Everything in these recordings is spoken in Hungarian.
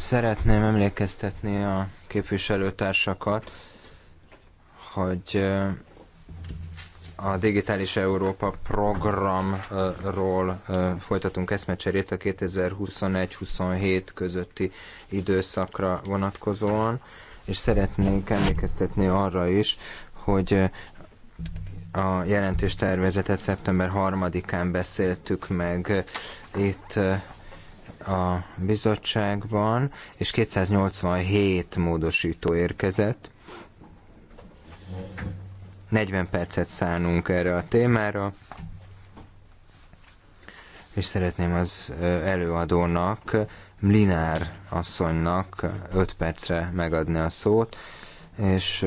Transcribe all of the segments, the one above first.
Szeretném emlékeztetni a képviselőtársakat, hogy a Digitális Európa programról folytatunk eszmecserét a 2021-27 közötti időszakra vonatkozóan, és szeretnénk emlékeztetni arra is, hogy a jelentéstervezetet szeptember 3-án beszéltük meg itt a bizottságban, és 287 módosító érkezett. 40 percet szánunk erre a témára, és szeretném az előadónak, Mlinár asszonynak 5 percre megadni a szót, és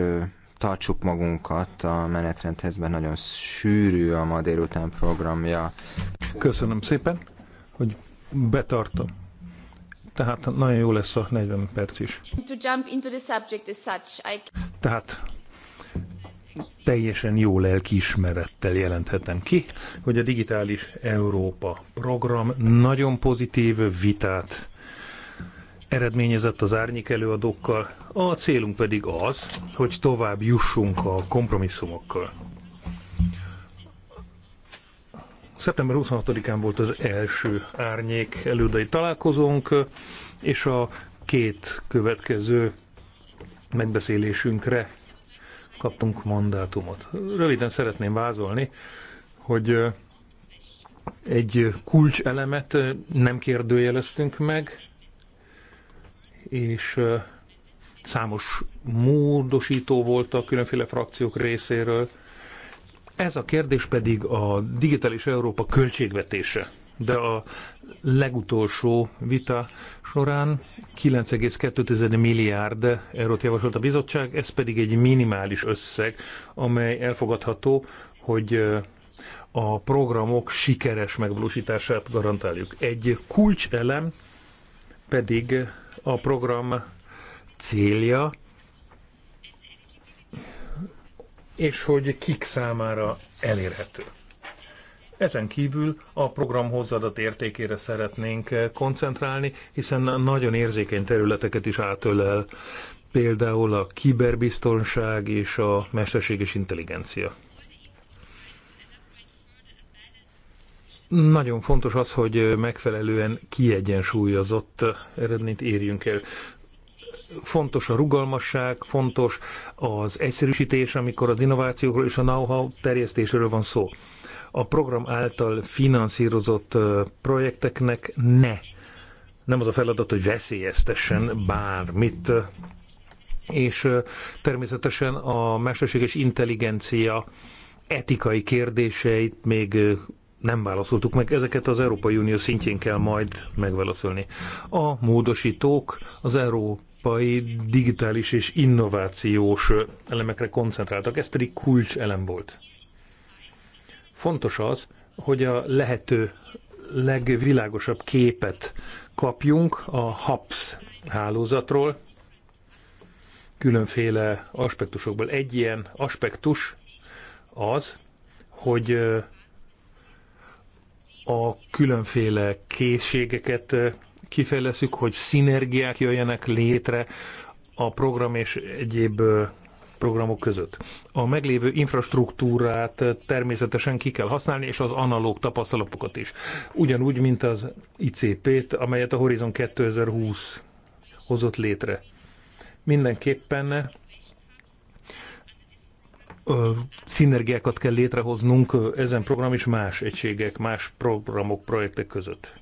tartsuk magunkat a menetrendhez, mert nagyon sűrű a ma délután programja. Köszönöm szépen, hogy betartom tehát nagyon jó lesz a 40 perc is. To jump into the subject as such, I... Tehát teljesen jó lelkiismerettel jelenthetem ki, hogy a Digitális Európa program nagyon pozitív vitát eredményezett az árnyék előadókkal, a célunk pedig az, hogy tovább jussunk a kompromisszumokkal. Szeptember 26-án volt az első árnyék elődai találkozónk, és a két következő megbeszélésünkre kaptunk mandátumot. Röviden szeretném vázolni, hogy egy kulcselemet nem kérdőjeleztünk meg, és számos módosító volt a különféle frakciók részéről, ez a kérdés pedig a digitális Európa költségvetése. De a legutolsó vita során 9,2 milliárd eurót javasolt a bizottság, ez pedig egy minimális összeg, amely elfogadható, hogy a programok sikeres megvalósítását garantáljuk. Egy kulcselem pedig a program célja és hogy kik számára elérhető. Ezen kívül a program hozzáadott értékére szeretnénk koncentrálni, hiszen nagyon érzékeny területeket is átölel, például a kiberbiztonság és a mesterséges intelligencia. Nagyon fontos az, hogy megfelelően kiegyensúlyozott eredményt érjünk el fontos a rugalmasság, fontos az egyszerűsítés, amikor az innovációkról és a know-how terjesztésről van szó. A program által finanszírozott projekteknek ne. Nem az a feladat, hogy veszélyeztessen bármit. És természetesen a mesterséges intelligencia etikai kérdéseit még nem válaszoltuk meg, ezeket az Európai Unió szintjén kell majd megválaszolni. A módosítók az Euró európai digitális és innovációs elemekre koncentráltak, ez pedig kulcselem volt. Fontos az, hogy a lehető legvilágosabb képet kapjunk a HAPS hálózatról, különféle aspektusokból. Egy ilyen aspektus az, hogy a különféle készségeket kifejleszünk, hogy szinergiák jöjjenek létre a program és egyéb programok között. A meglévő infrastruktúrát természetesen ki kell használni, és az analóg tapasztalatokat is. Ugyanúgy, mint az ICP-t, amelyet a Horizon 2020 hozott létre. Mindenképpen szinergiákat kell létrehoznunk ezen program és más egységek, más programok, projektek között.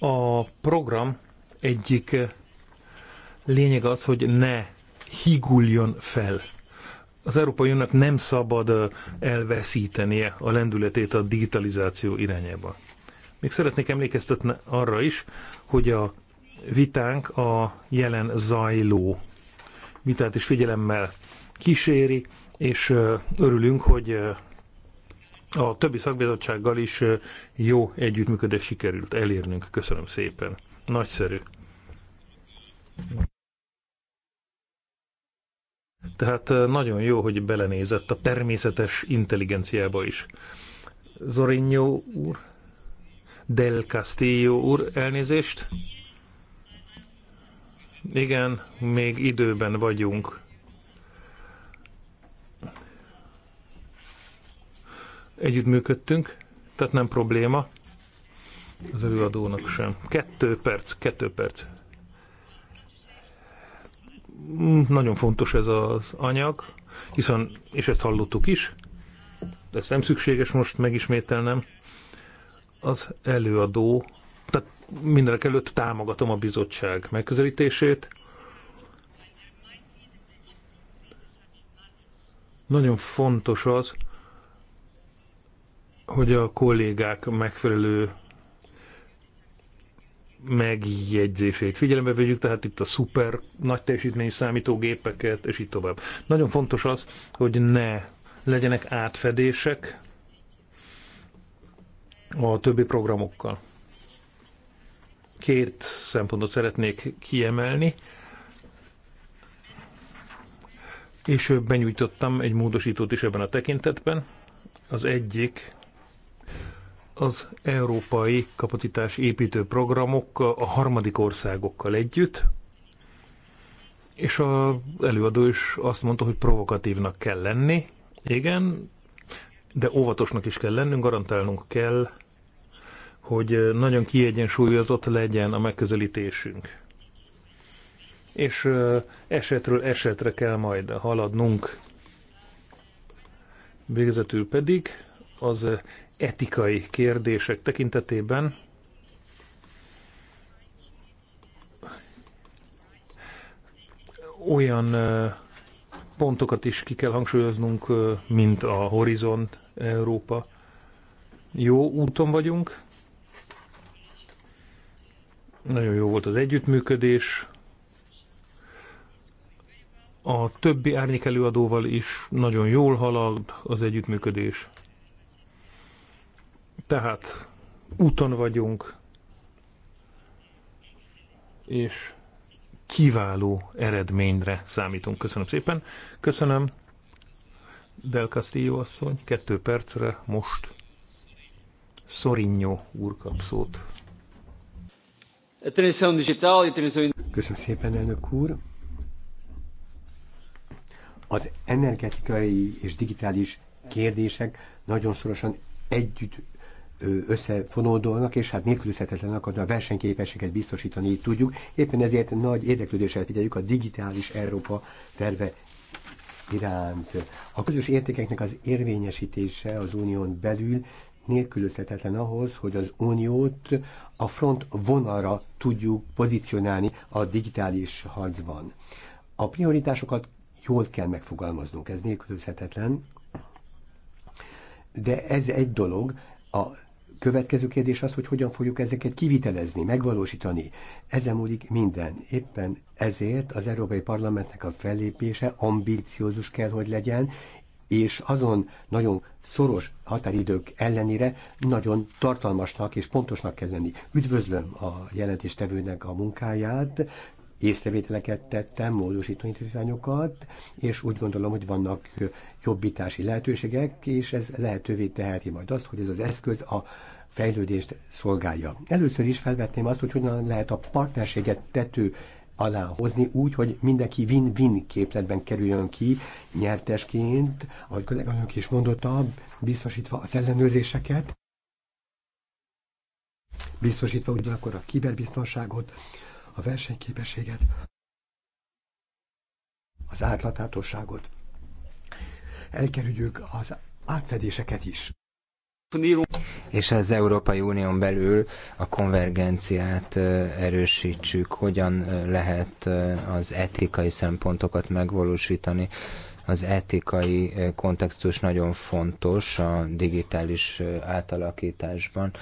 A program egyik eh, lényeg az, hogy ne higuljon fel. Az Európai Uniónak nem szabad eh, elveszítenie a lendületét a digitalizáció irányába. Még szeretnék emlékeztetni arra is, hogy a vitánk a jelen zajló vitát is figyelemmel kíséri, és eh, örülünk, hogy a többi szakbizottsággal is jó együttműködés sikerült elérnünk. Köszönöm szépen. Nagyszerű. Tehát nagyon jó, hogy belenézett a természetes intelligenciába is. Zorinho úr, Del Castillo úr, elnézést. Igen, még időben vagyunk. együttműködtünk, tehát nem probléma az előadónak sem. Kettő perc, kettő perc. Nagyon fontos ez az anyag, hiszen, és ezt hallottuk is, de ezt nem szükséges most megismételnem, az előadó, tehát mindenek előtt támogatom a bizottság megközelítését, nagyon fontos az, hogy a kollégák megfelelő megjegyzését figyelembe vegyük, tehát itt a szuper nagy teljesítmény számítógépeket, és így tovább. Nagyon fontos az, hogy ne legyenek átfedések a többi programokkal. Két szempontot szeretnék kiemelni, és benyújtottam egy módosítót is ebben a tekintetben. Az egyik az európai kapacitás építő programokkal, a harmadik országokkal együtt, és az előadó is azt mondta, hogy provokatívnak kell lenni, igen, de óvatosnak is kell lennünk, garantálnunk kell, hogy nagyon kiegyensúlyozott legyen a megközelítésünk. És esetről esetre kell majd haladnunk. Végezetül pedig az etikai kérdések tekintetében olyan pontokat is ki kell hangsúlyoznunk, mint a Horizont Európa. Jó úton vagyunk. Nagyon jó volt az együttműködés. A többi árnyékelőadóval is nagyon jól halad az együttműködés. Tehát úton vagyunk, és kiváló eredményre számítunk. Köszönöm szépen. Köszönöm. Del Castillo asszony, kettő percre most Szorinyó úr kap szót. E Köszönöm szépen, elnök úr. Az energetikai és digitális kérdések nagyon szorosan együtt összefonódolnak, és hát nélkülözhetetlen akarna a versenyképességet biztosítani, így tudjuk. Éppen ezért nagy érdeklődéssel figyeljük a digitális Európa terve iránt. A közös értékeknek az érvényesítése az unión belül nélkülözhetetlen ahhoz, hogy az uniót a front vonalra tudjuk pozícionálni a digitális harcban. A prioritásokat jól kell megfogalmaznunk, ez nélkülözhetetlen, de ez egy dolog, a következő kérdés az, hogy hogyan fogjuk ezeket kivitelezni, megvalósítani. Ezen múlik minden. Éppen ezért az Európai Parlamentnek a fellépése ambíciózus kell, hogy legyen, és azon nagyon szoros határidők ellenére nagyon tartalmasnak és pontosnak kell lenni. Üdvözlöm a jelentéstevőnek a munkáját, észrevételeket tettem, módosító intézményokat, és úgy gondolom, hogy vannak jobbítási lehetőségek, és ez lehetővé teheti majd azt, hogy ez az eszköz a fejlődést szolgálja. Először is felvetném azt, hogy hogyan lehet a partnerséget tető alá hozni úgy, hogy mindenki win-win képletben kerüljön ki nyertesként, ahogy kolléganők is mondotta, biztosítva az ellenőrzéseket, biztosítva ugyanakkor a kiberbiztonságot, a versenyképességet, az átláthatóságot. Elkerüljük az átfedéseket is. És az Európai Unión belül a konvergenciát erősítsük, hogyan lehet az etikai szempontokat megvalósítani. Az etikai kontextus nagyon fontos a digitális átalakításban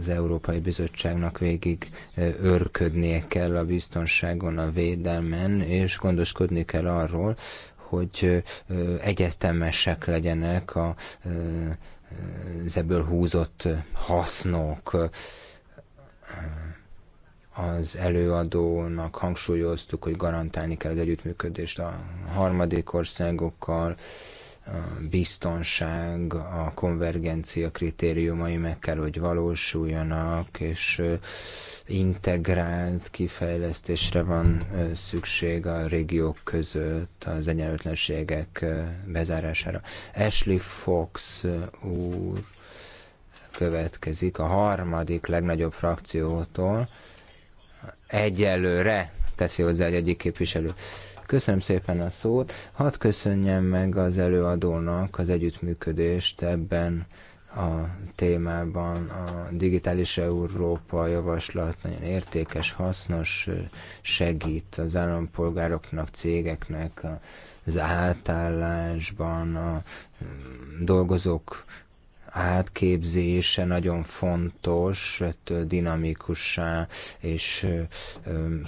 az Európai Bizottságnak végig örködnie kell a biztonságon, a védelmen, és gondoskodni kell arról, hogy egyetemesek legyenek a, az ebből húzott hasznok. Az előadónak hangsúlyoztuk, hogy garantálni kell az együttműködést a harmadik országokkal, biztonság, a konvergencia kritériumai meg kell, hogy valósuljanak, és integrált kifejlesztésre van szükség a régiók között az egyenlőtlenségek bezárására. Ashley Fox úr következik a harmadik legnagyobb frakciótól. Egyelőre teszi hozzá egy egyik képviselő. Köszönöm szépen a szót. Hadd köszönjem meg az előadónak az együttműködést ebben a témában. A Digitális Európa javaslat nagyon értékes, hasznos, segít az állampolgároknak, cégeknek az átállásban, a dolgozók átképzése nagyon fontos, dinamikussá és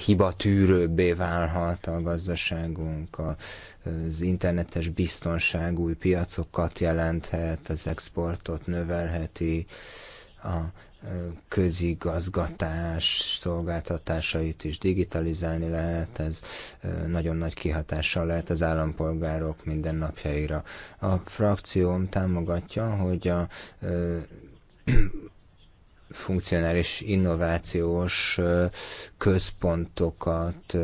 hibatűrőbbé válhat a gazdaságunk, az internetes biztonság új piacokat jelenthet, az exportot növelheti, a közigazgatás szolgáltatásait is digitalizálni lehet, ez nagyon nagy kihatással lehet az állampolgárok mindennapjaira. A frakcióm támogatja, hogy a funkcionális innovációs központokat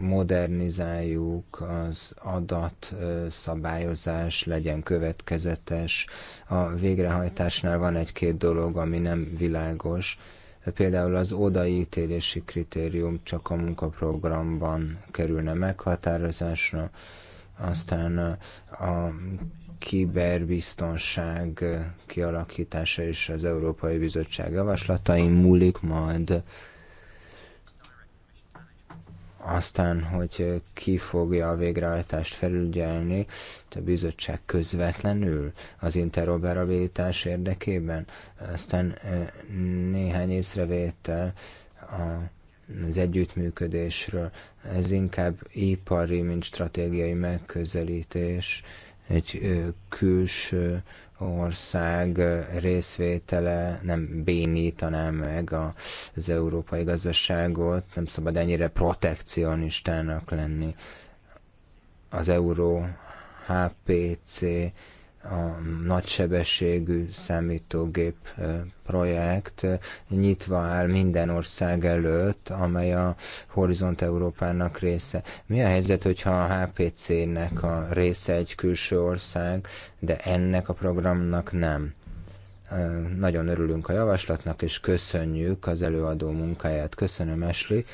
modernizáljuk az adatszabályozás, legyen következetes. A végrehajtásnál van egy-két dolog, ami nem világos. Például az odaítélési kritérium csak a munkaprogramban kerülne meghatározásra, aztán a kiberbiztonság kialakítása és az Európai Bizottság javaslatain múlik majd aztán, hogy ki fogja a végrehajtást felügyelni, a bizottság közvetlenül az interoperabilitás érdekében. Aztán néhány észrevétel a az együttműködésről. Ez inkább ipari, mint stratégiai megközelítés, egy külső ország részvétele nem bénítaná meg az európai gazdaságot, nem szabad ennyire protekcionistának lenni. Az euró HPC a nagysebességű számítógép projekt nyitva áll minden ország előtt, amely a Horizont Európának része. Mi a helyzet, hogyha a HPC-nek a része egy külső ország, de ennek a programnak nem? Nagyon örülünk a javaslatnak, és köszönjük az előadó munkáját. Köszönöm, Esli.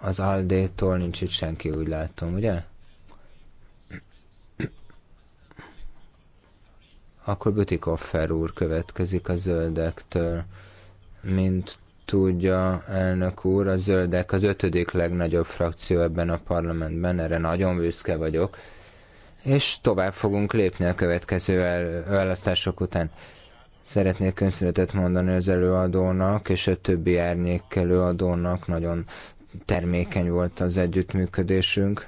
Az Aldétól nincs itt senki, úgy látom, ugye? Akkor Bütikoffer úr következik a zöldektől. Mint tudja, elnök úr, a zöldek az ötödik legnagyobb frakció ebben a parlamentben, erre nagyon büszke vagyok, és tovább fogunk lépni a következő választások után. Szeretnék köszönetet mondani az előadónak és a többi árnyék előadónak, nagyon termékeny volt az együttműködésünk.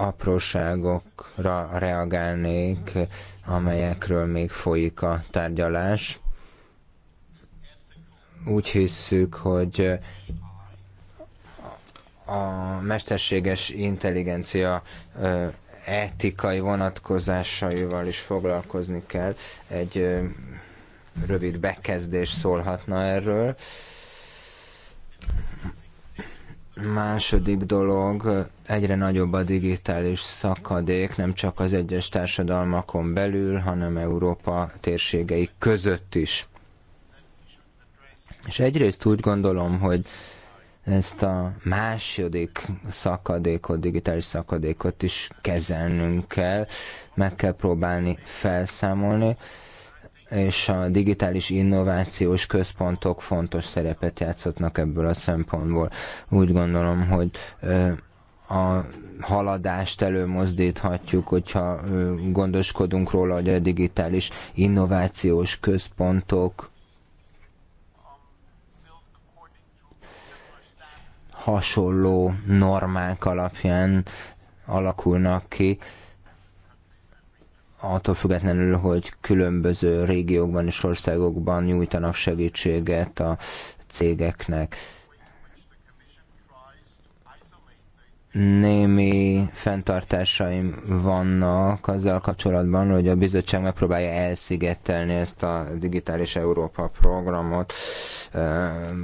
apróságokra reagálnék, amelyekről még folyik a tárgyalás. Úgy hisszük, hogy a mesterséges intelligencia etikai vonatkozásaival is foglalkozni kell. Egy rövid bekezdés szólhatna erről. Második dolog, egyre nagyobb a digitális szakadék, nem csak az egyes társadalmakon belül, hanem Európa térségei között is. És egyrészt úgy gondolom, hogy ezt a második szakadékot, digitális szakadékot is kezelnünk kell, meg kell próbálni felszámolni, és a digitális innovációs központok fontos szerepet játszottnak ebből a szempontból. Úgy gondolom, hogy a haladást előmozdíthatjuk, hogyha gondoskodunk róla, hogy a digitális innovációs központok hasonló normák alapján alakulnak ki, attól függetlenül, hogy különböző régiókban és országokban nyújtanak segítséget a cégeknek. némi fenntartásaim vannak azzal kapcsolatban, hogy a bizottság megpróbálja elszigetelni ezt a Digitális Európa programot.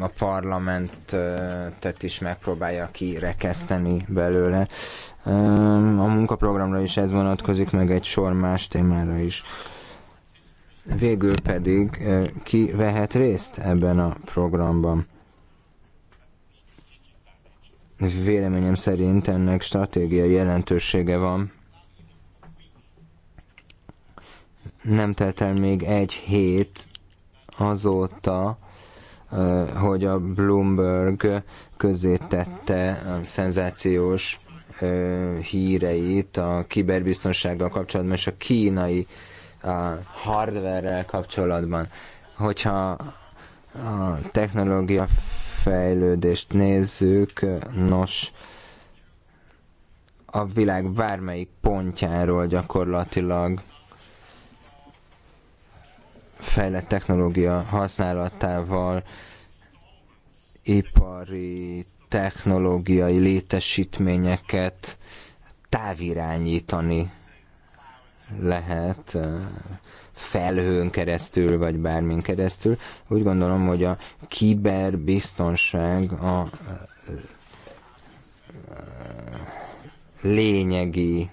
A parlamentet is megpróbálja kirekeszteni belőle. A munkaprogramra is ez vonatkozik, meg egy sor más témára is. Végül pedig ki vehet részt ebben a programban? Véleményem szerint ennek stratégiai jelentősége van. Nem telt el még egy hét azóta, hogy a Bloomberg közé tette a szenzációs híreit a kiberbiztonsággal kapcsolatban és a kínai hardverrel kapcsolatban. Hogyha a technológia fejlődést nézzük, nos, a világ bármelyik pontjáról gyakorlatilag fejlett technológia használatával ipari, technológiai létesítményeket távirányítani lehet felhőn keresztül, vagy bármin keresztül. Úgy gondolom, hogy a kiberbiztonság a lényegi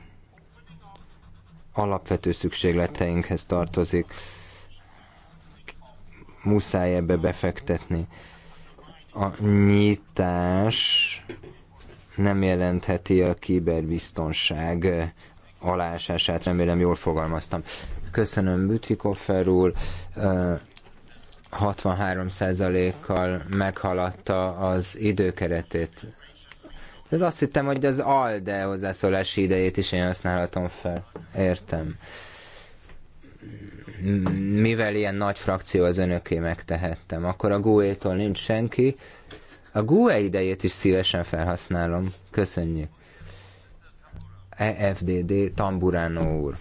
alapvető szükségleteinkhez tartozik. Muszáj ebbe befektetni. A nyitás nem jelentheti a kiberbiztonság aláásását, remélem jól fogalmaztam. Köszönöm Bütvikoffer úr, 63%-kal meghaladta az időkeretét. Tehát azt hittem, hogy az ALDE hozzászólási idejét is én használhatom fel. Értem. Mivel ilyen nagy frakció az önöké megtehettem, akkor a GUE-tól nincs senki. A GUE idejét is szívesen felhasználom. Köszönjük. EFDD Tamburánó úr.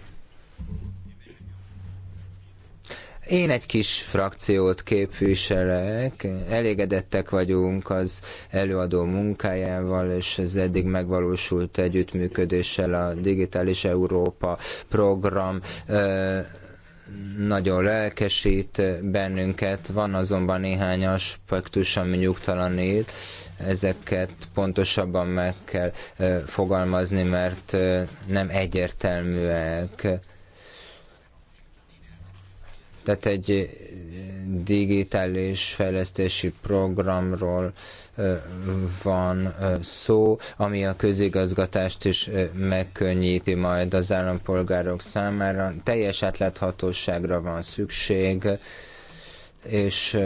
Én egy kis frakciót képviselek, elégedettek vagyunk az előadó munkájával és az eddig megvalósult együttműködéssel a Digitális Európa program nagyon lelkesít bennünket, van azonban néhány aspektus, ami nyugtalanít ezeket pontosabban meg kell fogalmazni, mert nem egyértelműek. Tehát egy digitális fejlesztési programról van szó, ami a közigazgatást is megkönnyíti majd az állampolgárok számára. Teljes átláthatóságra van szükség, és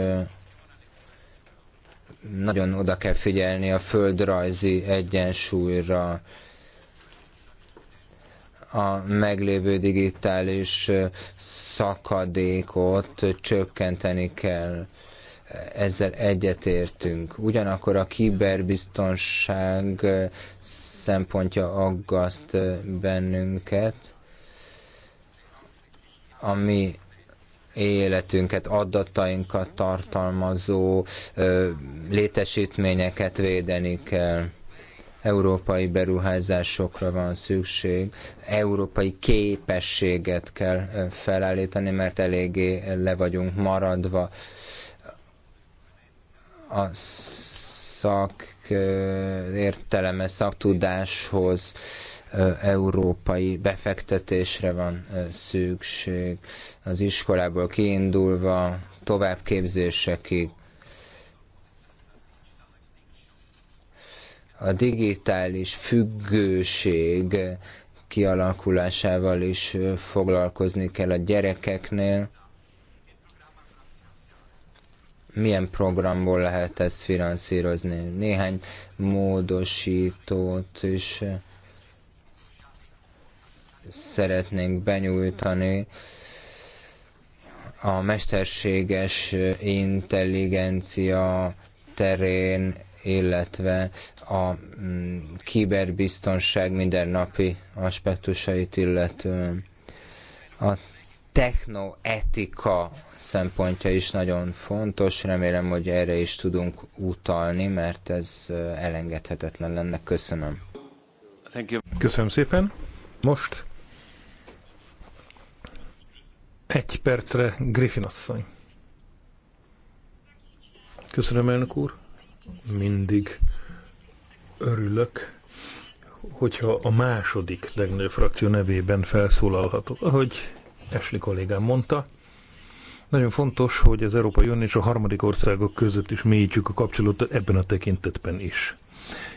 nagyon oda kell figyelni a földrajzi egyensúlyra, a meglévő digitális szakadékot csökkenteni kell. Ezzel egyetértünk. Ugyanakkor a kiberbiztonság szempontja aggaszt bennünket, ami életünket, adatainkat tartalmazó létesítményeket védeni kell európai beruházásokra van szükség, európai képességet kell felállítani, mert eléggé le vagyunk maradva. A szak érteleme szaktudáshoz európai befektetésre van szükség az iskolából kiindulva továbbképzésekig. A digitális függőség kialakulásával is foglalkozni kell a gyerekeknél. Milyen programból lehet ezt finanszírozni? Néhány módosítót is szeretnénk benyújtani a mesterséges intelligencia terén, illetve a mm, kiberbiztonság mindennapi aspektusait illetően. A technoetika szempontja is nagyon fontos, remélem, hogy erre is tudunk utalni, mert ez elengedhetetlen lenne. Köszönöm. Köszönöm szépen. Most egy percre Griffin asszony. Köszönöm, elnök úr. Mindig örülök, hogyha a második legnagyobb frakció nevében felszólalhatok. Ahogy Esli kollégám mondta, nagyon fontos, hogy az Európai Unió és a harmadik országok között is mélyítsük a kapcsolatot ebben a tekintetben is.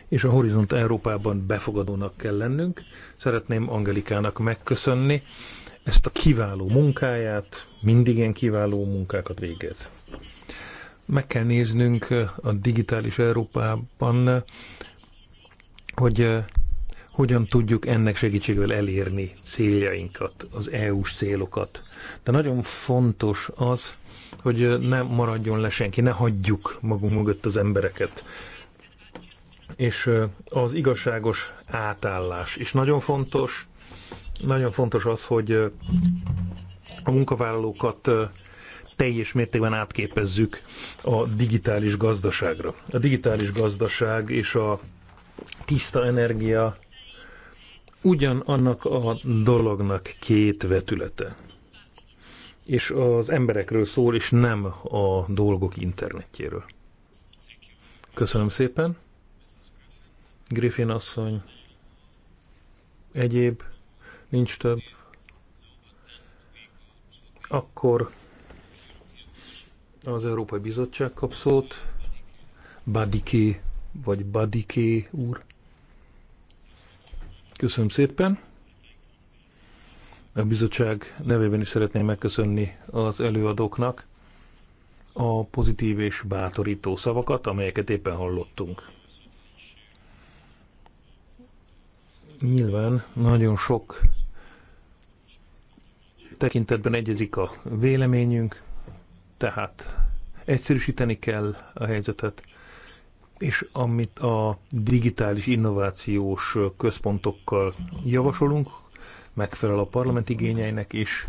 És a Horizont Európában befogadónak kell lennünk. Szeretném Angelikának megköszönni ezt a kiváló munkáját, mindig ilyen kiváló munkákat végez. Meg kell néznünk a digitális Európában, hogy hogyan tudjuk ennek segítségével elérni céljainkat, az EU-s célokat. De nagyon fontos az, hogy ne maradjon le senki, ne hagyjuk magunk mögött az embereket. És az igazságos átállás is nagyon fontos, nagyon fontos az, hogy a munkavállalókat teljes mértékben átképezzük a digitális gazdaságra. A digitális gazdaság és a tiszta energia ugyanannak a dolognak két vetülete. És az emberekről szól, és nem a dolgok internetjéről. Köszönöm szépen. Griffin asszony. Egyéb Nincs több. Akkor az Európai Bizottság kap szót. Badiké, vagy Badiké úr. Köszönöm szépen. A bizottság nevében is szeretném megköszönni az előadóknak a pozitív és bátorító szavakat, amelyeket éppen hallottunk. Nyilván nagyon sok tekintetben egyezik a véleményünk, tehát egyszerűsíteni kell a helyzetet, és amit a digitális innovációs központokkal javasolunk, megfelel a parlament igényeinek is.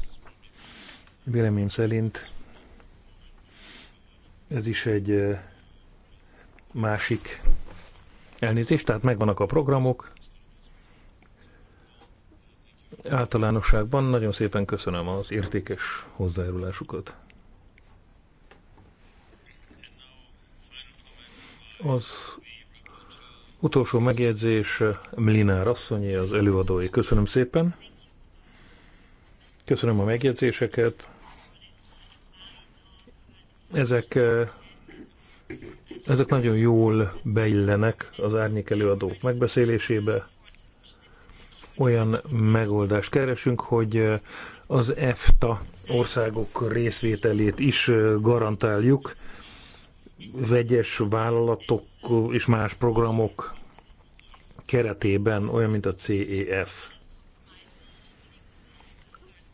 Vélemény szerint ez is egy eh, másik elnézés, tehát megvannak a programok, általánosságban nagyon szépen köszönöm az értékes hozzájárulásukat. Az utolsó megjegyzés Mlinár asszonyé, az előadói. Köszönöm szépen. Köszönöm a megjegyzéseket. Ezek, ezek nagyon jól beillenek az árnyék előadók megbeszélésébe olyan megoldást keresünk, hogy az EFTA országok részvételét is garantáljuk, vegyes vállalatok és más programok keretében, olyan, mint a CEF.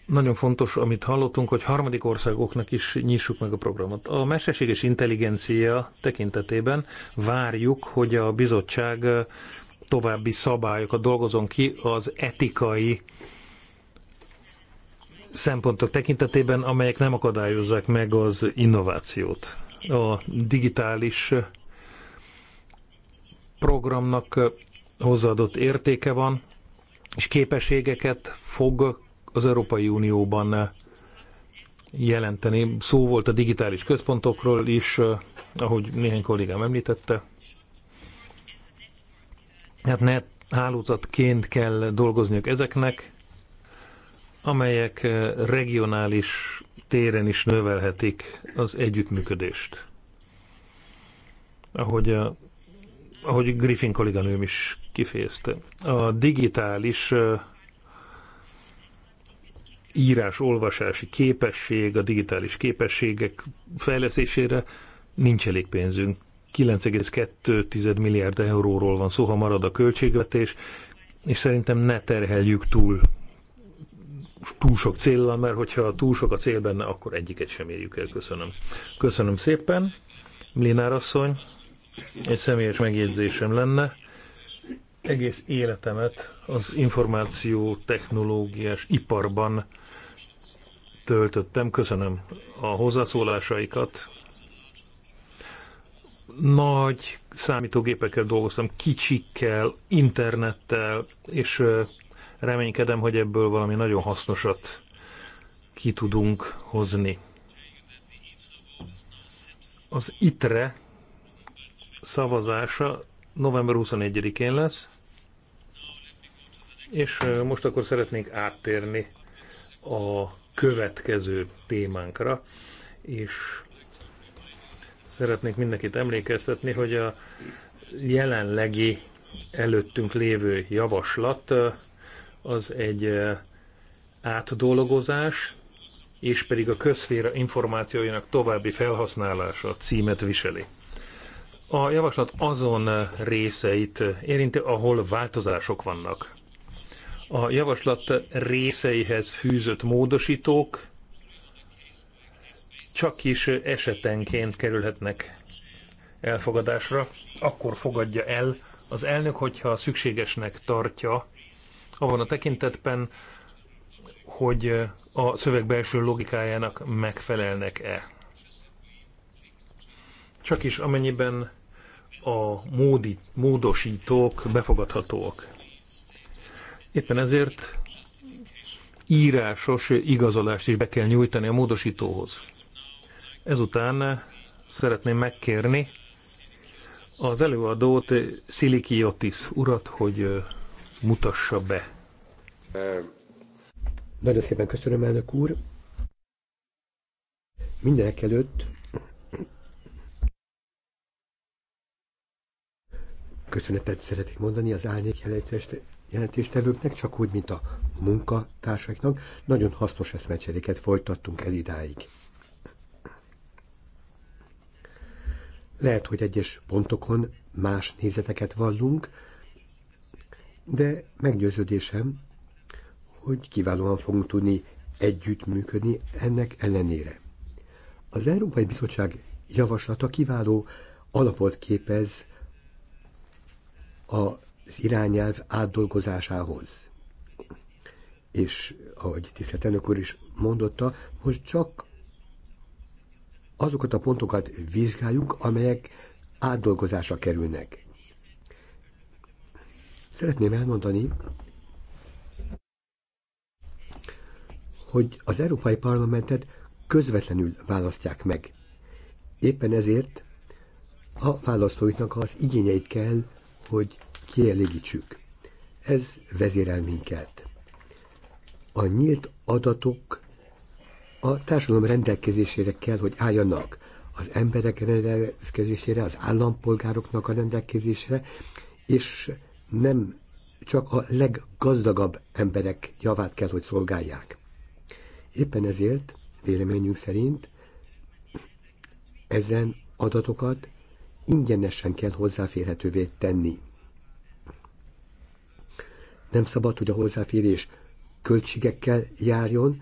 Nagyon fontos, amit hallottunk, hogy harmadik országoknak is nyissuk meg a programot. A mesterséges intelligencia tekintetében várjuk, hogy a bizottság további szabályokat dolgozom ki az etikai szempontok tekintetében, amelyek nem akadályozzák meg az innovációt. A digitális programnak hozzáadott értéke van, és képességeket fog az Európai Unióban jelenteni. Szó volt a digitális központokról is, ahogy néhány kollégám említette hát net hálózatként kell dolgozniuk ezeknek, amelyek eh, regionális téren is növelhetik az együttműködést. Ahogy, a, eh, ahogy Griffin kolléganőm is kifejezte. A digitális eh, írás-olvasási képesség, a digitális képességek fejlesztésére nincs elég pénzünk. 9,2 milliárd euróról van szó, ha marad a költségvetés, és szerintem ne terheljük túl túl sok célra, mert hogyha túl sok a cél benne, akkor egyiket sem érjük el. Köszönöm. Köszönöm szépen. Linár asszony, egy személyes megjegyzésem lenne. Egész életemet az információ technológiás iparban töltöttem. Köszönöm a hozzászólásaikat, nagy számítógépekkel dolgoztam, kicsikkel, internettel, és reménykedem, hogy ebből valami nagyon hasznosat ki tudunk hozni. Az ITRE szavazása november 21-én lesz, és most akkor szeretnénk áttérni a következő témánkra, és Szeretnék mindenkit emlékeztetni, hogy a jelenlegi előttünk lévő javaslat eh, az egy eh, átdolgozás, és pedig a közféra információinak további felhasználása címet viseli. A javaslat azon eh, részeit érinti, ahol változások vannak. A javaslat részeihez fűzött módosítók csak is esetenként kerülhetnek elfogadásra, akkor fogadja el az elnök, hogyha szükségesnek tartja, abban a tekintetben, hogy a szöveg belső logikájának megfelelnek-e. Csak is amennyiben a módi, módosítók befogadhatóak. Éppen ezért írásos igazolást is be kell nyújtani a módosítóhoz. Ezután szeretném megkérni az előadót, Szilikiotis urat, hogy mutassa be. Nagyon szépen köszönöm, elnök úr. Mindenek előtt köszönetet szeretnék mondani az árnyék jelentéstevőknek, csak úgy, mint a munkatársaiknak. Nagyon hasznos eszmecseréket folytattunk el idáig. Lehet, hogy egyes pontokon más nézeteket vallunk, de meggyőződésem, hogy kiválóan fogunk tudni együttműködni ennek ellenére. Az Európai Bizottság javaslata kiváló alapot képez az irányelv átdolgozásához. És ahogy tisztelt elnök úr is mondotta, most csak azokat a pontokat vizsgáljuk, amelyek átdolgozásra kerülnek. Szeretném elmondani, hogy az Európai Parlamentet közvetlenül választják meg. Éppen ezért a választóiknak az igényeit kell, hogy kielégítsük. Ez vezérel minket. A nyílt adatok a társadalom rendelkezésére kell, hogy álljanak. Az emberek rendelkezésére, az állampolgároknak a rendelkezésre, és nem csak a leggazdagabb emberek javát kell, hogy szolgálják. Éppen ezért, véleményünk szerint, ezen adatokat ingyenesen kell hozzáférhetővé tenni. Nem szabad, hogy a hozzáférés költségekkel járjon,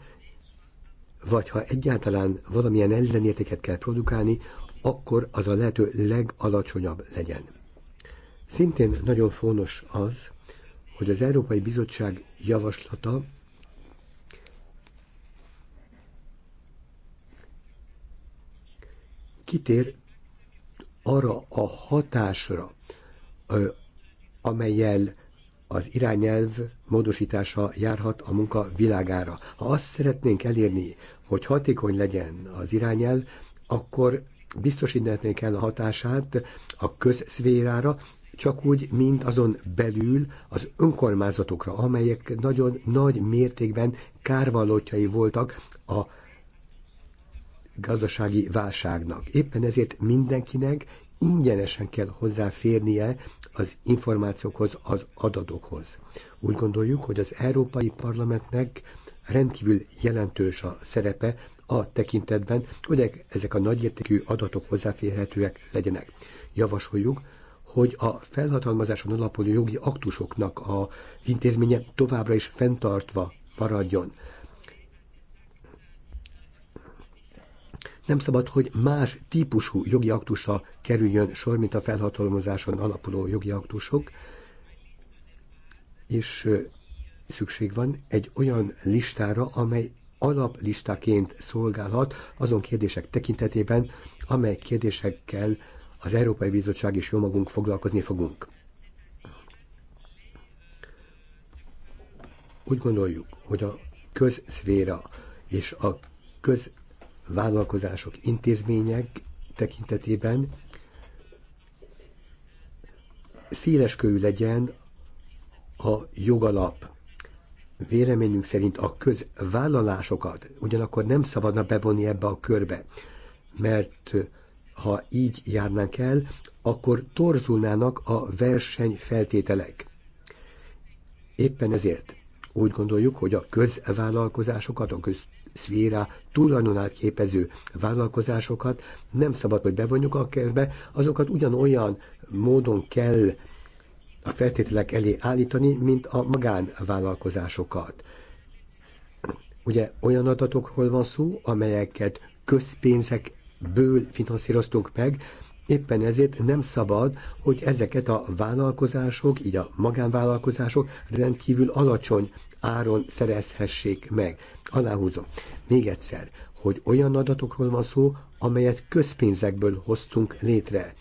vagy ha egyáltalán valamilyen ellenértéket kell produkálni, akkor az a lehető legalacsonyabb legyen. Szintén nagyon fontos az, hogy az Európai Bizottság javaslata kitér arra a hatásra, amelyel az irányelv módosítása járhat a munka világára. Ha azt szeretnénk elérni, hogy hatékony legyen az irányel, akkor biztosítani kell a hatását a közszférára, csak úgy, mint azon belül az önkormányzatokra, amelyek nagyon nagy mértékben kárvalótjai voltak a gazdasági válságnak. Éppen ezért mindenkinek ingyenesen kell hozzáférnie az információkhoz, az adatokhoz. Úgy gondoljuk, hogy az Európai Parlamentnek rendkívül jelentős a szerepe a tekintetben, hogy e- ezek a nagyértékű adatok hozzáférhetőek legyenek. Javasoljuk, hogy a felhatalmazáson alapuló jogi aktusoknak az intézménye továbbra is fenntartva maradjon. nem szabad, hogy más típusú jogi aktusa kerüljön sor, mint a felhatalmazáson alapuló jogi aktusok, és szükség van egy olyan listára, amely alaplistaként szolgálhat azon kérdések tekintetében, amely kérdésekkel az Európai Bizottság és jó magunk foglalkozni fogunk. Úgy gondoljuk, hogy a közszféra és a közvállalkozások, intézmények tekintetében széles legyen a jogalap véleményünk szerint a közvállalásokat ugyanakkor nem szabadna bevonni ebbe a körbe, mert ha így járnánk el, akkor torzulnának a versenyfeltételek. Éppen ezért úgy gondoljuk, hogy a közvállalkozásokat, a közszféra tulajdonát képező vállalkozásokat nem szabad, hogy bevonjuk a körbe. azokat ugyanolyan módon kell a feltételek elé állítani, mint a magánvállalkozásokat. Ugye olyan adatokról van szó, amelyeket közpénzekből finanszíroztunk meg, éppen ezért nem szabad, hogy ezeket a vállalkozások, így a magánvállalkozások rendkívül alacsony áron szerezhessék meg. Aláhúzom. Még egyszer, hogy olyan adatokról van szó, amelyet közpénzekből hoztunk létre.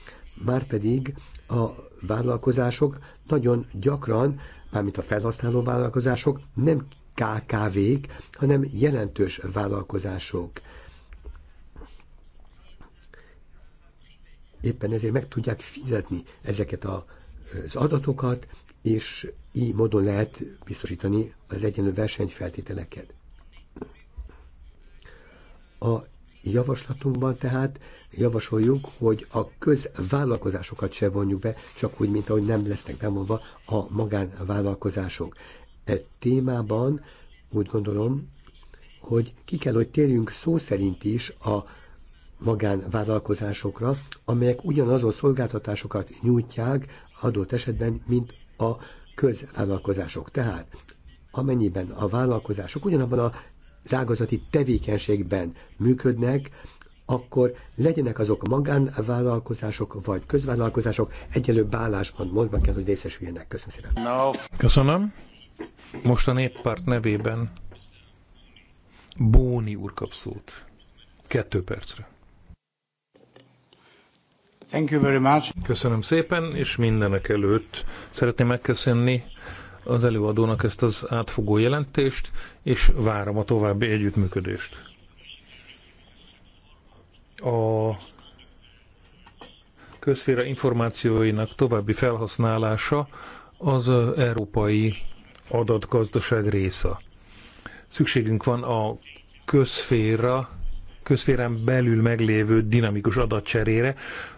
Márpedig a vállalkozások nagyon gyakran, mármint a felhasználó vállalkozások nem KKV-k, hanem jelentős vállalkozások. Éppen ezért meg tudják fizetni ezeket a, az adatokat, és így módon lehet biztosítani az egyenlő versenyfeltételeket. A Javaslatunkban tehát javasoljuk, hogy a közvállalkozásokat se vonjuk be, csak úgy, mint ahogy nem lesznek bemondva a magánvállalkozások. E témában úgy gondolom, hogy ki kell, hogy térjünk szó szerint is a magánvállalkozásokra, amelyek ugyanazon szolgáltatásokat nyújtják adott esetben, mint a közvállalkozások. Tehát amennyiben a vállalkozások ugyanabban a ágazati tevékenységben működnek, akkor legyenek azok magánvállalkozások vagy közvállalkozások, egyelő bálásban mondva kell, hogy részesüljenek. Köszönöm szépen. No. Köszönöm. Most a néppárt nevében Bóni úr kap szót. Kettő percre. Thank you very much. Köszönöm szépen, és mindenek előtt szeretném megköszönni az előadónak ezt az átfogó jelentést, és várom a további együttműködést. A közféra információinak további felhasználása az európai adatgazdaság része. Szükségünk van a közféra, közférán belül meglévő dinamikus adatcserére,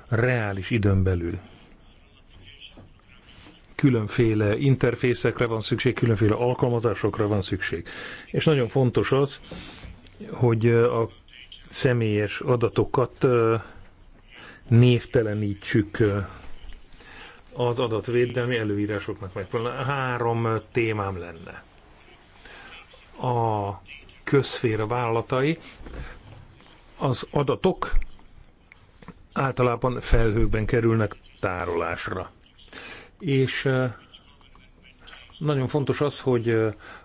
reális időn belül különféle interfészekre van szükség, különféle alkalmazásokra van szükség. És nagyon fontos az, hogy a személyes adatokat névtelenítsük az adatvédelmi előírásoknak meg. Három témám lenne. A közféra vállalatai, az adatok általában felhőkben kerülnek tárolásra és nagyon fontos az, hogy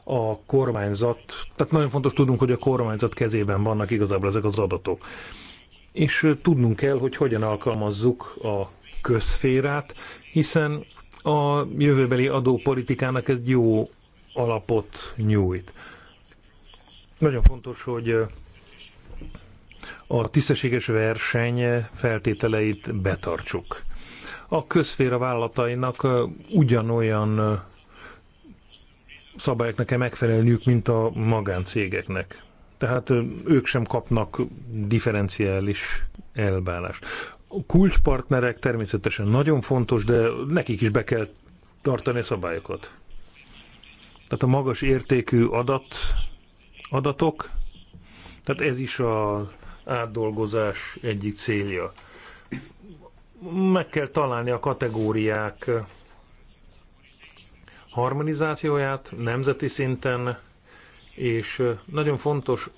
a kormányzat, tehát nagyon fontos tudnunk, hogy a kormányzat kezében vannak igazából ezek az adatok. És tudnunk kell, hogy hogyan alkalmazzuk a közférát, hiszen a jövőbeli adópolitikának egy jó alapot nyújt. Nagyon fontos, hogy a tisztességes verseny feltételeit betartsuk a közféra vállalatainak ugyanolyan szabályoknak kell megfelelniük, mint a magáncégeknek. Tehát ők sem kapnak differenciális elbánást. A kulcspartnerek természetesen nagyon fontos, de nekik is be kell tartani a szabályokat. Tehát a magas értékű adat, adatok, tehát ez is az átdolgozás egyik célja meg kell találni a kategóriák harmonizációját nemzeti szinten, és nagyon fontos,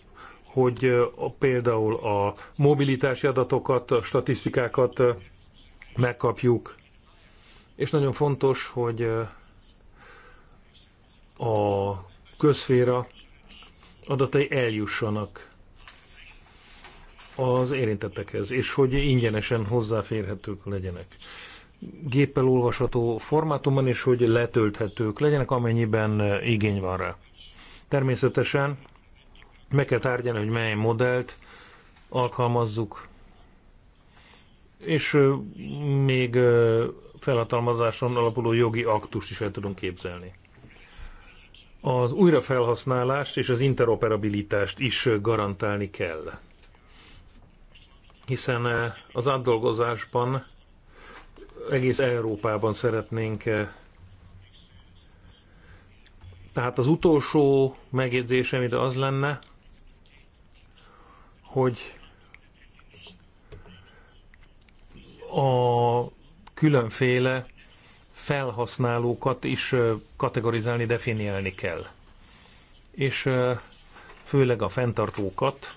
hogy például a mobilitási adatokat, a statisztikákat megkapjuk, és nagyon fontos, hogy a közféra adatai eljussanak az érintettekhez, és hogy ingyenesen hozzáférhetők legyenek. Géppel olvasható formátumban, és hogy letölthetők legyenek, amennyiben igény van rá. Természetesen meg kell tárgyalni, hogy mely modellt alkalmazzuk, és még felhatalmazáson alapuló jogi aktust is el tudunk képzelni. Az újrafelhasználást és az interoperabilitást is garantálni kell hiszen eh, az átdolgozásban egész Európában szeretnénk. Eh, tehát az utolsó megjegyzésem ide az lenne, hogy a különféle felhasználókat is eh, kategorizálni, definiálni kell. És főleg a fenntartókat,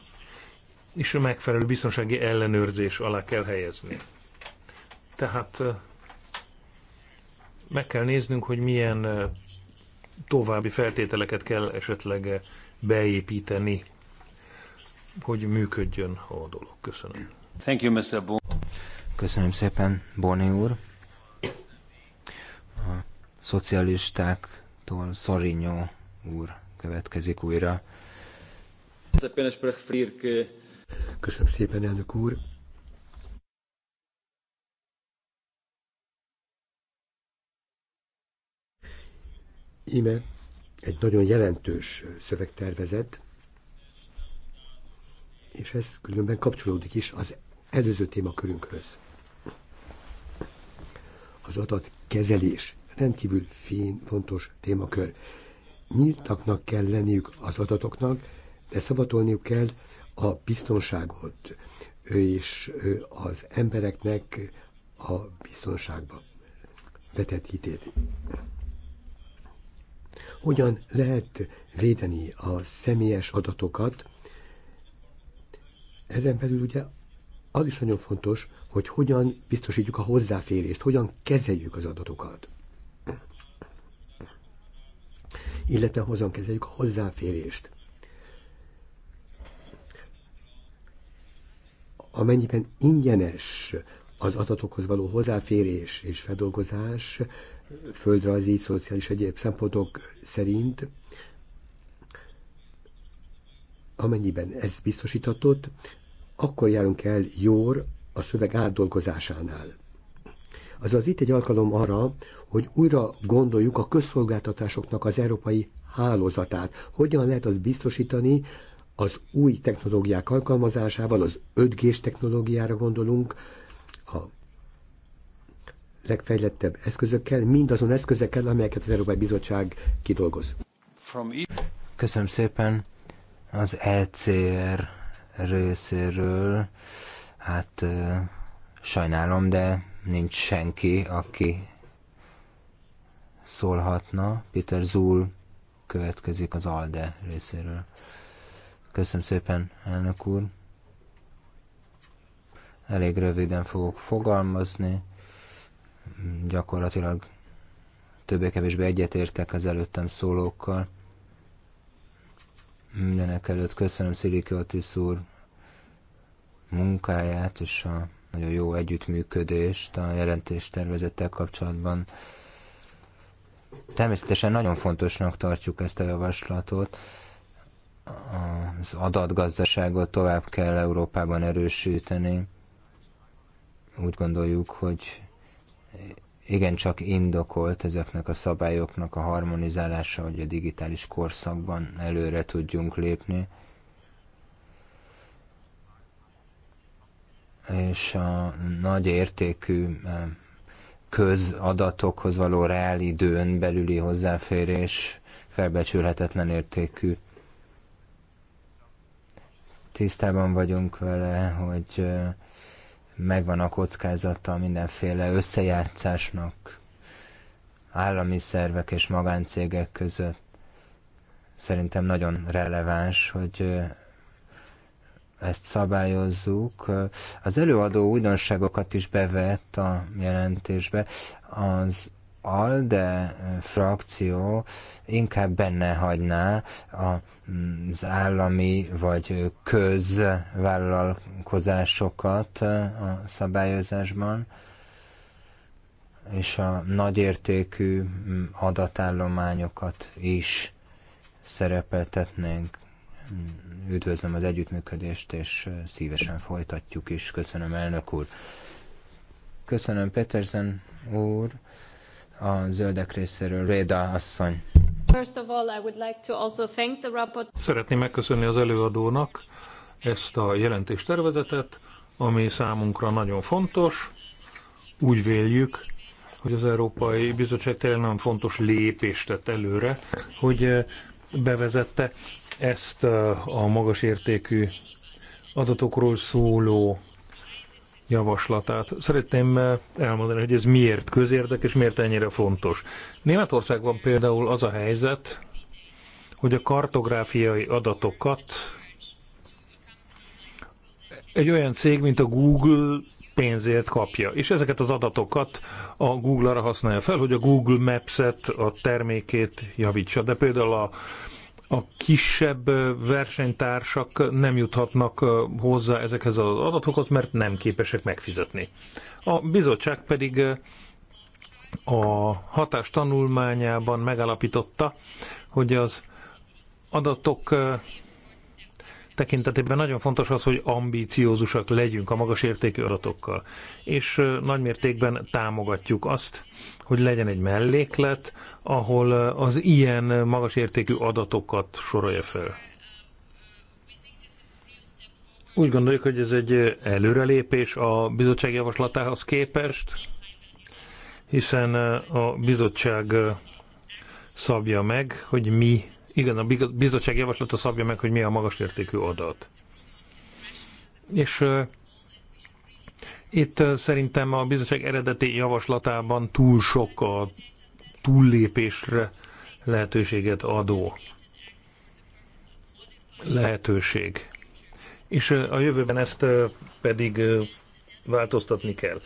és megfelelő biztonsági ellenőrzés alá kell helyezni. Tehát meg kell néznünk, hogy milyen további feltételeket kell esetleg beépíteni, hogy működjön a dolog. Köszönöm. Thank you, Mr. Bon. Köszönöm szépen, Boni úr. A szocialistáktól Szorinyó úr következik újra. Apenas para referir que Köszönöm szépen, elnök úr. Íme egy nagyon jelentős szövegtervezet, és ez különben kapcsolódik is az előző témakörünkhöz. Az adatkezelés rendkívül fény, fontos témakör. Nyíltaknak kell lenniük az adatoknak, de szavatolniuk kell a biztonságot és az embereknek a biztonságba vetett hitét. Hogyan lehet védeni a személyes adatokat? Ezen belül ugye az is nagyon fontos, hogy hogyan biztosítjuk a hozzáférést, hogyan kezeljük az adatokat. Illetve hozzan kezeljük a hozzáférést. amennyiben ingyenes az adatokhoz való hozzáférés és feldolgozás földrajzi, szociális egyéb szempontok szerint, amennyiben ez biztosítatott, akkor járunk el jól a szöveg átdolgozásánál. Azaz itt egy alkalom arra, hogy újra gondoljuk a közszolgáltatásoknak az európai hálózatát. Hogyan lehet az biztosítani, az új technológiák alkalmazásával, az 5G-s technológiára gondolunk, a legfejlettebb eszközökkel, mindazon eszközekkel, amelyeket az Európai Bizottság kidolgoz. E- Köszönöm szépen. Az ECR részéről, hát sajnálom, de nincs senki, aki szólhatna. Peter Zul következik az ALDE részéről. Köszönöm szépen, elnök úr. Elég röviden fogok fogalmazni. Gyakorlatilag többé-kevésbé egyetértek az előttem szólókkal. Mindenek előtt köszönöm Sziliki Otis úr munkáját és a nagyon jó együttműködést a tervezettel kapcsolatban. Természetesen nagyon fontosnak tartjuk ezt a javaslatot, az adatgazdaságot tovább kell Európában erősíteni. Úgy gondoljuk, hogy igencsak indokolt ezeknek a szabályoknak a harmonizálása, hogy a digitális korszakban előre tudjunk lépni. És a nagy értékű eh, közadatokhoz való reálidőn belüli hozzáférés felbecsülhetetlen értékű tisztában vagyunk vele, hogy megvan a kockázata mindenféle összejátszásnak állami szervek és magáncégek között. Szerintem nagyon releváns, hogy ezt szabályozzuk. Az előadó újdonságokat is bevett a jelentésbe. Az ALDE frakció inkább benne hagyná mm, az állami vagy közvállalkozásokat a szabályozásban, és a nagyértékű mm, adatállományokat is szerepeltetnénk. Mm, üdvözlöm az együttműködést, és szívesen folytatjuk is. Köszönöm, elnök úr. Köszönöm, Petersen úr a zöldek részéről. Réda asszony. Szeretném megköszönni az előadónak ezt a jelentéstervezetet, ami számunkra nagyon fontos. Úgy véljük, hogy az Európai Bizottság tényleg nagyon fontos lépést tett előre, hogy eh, bevezette ezt eh, a magas értékű adatokról szóló javaslatát. Szeretném eh, elmondani, hogy ez miért közérdek, és miért ennyire fontos. Németországban például az a helyzet, hogy a kartográfiai adatokat egy olyan cég, mint a Google pénzért kapja. És ezeket az adatokat a Google-ra használja fel, hogy a Google Maps-et, a termékét javítsa. De például a a kisebb versenytársak nem juthatnak hozzá ezekhez az adatokhoz, mert nem képesek megfizetni. A bizottság pedig a hatás tanulmányában megalapította, hogy az adatok tekintetében nagyon fontos az, hogy ambíciózusak legyünk a magas értékű adatokkal, és nagymértékben támogatjuk azt, hogy legyen egy melléklet, ahol az ilyen magas értékű adatokat sorolja fel. Úgy gondoljuk, hogy ez egy előrelépés a bizottság javaslatához képest, hiszen a bizottság szabja meg, hogy mi, igen, a bizottság javaslata szabja meg, hogy mi a magas értékű adat. És itt szerintem a bizottság eredeti javaslatában túl sok a túllépésre lehetőséget adó lehetőség. És a jövőben ezt pedig változtatni kell.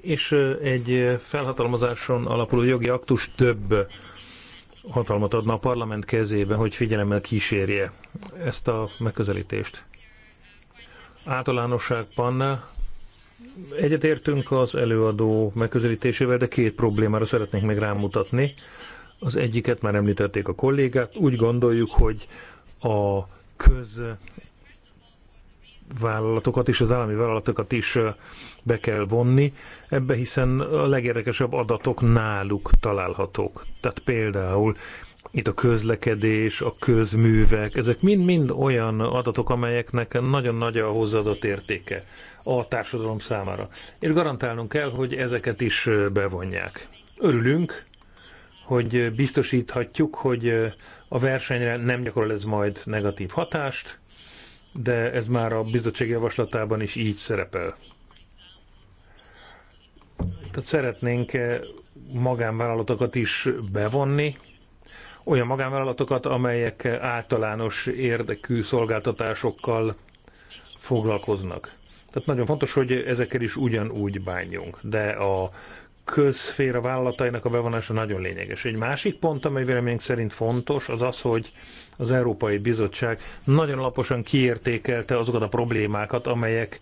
És egy felhatalmazáson alapuló jogi aktus több hatalmat adna a parlament kezébe, hogy figyelemmel kísérje ezt a megközelítést. Általánosságban Egyetértünk az előadó megközelítésével, de két problémára szeretnénk még rámutatni. Az egyiket már említették a kollégák. Úgy gondoljuk, hogy a köz vállalatokat és az állami vállalatokat is be kell vonni. Ebbe hiszen a legérdekesebb adatok náluk találhatók. Tehát például itt a közlekedés, a közművek, ezek mind-mind olyan adatok, amelyeknek nagyon nagy a hozzáadott értéke a társadalom számára. És garantálnunk kell, hogy ezeket is bevonják. Örülünk, hogy biztosíthatjuk, hogy a versenyre nem gyakorol ez majd negatív hatást, de ez már a bizottság javaslatában is így szerepel. Tehát szeretnénk magánvállalatokat is bevonni, olyan magánvállalatokat, amelyek általános érdekű szolgáltatásokkal foglalkoznak. Tehát nagyon fontos, hogy ezekkel is ugyanúgy bánjunk. De a közféra vállalatainak a bevonása nagyon lényeges. Egy másik pont, amely véleményünk szerint fontos, az az, hogy az Európai Bizottság nagyon laposan kiértékelte azokat a problémákat, amelyek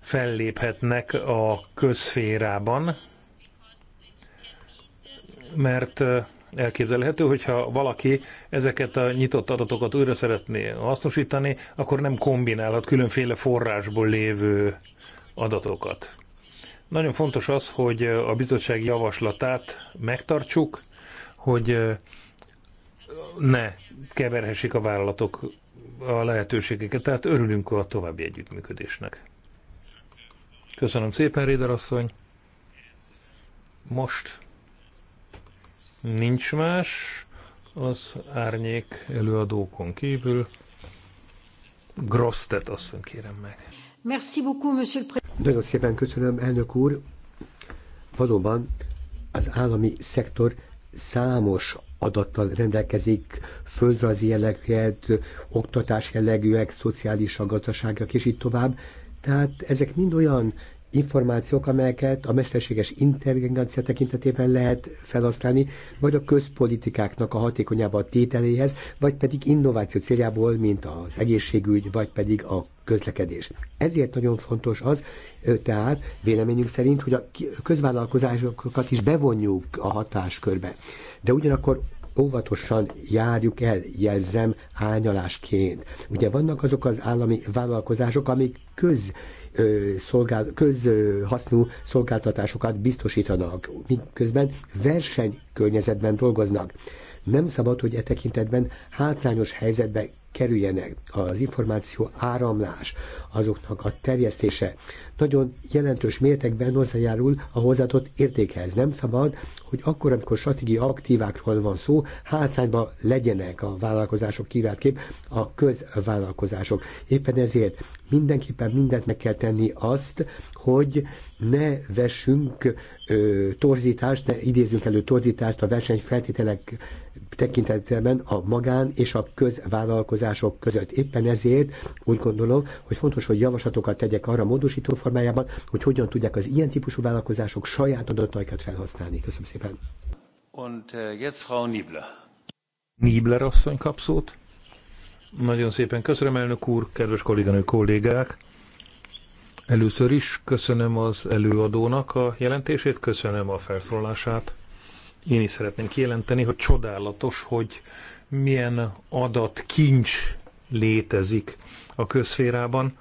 felléphetnek a közférában, mert elképzelhető, hogyha valaki ezeket a nyitott adatokat újra szeretné hasznosítani, akkor nem kombinálhat különféle forrásból lévő adatokat. Nagyon fontos az, hogy a bizottság javaslatát megtartsuk, hogy ne keverhessék a vállalatok a lehetőségeket, tehát örülünk a további együttműködésnek. Köszönöm szépen, Réder asszony! Most nincs más az árnyék előadókon kívül. Grosztet asszony kérem meg. Merci beaucoup, monsieur le président. Nagyon szépen köszönöm, elnök úr. Valóban az állami szektor számos adattal rendelkezik, földrajzi jellegűek, oktatás jellegűek, szociális gazdaságok és így tovább. Tehát ezek mind olyan információk, amelyeket a mesterséges intelligencia tekintetében lehet felhasználni, vagy a közpolitikáknak a hatékonyabb a tételéhez, vagy pedig innováció céljából, mint az egészségügy, vagy pedig a közlekedés. Ezért nagyon fontos az, tehát véleményünk szerint, hogy a közvállalkozásokat is bevonjuk a hatáskörbe. De ugyanakkor óvatosan járjuk el, jelzem, ányalásként. Ugye vannak azok az állami vállalkozások, amik köz közhasznú szolgáltatásokat biztosítanak, miközben versenykörnyezetben dolgoznak. Nem szabad, hogy e tekintetben hátrányos helyzetbe kerüljenek. Az információ áramlás, azoknak a terjesztése nagyon jelentős mértékben hozzájárul a hozzáadott értékhez. Nem szabad, hogy akkor, amikor stratégiai aktívákról van szó, hátrányba legyenek a vállalkozások kiváltképp a közvállalkozások. Éppen ezért mindenképpen mindent meg kell tenni azt, hogy ne vessünk ö, torzítást, ne idézünk elő torzítást a versenyfeltételek tekintetben a magán és a közvállalkozások között. Éppen ezért úgy gondolom, hogy fontos, hogy javaslatokat tegyek arra módosító formájában, hogy hogyan tudják az ilyen típusú vállalkozások saját adataikat felhasználni. Köszönöm szépen. Und äh, jetzt Frau Niebler. Niebler asszony kap szót. Nagyon szépen köszönöm, elnök úr, kedves kolléganő kollégák. Először is köszönöm az előadónak a jelentését, köszönöm a felszólását. Én is szeretném kijelenteni, hogy csodálatos, hogy milyen adat kincs létezik a közférában,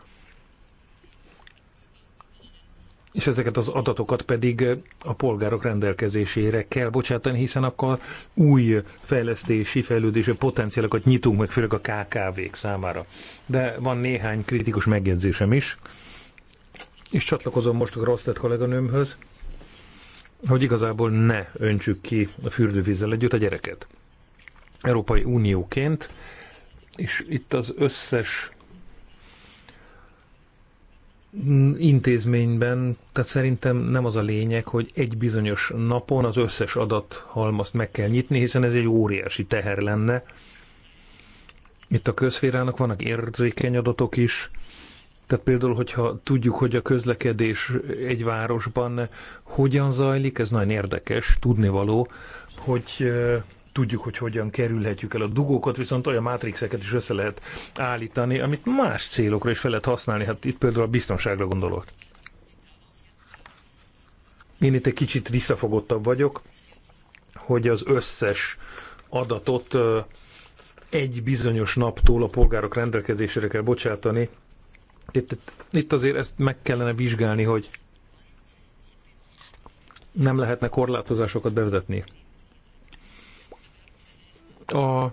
és ezeket az adatokat pedig a polgárok rendelkezésére kell bocsátani, hiszen akkor új fejlesztési, fejlődési potenciálokat nyitunk meg, főleg a KKV-k számára. De van néhány kritikus megjegyzésem is, és csatlakozom most a Rosztett kolléganőmhöz hogy igazából ne öntsük ki a fürdővízzel együtt a gyereket. Európai Unióként, és itt az összes intézményben, tehát szerintem nem az a lényeg, hogy egy bizonyos napon az összes adathalmazt meg kell nyitni, hiszen ez egy óriási teher lenne. Itt a közférának vannak érzékeny adatok is, tehát például, hogyha tudjuk, hogy a közlekedés egy városban hogyan zajlik, ez nagyon érdekes, tudnivaló, hogy tudjuk, hogy hogyan kerülhetjük el a dugókat, viszont olyan mátrixeket is össze lehet állítani, amit más célokra is fel lehet használni. Hát itt például a biztonságra gondolok. Én itt egy kicsit visszafogottabb vagyok, hogy az összes adatot egy bizonyos naptól a polgárok rendelkezésére kell bocsátani, itt, itt azért ezt meg kellene vizsgálni, hogy nem lehetne korlátozásokat bevezetni. A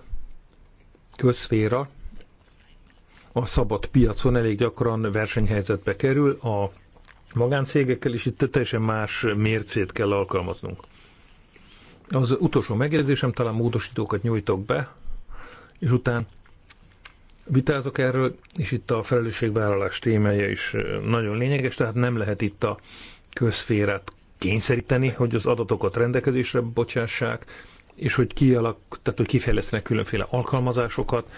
közszféra a szabad piacon elég gyakran versenyhelyzetbe kerül, a magáncégekkel is itt teljesen más mércét kell alkalmaznunk. Az utolsó megjegyzésem, talán módosítókat nyújtok be, és utána vitázok erről, és itt a felelősségvállalás témája is nagyon lényeges, tehát nem lehet itt a közférát kényszeríteni, hogy az adatokat rendelkezésre bocsássák, és hogy kialak, tehát hogy kifejlesztenek különféle alkalmazásokat,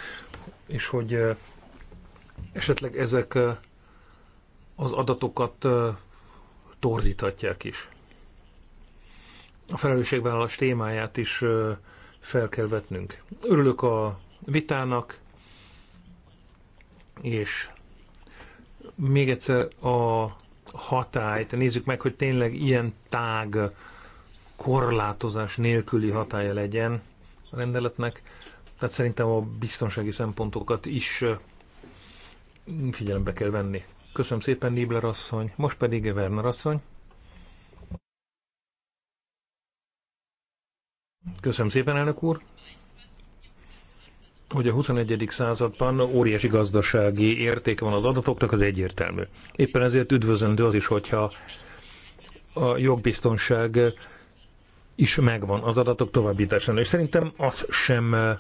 és hogy esetleg ezek az adatokat torzíthatják is. A felelősségvállalás témáját is fel kell vetnünk. Örülök a vitának, és még egyszer a hatályt, nézzük meg, hogy tényleg ilyen tág korlátozás nélküli hatája legyen a rendeletnek. Tehát szerintem a biztonsági szempontokat is figyelembe kell venni. Köszönöm szépen, Nibler asszony. Most pedig Werner asszony. Köszönöm szépen, elnök úr hogy a 21. században óriási gazdasági érték van az adatoknak, az egyértelmű. Éppen ezért üdvözlendő az is, hogyha a jogbiztonság is megvan az adatok továbbításán. És szerintem az sem eh,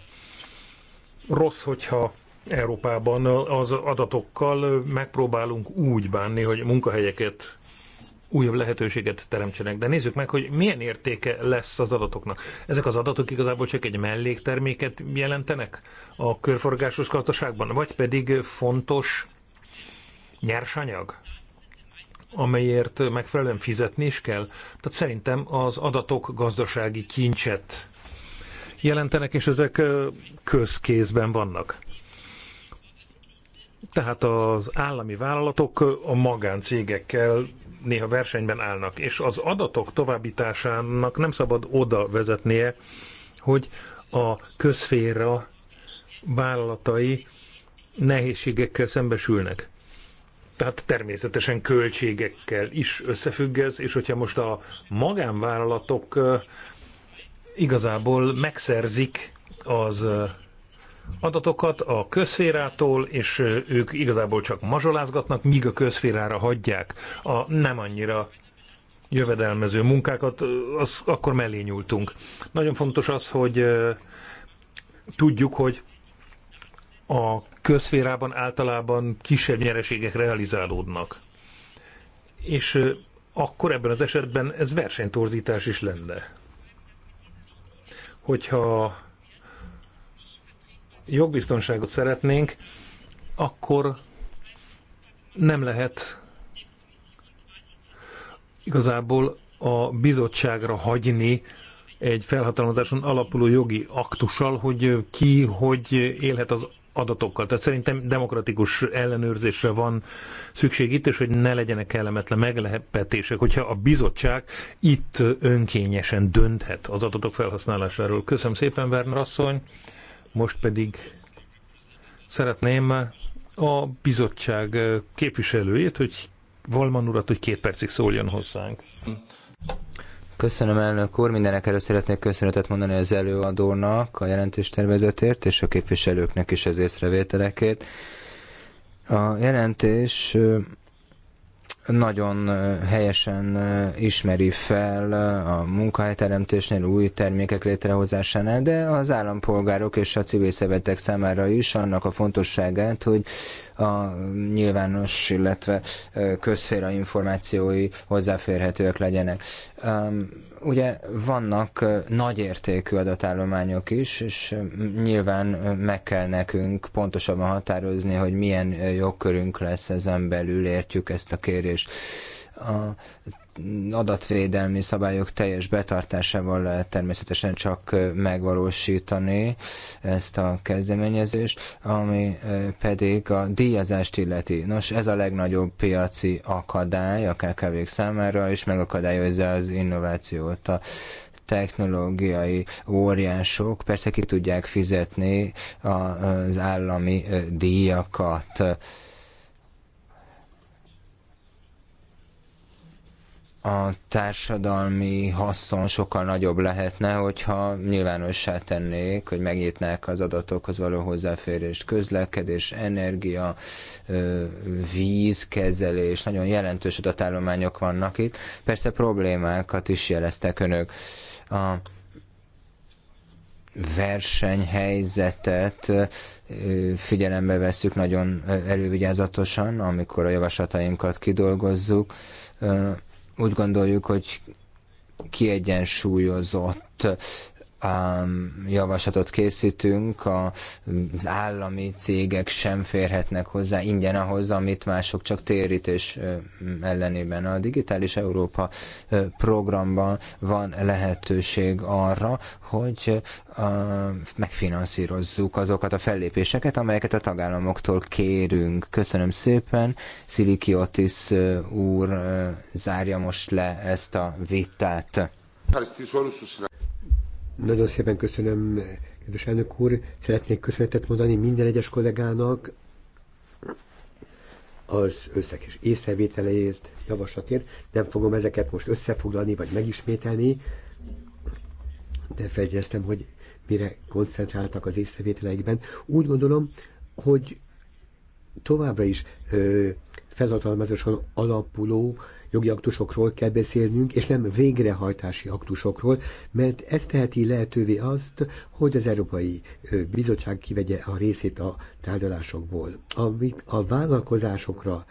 rossz, hogyha Európában az adatokkal megpróbálunk úgy bánni, hogy munkahelyeket újabb lehetőséget teremtsenek. De nézzük meg, hogy milyen értéke lesz az adatoknak. Ezek az adatok igazából csak egy mellékterméket jelentenek a körforgásos gazdaságban, vagy pedig fontos nyersanyag, amelyért megfelelően fizetni is kell. Tehát szerintem az adatok gazdasági kincset jelentenek, és ezek közkézben vannak. Tehát az állami vállalatok a magáncégekkel néha versenyben állnak, és az adatok továbbításának nem szabad oda vezetnie, hogy a közféra vállalatai nehézségekkel szembesülnek. Tehát természetesen költségekkel is összefügg ez, és hogyha most a magánvállalatok igazából megszerzik az adatokat a közszférától, és ők igazából csak mazsolázgatnak, míg a közszférára hagyják a nem annyira jövedelmező munkákat, az, akkor mellé nyúltunk. Nagyon fontos az, hogy tudjuk, hogy a közszférában általában kisebb nyereségek realizálódnak. És akkor ebben az esetben ez versenytorzítás is lenne. Hogyha jogbiztonságot szeretnénk, akkor nem lehet igazából a bizottságra hagyni egy felhatalmazáson alapuló jogi aktussal, hogy ki hogy élhet az adatokkal. Tehát szerintem demokratikus ellenőrzésre van szükség itt, és hogy ne legyenek kellemetlen meglepetések, hogyha a bizottság itt önkényesen dönthet az adatok felhasználásáról. Köszönöm szépen, Werner asszony! Most pedig szeretném a bizottság képviselőjét, hogy Valman urat, hogy két percig szóljon hozzánk. Köszönöm elnök úr, mindenek előtt szeretnék köszönetet mondani az előadónak a jelentés tervezetért és a képviselőknek is az észrevételekért. A jelentés nagyon helyesen ismeri fel a munkahelyteremtésnél, új termékek létrehozásánál, de az állampolgárok és a civil szervezetek számára is annak a fontosságát, hogy a nyilvános, illetve közféra információi hozzáférhetőek legyenek. Ugye vannak nagyértékű adatállományok is, és nyilván meg kell nekünk pontosabban határozni, hogy milyen jogkörünk lesz ezen belül, értjük ezt a kérést. A adatvédelmi szabályok teljes betartásával lehet természetesen csak megvalósítani ezt a kezdeményezést, ami pedig a díjazást illeti. Nos, ez a legnagyobb piaci akadály a kkv számára, és megakadályozza az innovációt. A technológiai óriások persze ki tudják fizetni az állami díjakat a társadalmi haszon sokkal nagyobb lehetne, hogyha nyilvánossá tennék, hogy megnyitnák az adatokhoz való hozzáférést, közlekedés, energia, vízkezelés, nagyon jelentős adatállományok vannak itt. Persze problémákat is jeleztek önök. A versenyhelyzetet figyelembe vesszük nagyon elővigyázatosan, amikor a javaslatainkat kidolgozzuk úgy gondoljuk, hogy kiegyensúlyozott javaslatot készítünk, az állami cégek sem férhetnek hozzá ingyen ahhoz, amit mások csak térítés ellenében. A Digitális Európa programban van lehetőség arra, hogy megfinanszírozzuk azokat a fellépéseket, amelyeket a tagállamoktól kérünk. Köszönöm szépen. Sziliki Otis úr zárja most le ezt a vitát. Nagyon szépen köszönöm, kedves elnök úr. Szeretnék köszönetet mondani minden egyes kollégának az összes észrevételeért, javaslatért. Nem fogom ezeket most összefoglalni, vagy megismételni, de feljegyeztem, hogy mire koncentráltak az észrevételeikben. Úgy gondolom, hogy továbbra is ö, felhatalmazáson alapuló jogi aktusokról kell beszélnünk, és nem végrehajtási aktusokról, mert ez teheti lehetővé azt, hogy az Európai Bizottság kivegye a részét a tárgyalásokból. Amit a vállalkozásokra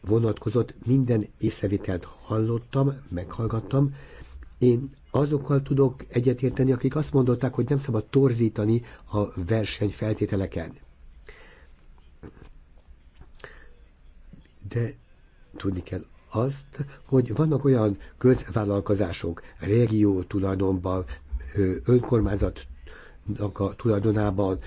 vonatkozott, minden észrevételt hallottam, meghallgattam. Én azokkal tudok egyetérteni, akik azt mondották, hogy nem szabad torzítani a verseny feltételeken. De tudni kell azt, hogy vannak olyan közvállalkozások, régió tulajdonban, önkormányzatnak a tulajdonában,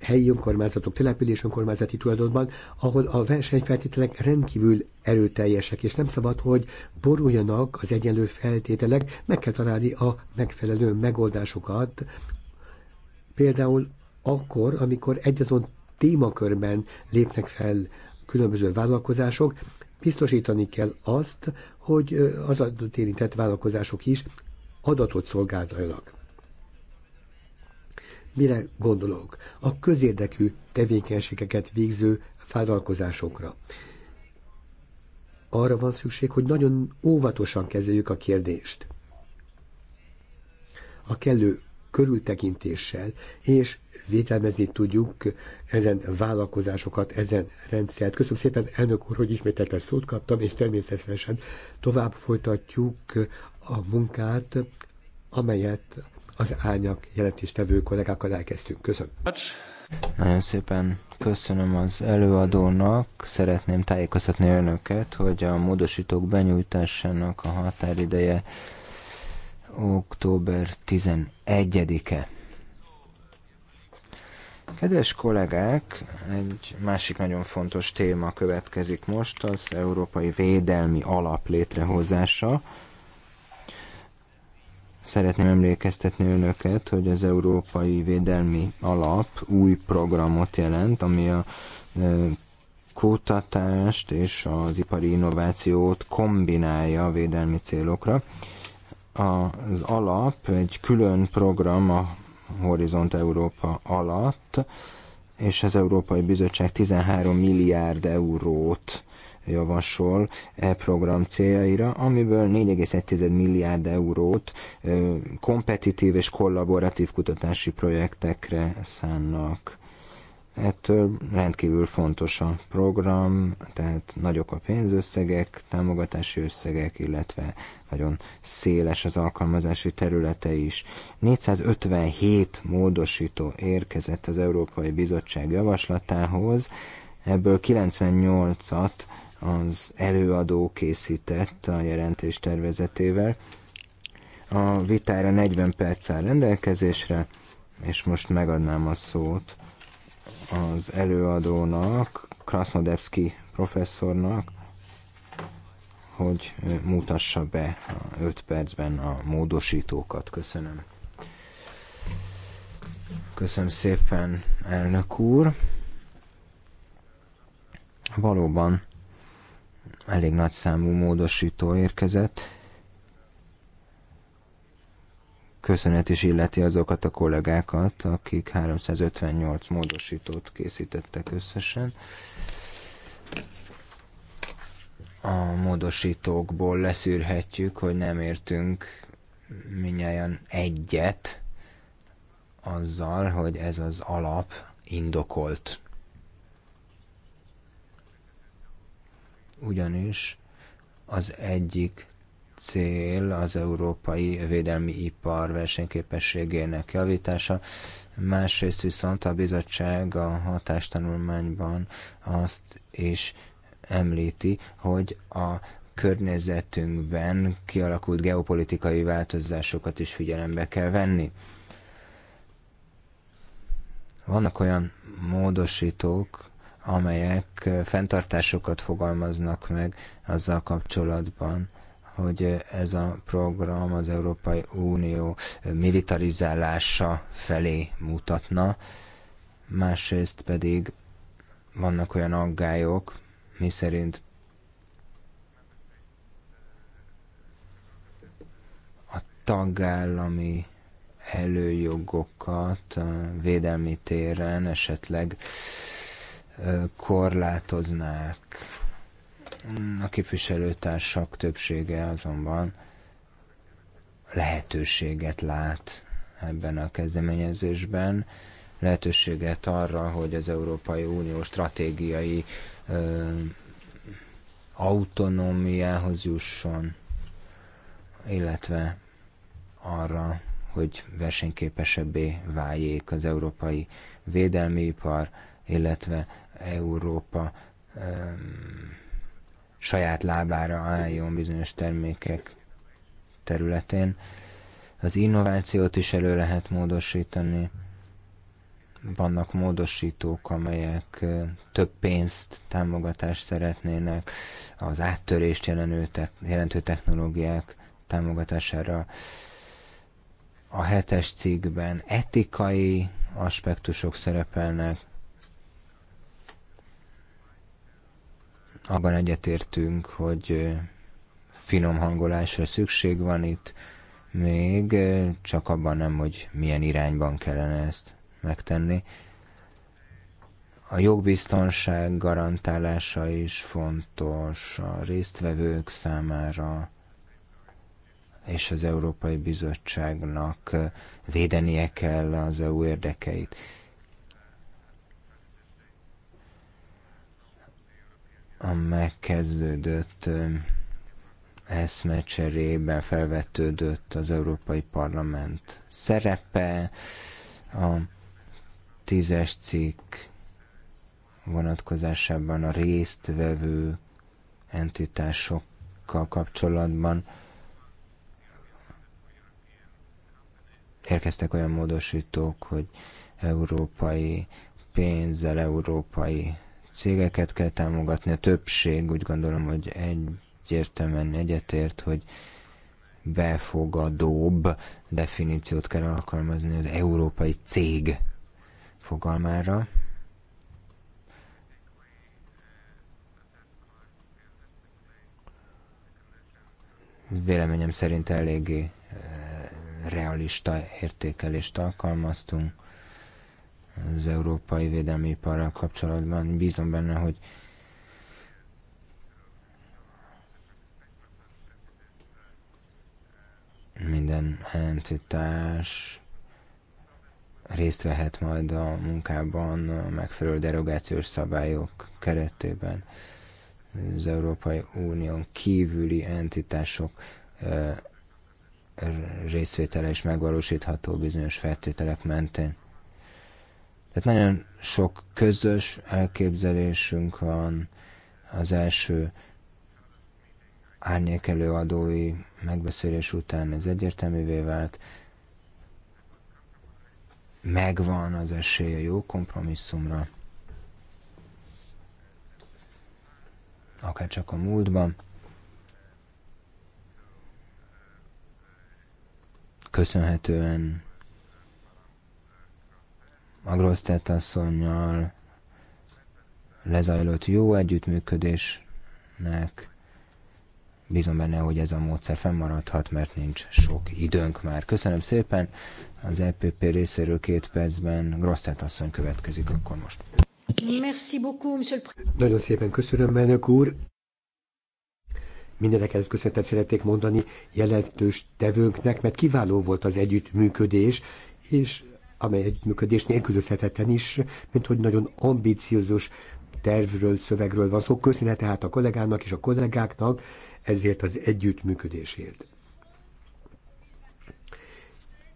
helyi önkormányzatok, település önkormányzati tulajdonban, ahol a versenyfeltételek rendkívül erőteljesek, és nem szabad, hogy boruljanak az egyenlő feltételek, meg kell találni a megfelelő megoldásokat, például akkor, amikor egyazon témakörben lépnek fel különböző vállalkozások, Biztosítani kell azt, hogy az adott érintett vállalkozások is adatot szolgáljanak. Mire gondolok? A közérdekű tevékenységeket végző vállalkozásokra. Arra van szükség, hogy nagyon óvatosan kezeljük a kérdést. A kellő körültekintéssel, és védelmezni tudjuk ezen vállalkozásokat, ezen rendszert. Köszönöm szépen, elnök úr, hogy ismételten szót kaptam, és természetesen tovább folytatjuk a munkát, amelyet az álnyak jelentéstevő kollégákkal elkezdtünk. Köszönöm. Nagyon szépen köszönöm az előadónak. Szeretném tájékoztatni önöket, hogy a módosítók benyújtásának a határideje október 11-e. Kedves kollégák, egy másik nagyon fontos téma következik most, az Európai Védelmi Alap létrehozása. Szeretném emlékeztetni önöket, hogy az Európai Védelmi Alap új programot jelent, ami a kutatást és az ipari innovációt kombinálja a védelmi célokra az alap egy külön program a Horizont Európa alatt, és az Európai Bizottság 13 milliárd eurót javasol e program céljaira, amiből 4,1 milliárd eurót kompetitív és kollaboratív kutatási projektekre szánnak. Ettől rendkívül fontos a program, tehát nagyok a pénzösszegek, támogatási összegek, illetve nagyon széles az alkalmazási területe is. 457 módosító érkezett az Európai Bizottság javaslatához, ebből 98-at az előadó készített a jelentés tervezetével. A vitára 40 perc áll rendelkezésre, és most megadnám a szót az előadónak, Krasnodebski professzornak, hogy mutassa be 5 percben a módosítókat. Köszönöm. Köszönöm szépen, elnök úr. Valóban elég nagy számú módosító érkezett. Köszönet is illeti azokat a kollégákat, akik 358 módosítót készítettek összesen a módosítókból leszűrhetjük, hogy nem értünk minnyáján egyet azzal, hogy ez az alap indokolt. Ugyanis az egyik cél az európai védelmi ipar versenyképességének javítása, másrészt viszont a bizottság a hatástanulmányban azt is említi, hogy a környezetünkben kialakult geopolitikai változásokat is figyelembe kell venni. Vannak olyan módosítók, amelyek fenntartásokat fogalmaznak meg azzal kapcsolatban, hogy ez a program az Európai Unió militarizálása felé mutatna, másrészt pedig vannak olyan aggályok, szerint a tagállami előjogokat védelmi téren esetleg korlátoznák. A képviselőtársak többsége azonban lehetőséget lát ebben a kezdeményezésben, lehetőséget arra, hogy az Európai Unió stratégiai autonómiához jusson, illetve arra, hogy versenyképesebbé váljék az európai védelmi ipar, illetve Európa saját lábára álljon bizonyos termékek területén. Az innovációt is elő lehet módosítani, vannak módosítók, amelyek több pénzt, támogatást szeretnének, az áttörést jelentő technológiák támogatására. A hetes cikkben etikai aspektusok szerepelnek, abban egyetértünk, hogy finom hangolásra szükség van itt, még csak abban nem, hogy milyen irányban kellene ezt megtenni. A jogbiztonság garantálása is fontos a résztvevők számára, és az Európai Bizottságnak védenie kell az EU érdekeit. A megkezdődött eszmecserében felvetődött az Európai Parlament szerepe, a Tízes cikk vonatkozásában a résztvevő entitásokkal kapcsolatban érkeztek olyan módosítók, hogy európai pénzzel európai cégeket kell támogatni. A többség úgy gondolom, hogy egyértelműen egyetért, hogy befogadóbb definíciót kell alkalmazni az európai cég fogalmára. Véleményem szerint eléggé eh, realista értékelést alkalmaztunk az európai védelmi iparral kapcsolatban. Bízom benne, hogy minden entitás részt vehet majd a munkában a megfelelő derogációs szabályok keretében az Európai Unión kívüli entitások részvétele is megvalósítható bizonyos feltételek mentén. Tehát nagyon sok közös elképzelésünk van. Az első árnyékelő adói megbeszélés után ez egyértelművé vált, megvan az esély a jó kompromisszumra, akár csak a múltban. Köszönhetően a Grosztet asszonynal lezajlott jó együttműködésnek Bízom benne, hogy ez a módszer fennmaradhat, mert nincs sok időnk már. Köszönöm szépen. Az EPP részéről két percben Grosztát asszony következik akkor most. Merci beaucoup, monsieur le... Nagyon szépen köszönöm, elnök úr. előtt köszönetet szeretnék mondani jelentős tevőnknek, mert kiváló volt az együttműködés, és amely együttműködés nélkülözhetetlen is, mint hogy nagyon ambiciózus tervről, szövegről van szó. Köszönet tehát a kollégának és a kollégáknak, ezért az együttműködésért.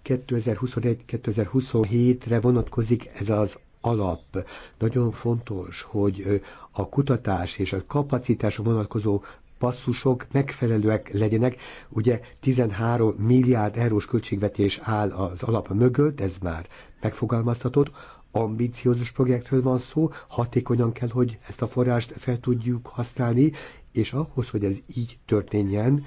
2021-2027-re vonatkozik ez az alap. Nagyon fontos, hogy a kutatás és a kapacitás vonatkozó passzusok megfelelőek legyenek. Ugye 13 milliárd eurós költségvetés áll az alap mögött, ez már megfogalmaztatott ambiciózus projektről van szó, hatékonyan kell, hogy ezt a forrást fel tudjuk használni, és ahhoz, hogy ez így történjen,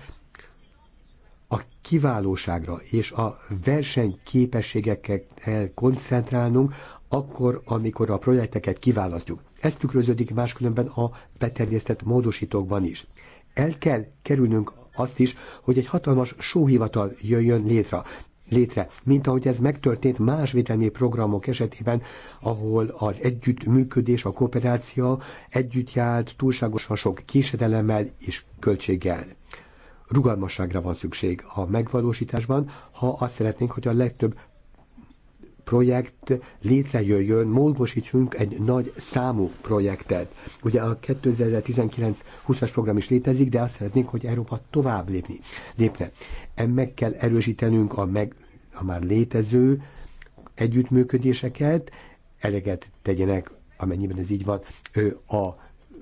a kiválóságra és a versenyképességekkel koncentrálnunk, akkor, amikor a projekteket kiválasztjuk. Ez tükröződik máskülönben a beterjesztett módosítókban is. El kell kerülnünk azt is, hogy egy hatalmas sóhivatal jöjjön létre létre, mint ahogy ez megtörtént más védelmi programok esetében, ahol az együttműködés, a kooperáció együtt járt túlságosan sok késedelemmel és költséggel. Rugalmasságra van szükség a megvalósításban, ha azt szeretnénk, hogy a legtöbb projekt létrejöjjön, módosítsunk egy nagy számú projektet. Ugye a 2019-20-as program is létezik, de azt szeretnénk, hogy Európa tovább lépni, lépne. Ennek kell erősítenünk a, meg, a már létező együttműködéseket, eleget tegyenek, amennyiben ez így van, a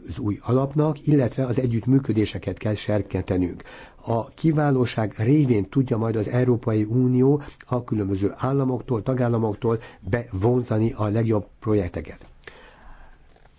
az új alapnak, illetve az együttműködéseket kell serkentenünk a kiválóság révén tudja majd az Európai Unió a különböző államoktól, tagállamoktól bevonzani a legjobb projekteket.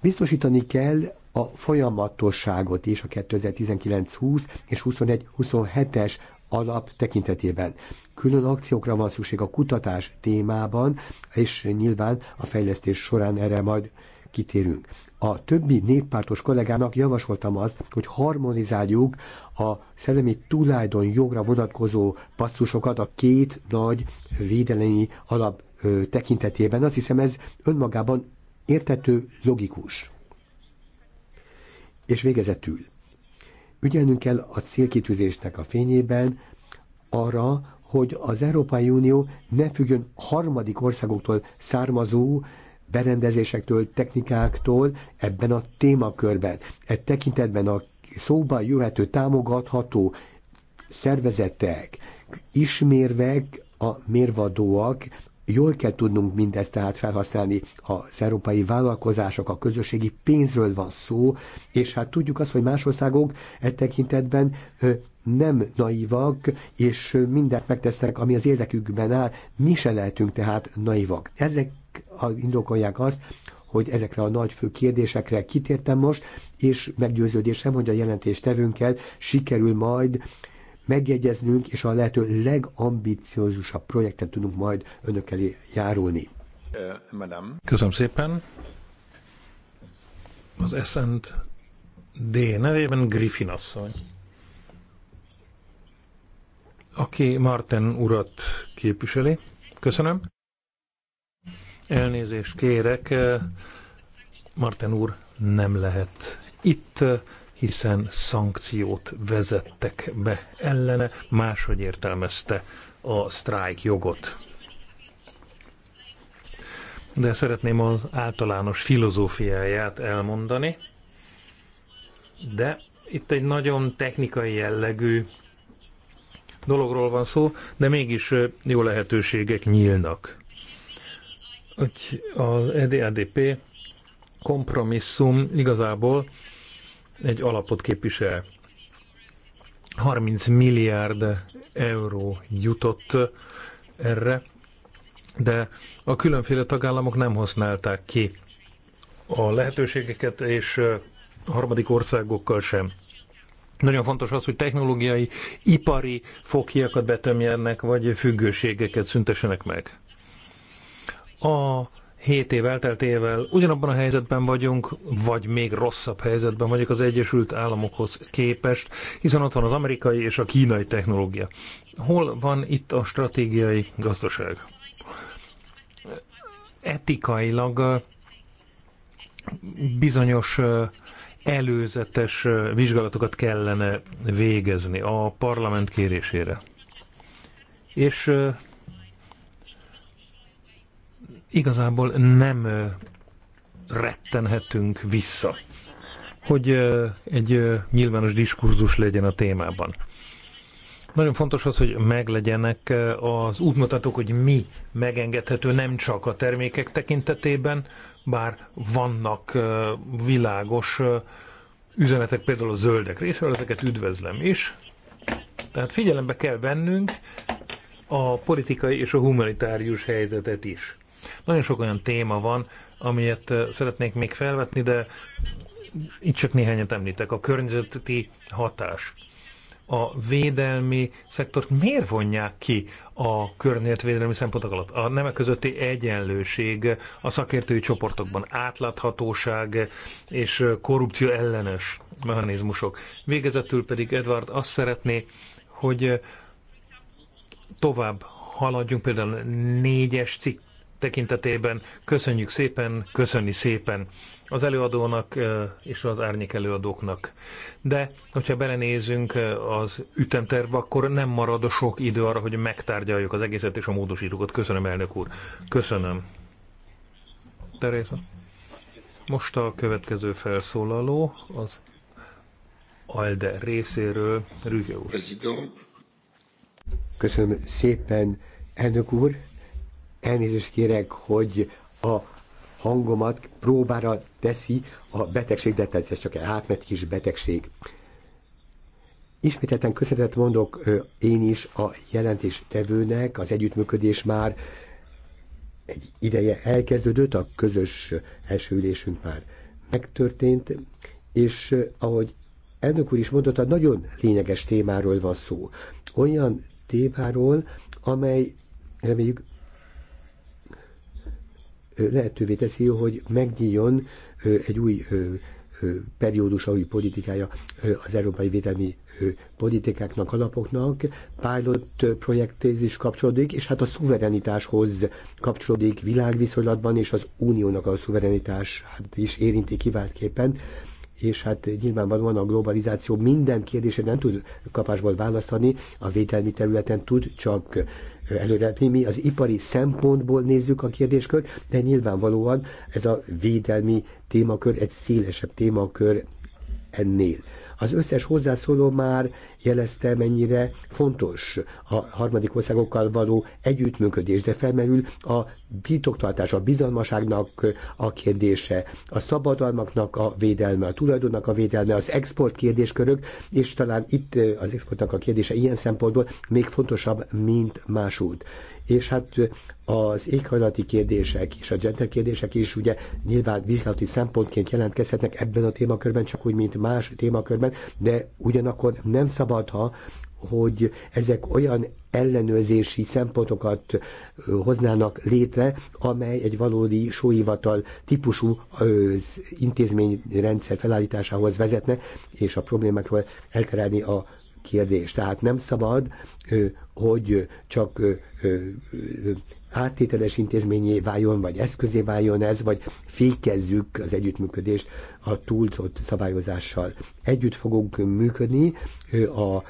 Biztosítani kell a folyamatosságot is a 2019-20 és 21-27-es alap tekintetében. Külön akciókra van szükség a kutatás témában, és nyilván a fejlesztés során erre majd kitérünk a többi néppártos kollégának javasoltam azt, hogy harmonizáljuk a szellemi tulajdon jogra vonatkozó passzusokat a két nagy védelmi alap tekintetében. Azt hiszem ez önmagában értető, logikus. És végezetül. Ügyelnünk kell a célkitűzésnek a fényében arra, hogy az Európai Unió ne függjön harmadik országoktól származó berendezésektől, technikáktól ebben a témakörben. E tekintetben a szóba jöhető támogatható szervezetek, ismérvek a mérvadóak, jól kell tudnunk mindezt tehát felhasználni. Az európai vállalkozások, a közösségi pénzről van szó, és hát tudjuk azt, hogy más országok e tekintetben nem naivak, és mindent megtesznek, ami az érdekükben áll, mi se lehetünk tehát naivak. Ezek indokolják azt, hogy ezekre a nagy fő kérdésekre kitértem most, és meggyőződésem, hogy a jelentéstevőnkkel sikerül majd megjegyeznünk, és a lehető legambiciózusabb projektet tudunk majd önök elé járulni. Eh, madame. Köszönöm szépen. Az Eszent D nevében Griffin asszony, aki Martin urat képviseli. Köszönöm. Elnézést kérek, eh, Martin úr nem lehet itt, eh, hiszen szankciót vezettek be ellene, máshogy értelmezte a sztrájk jogot. De szeretném az általános filozófiáját elmondani, de itt egy nagyon technikai jellegű dologról van szó, de mégis eh, jó lehetőségek nyílnak hogy az EDRDP kompromisszum igazából egy alapot képvisel. 30 milliárd euró jutott erre, de a különféle tagállamok nem használták ki a lehetőségeket, és a harmadik országokkal sem. Nagyon fontos az, hogy technológiai, ipari fokhiakat betömjenek, vagy függőségeket szüntessenek meg a 7 év elteltével ugyanabban a helyzetben vagyunk, vagy még rosszabb helyzetben vagyok az Egyesült Államokhoz képest, hiszen ott van az amerikai és a kínai technológia. Hol van itt a stratégiai gazdaság? Etikailag bizonyos előzetes vizsgálatokat kellene végezni a parlament kérésére. És igazából nem rettenhetünk vissza, hogy egy nyilvános diskurzus legyen a témában. Nagyon fontos az, hogy meglegyenek az útmutatók, hogy mi megengedhető nem csak a termékek tekintetében, bár vannak világos üzenetek például a zöldek részéről, ezeket üdvözlem is. Tehát figyelembe kell vennünk a politikai és a humanitárius helyzetet is. Nagyon sok olyan téma van, amelyet szeretnék még felvetni, de itt csak néhányat említek. A környezeti hatás. A védelmi szektort miért vonják ki a környezetvédelmi szempontok alatt? A nemek közötti egyenlőség, a szakértői csoportokban átláthatóság és korrupció ellenes mechanizmusok. Végezetül pedig Edward azt szeretné, hogy tovább haladjunk, például négyes cikk tekintetében. Köszönjük szépen, köszönni szépen az előadónak és az árnyék előadóknak. De, hogyha belenézünk az ütemterve, akkor nem marad sok idő arra, hogy megtárgyaljuk az egészet és a módosítókat. Köszönöm, elnök úr. Köszönöm. Teréza. Most a következő felszólaló az ALDE részéről, Rüge úr. Köszönöm szépen, elnök úr. Elnézést kérek, hogy a hangomat próbára teszi a betegség, de ez csak átmet kis betegség. Ismételten köszönetet mondok én is a jelentéstevőnek, az együttműködés már egy ideje elkezdődött, a közös első már megtörtént, és ahogy elnök úr is mondotta, nagyon lényeges témáról van szó. Olyan témáról, amely reméljük lehetővé teszi, hogy megnyíljon egy új periódus, új politikája az európai védelmi politikáknak, alapoknak, pilot projekthez is kapcsolódik, és hát a szuverenitáshoz kapcsolódik világviszonylatban, és az uniónak a szuverenitás hát is érinti kiváltképpen és hát nyilvánvalóan a globalizáció minden kérdésre nem tud kapásból választani, a védelmi területen tud csak Előre Mi az ipari szempontból nézzük a kérdéskört, de nyilvánvalóan ez a védelmi témakör egy szélesebb témakör ennél. Az összes hozzászóló már jelezte, mennyire fontos a harmadik országokkal való együttműködés, de felmerül a titoktartás, a bizalmaságnak a kérdése, a szabadalmaknak a védelme, a tulajdonnak a védelme, az export kérdéskörök, és talán itt eh, az exportnak a kérdése ilyen szempontból még fontosabb, mint másút és hát az éghajlati kérdések és a gender kérdések is ugye nyilván vizsgálati szempontként jelentkezhetnek ebben a témakörben, csak úgy, mint más témakörben, de ugyanakkor nem szabad, ha hogy ezek olyan ellenőrzési szempontokat hoznának létre, amely egy valódi sóhivatal típusú intézményrendszer felállításához vezetne, és a problémákról elterelni a kérdést. Tehát nem szabad hogy csak áttételes intézményé váljon, vagy eszközé váljon ez, vagy fékezzük az együttműködést a túlzott szabályozással. Együtt fogunk működni a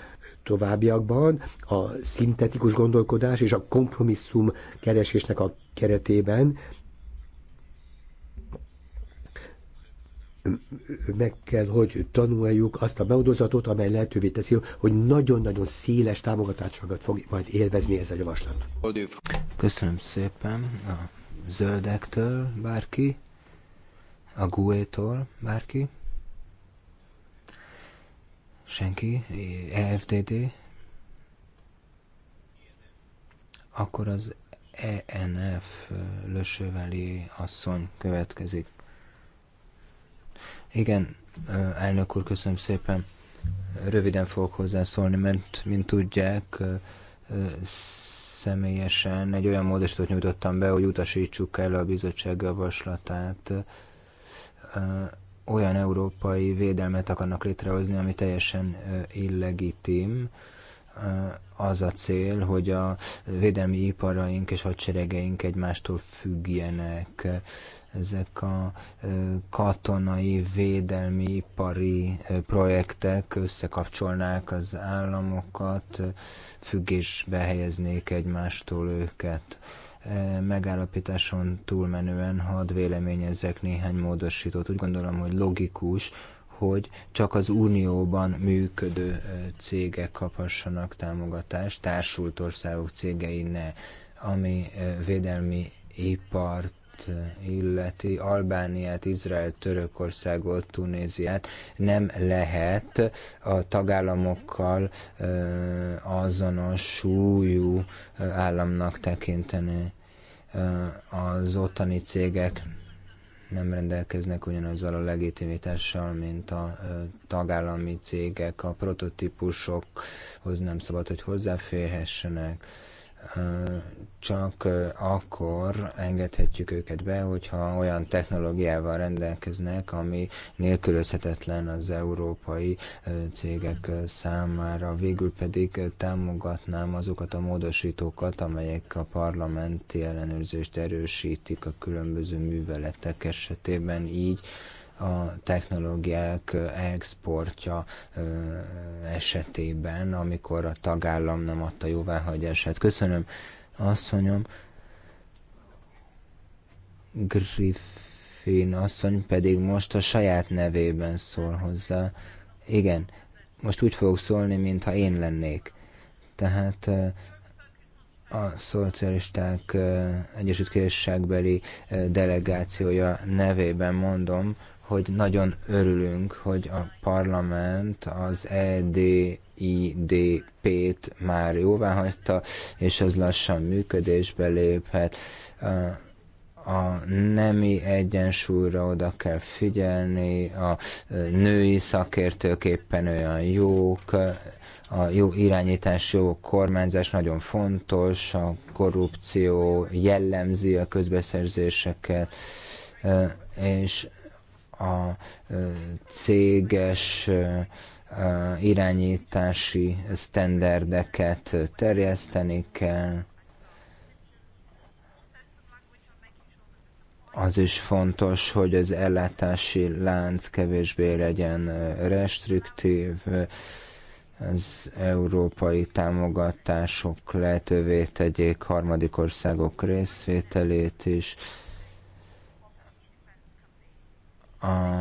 továbbiakban a szintetikus gondolkodás és a kompromisszum keresésnek a keretében meg kell, hogy tanuljuk azt a megoldozatot, amely lehetővé teszi, hogy nagyon-nagyon széles támogatásokat fog majd élvezni ez a javaslat. Köszönöm szépen a zöldektől bárki, a GUE-tól bárki, senki, EFDD, akkor az ENF lösöveli asszony következik. Igen, elnök úr, köszönöm szépen. Röviden fogok hozzászólni, mert mint tudják, személyesen egy olyan módosítót nyújtottam be, hogy utasítsuk el a bizottság javaslatát. Olyan európai védelmet akarnak létrehozni, ami teljesen illegitim az a cél, hogy a védelmi iparaink és hadseregeink egymástól függjenek. Ezek a katonai, védelmi, ipari projektek összekapcsolnák az államokat, függésbe helyeznék egymástól őket megállapításon túlmenően hadd véleményezzek néhány módosítót. Úgy gondolom, hogy logikus, hogy csak az unióban működő cégek kaphassanak támogatást, társult országok cégei ne, ami védelmi ipart illeti Albániát, Izrael, Törökországot, Tunéziát nem lehet a tagállamokkal azonos súlyú államnak tekinteni az ottani cégek nem rendelkeznek ugyanazzal a legitimitással, mint a tagállami cégek, a prototípusokhoz nem szabad, hogy hozzáférhessenek csak akkor engedhetjük őket be, hogyha olyan technológiával rendelkeznek, ami nélkülözhetetlen az európai cégek számára. Végül pedig támogatnám azokat a módosítókat, amelyek a parlamenti ellenőrzést erősítik a különböző műveletek esetében, így a technológiák exportja esetében, amikor a tagállam nem adta jóváhagyását. Köszönöm, asszonyom. Griffin asszony pedig most a saját nevében szól hozzá. Igen, most úgy fogok szólni, mintha én lennék. Tehát a szocialisták Egyesült delegációja nevében mondom, hogy nagyon örülünk, hogy a parlament az EDIDP-t már jóvá hagyta, és ez lassan működésbe léphet. A nemi egyensúlyra oda kell figyelni, a női szakértők éppen olyan jók, a jó irányítás, jó kormányzás nagyon fontos, a korrupció jellemzi a közbeszerzéseket, és a céges irányítási sztenderdeket terjeszteni kell. Az is fontos, hogy az ellátási lánc kevésbé legyen restriktív, az európai támogatások lehetővé tegyék harmadik országok részvételét is, a,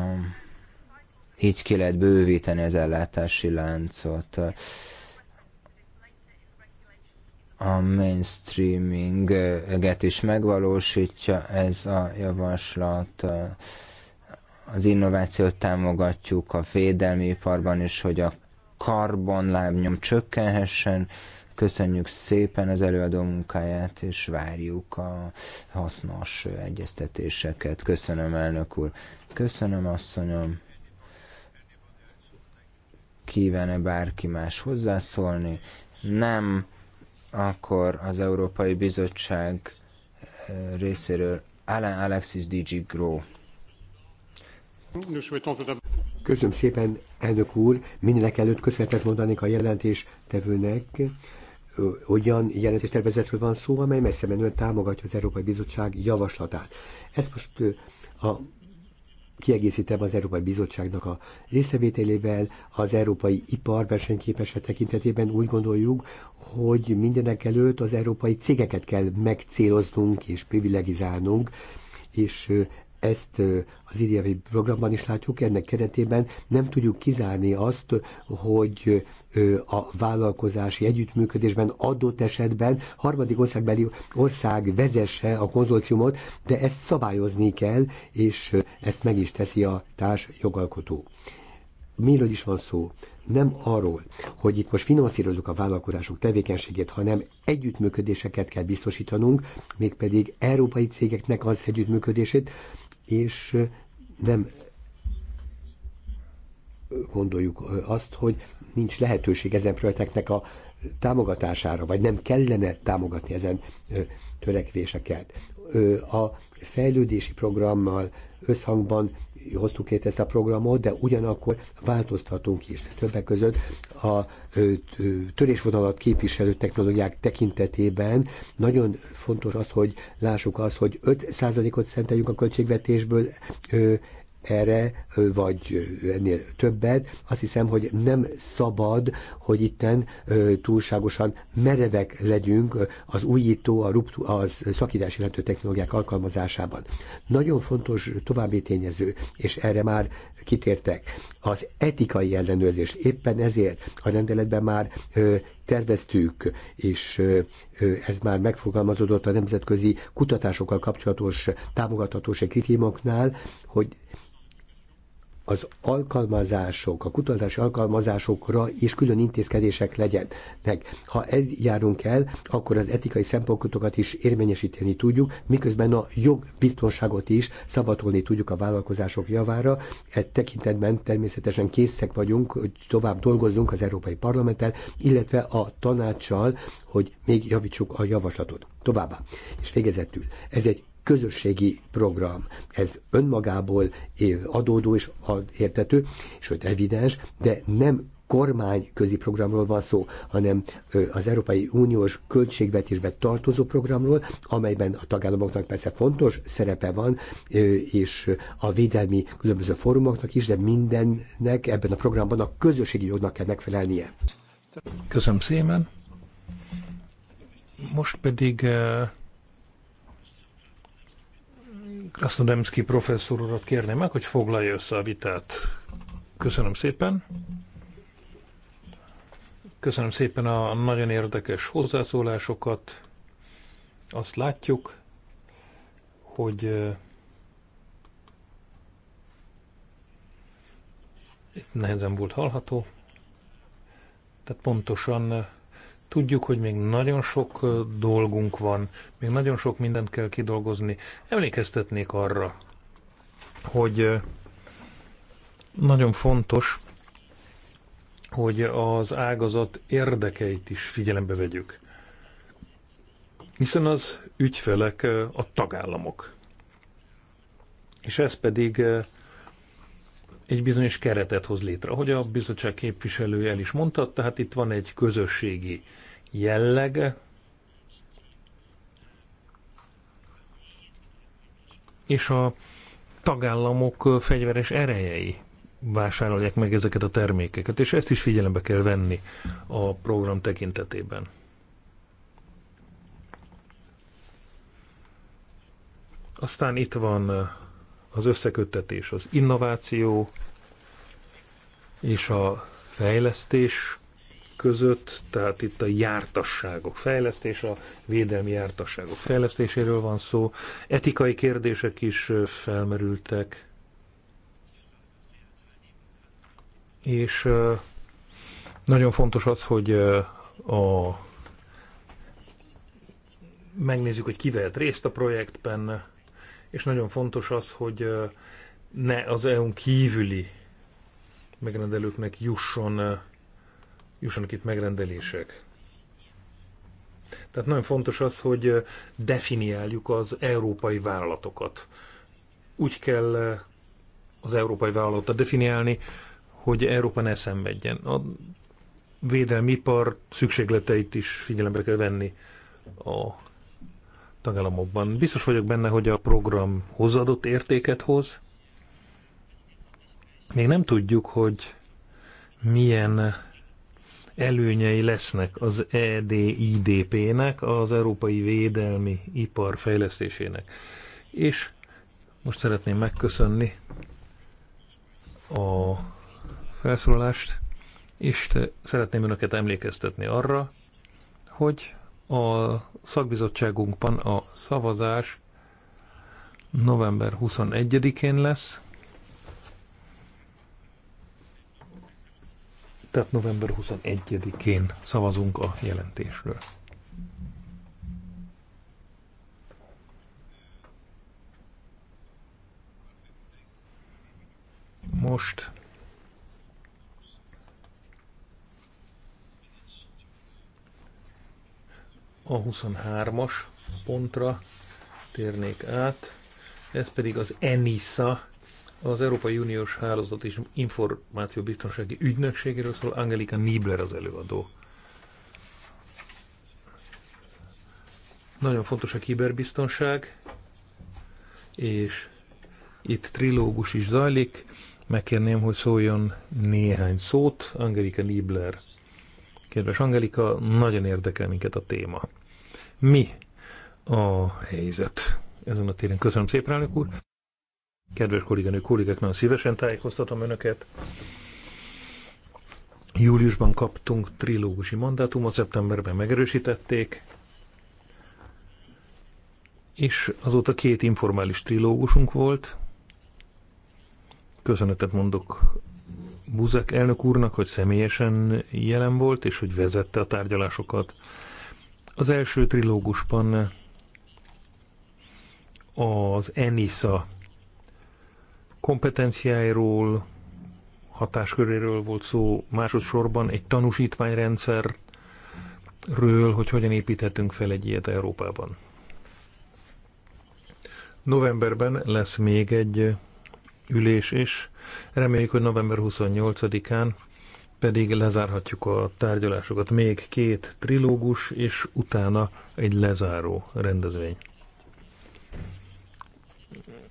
így ki lehet bővíteni az ellátási láncot. A mainstreaminget is megvalósítja ez a javaslat. Az innovációt támogatjuk a védelmi iparban is, hogy a karbonlábnyom csökkenhessen. Köszönjük szépen az előadó munkáját, és várjuk a hasznos egyeztetéseket. Köszönöm, elnök úr. Köszönöm, asszonyom. Kívánne bárki más hozzászólni? Nem, akkor az Európai Bizottság eh, részéről Alan Alexis DG Gro Köszönöm szépen, elnök úr. Mindenek előtt köszönetet mondanék a jelentés tevőnek. Olyan jelentéstervezetről van szó, amely messze menően támogatja az Európai Bizottság javaslatát. Ezt most a kiegészítem az Európai Bizottságnak a részvételével az európai ipar versenyképesre tekintetében úgy gondoljuk, hogy mindenek előtt az európai cégeket kell megcéloznunk és privilegizálnunk, és ezt az idei programban is látjuk, ennek keretében nem tudjuk kizárni azt, hogy a vállalkozási együttműködésben adott esetben harmadik országbeli ország vezesse a konzorciumot, de ezt szabályozni kell, és ezt meg is teszi a társ jogalkotó. Miről is van szó? nem arról, hogy itt most finanszírozunk a vállalkozások tevékenységét, hanem együttműködéseket kell biztosítanunk, mégpedig európai cégeknek az együttműködését, és nem gondoljuk azt, hogy nincs lehetőség ezen projekteknek a támogatására, vagy nem kellene támogatni ezen törekvéseket. A fejlődési programmal összhangban hoztuk létre ezt a programot, de ugyanakkor változtatunk is. Többek között a törésvonalat képviselő technológiák tekintetében nagyon fontos az, hogy lássuk azt, hogy 5%-ot szenteljünk a költségvetésből erre, vagy ennél többet, azt hiszem, hogy nem szabad, hogy itten túlságosan merevek legyünk az újító, a, ruptu, a szakítás jelentő technológiák alkalmazásában. Nagyon fontos további tényező, és erre már kitértek, az etikai ellenőrzés. Éppen ezért a rendeletben már terveztük, és ez már megfogalmazódott a nemzetközi kutatásokkal kapcsolatos támogatatós kritériumoknál, hogy az alkalmazások, a kutatási alkalmazásokra is külön intézkedések legyenek. Ha ez járunk el, akkor az etikai szempontokat is érvényesíteni tudjuk, miközben a jogbiztonságot is szavatolni tudjuk a vállalkozások javára. E tekintetben természetesen készek vagyunk, hogy tovább dolgozzunk az Európai Parlamenttel, illetve a tanácssal, hogy még javítsuk a javaslatot. Továbbá, és végezetül, ez egy közösségi program. Ez önmagából adódó és értető, sőt evidens, de nem kormányközi programról van szó, hanem az Európai Uniós költségvetésbe tartozó programról, amelyben a tagállamoknak persze fontos szerepe van, és a védelmi különböző fórumoknak is, de mindennek ebben a programban a közösségi jognak kell megfelelnie. Köszönöm szépen. Most pedig Krasnodemski professzor urat kérném meg, hogy foglalja össze a vitát. Köszönöm szépen. Köszönöm szépen a nagyon érdekes hozzászólásokat. Azt látjuk, hogy itt nehezen volt hallható. Tehát pontosan Tudjuk, hogy még nagyon sok dolgunk van, még nagyon sok mindent kell kidolgozni. Emlékeztetnék arra, hogy nagyon fontos, hogy az ágazat érdekeit is figyelembe vegyük. Hiszen az ügyfelek a tagállamok. És ez pedig egy bizonyos keretet hoz létre. Ahogy a bizottság képviselője el is mondta, tehát itt van egy közösségi jelleg, és a tagállamok fegyveres erejei vásárolják meg ezeket a termékeket, és ezt is figyelembe kell venni a program tekintetében. Aztán itt van eh, az összeköttetés, az innováció és a fejlesztés között, tehát itt a jártasságok fejlesztése, a védelmi jártasságok fejlesztéséről van szó, etikai kérdések is felmerültek, és nagyon fontos az, hogy a megnézzük, hogy ki vehet részt a projektben, és nagyon fontos az, hogy ne az EU-n kívüli megrendelőknek jusson jussanak itt megrendelések. Tehát nagyon fontos az, hogy definiáljuk az európai vállalatokat. Úgy kell az európai vállalatot definiálni, hogy Európa ne szenvedjen. A védelmi ipar szükségleteit is figyelembe kell venni a tagállamokban. Biztos vagyok benne, hogy a program hozadott értéket hoz. Még nem tudjuk, hogy milyen előnyei lesznek az EDIDP-nek, az Európai Védelmi Ipar fejlesztésének. És most szeretném megköszönni a felszólalást, és szeretném önöket emlékeztetni arra, hogy a szakbizottságunkban a szavazás november 21-én lesz, Tehát november 21-én szavazunk a jelentésről. Most a 23-as pontra térnék át, ez pedig az ENISA az Európai Uniós Hálózat és Információbiztonsági Ügynökségéről szól, Angelika Niebler az előadó. Nagyon fontos a kiberbiztonság, és itt trilógus is zajlik. Megkérném, hogy szóljon néhány szót. Angelika Niebler. Kedves Angelika, nagyon érdekel minket a téma. Mi a helyzet ezen a téren? Köszönöm szépen, elnök úr. Kedves kolléganő kollégák, nagyon szívesen tájékoztatom Önöket. Júliusban kaptunk trilógusi mandátumot, szeptemberben megerősítették, és azóta két informális trilógusunk volt. Köszönetet mondok Buzek elnök úrnak, hogy személyesen jelen volt, és hogy vezette a tárgyalásokat. Az első trilógusban az ENISA kompetenciáiról, hatásköréről volt szó, másodszorban egy tanúsítványrendszerről, hogy hogyan építhetünk fel egy ilyet Európában. Novemberben lesz még egy ülés is. Reméljük, hogy november 28-án pedig lezárhatjuk a tárgyalásokat. Még két trilógus, és utána egy lezáró rendezvény.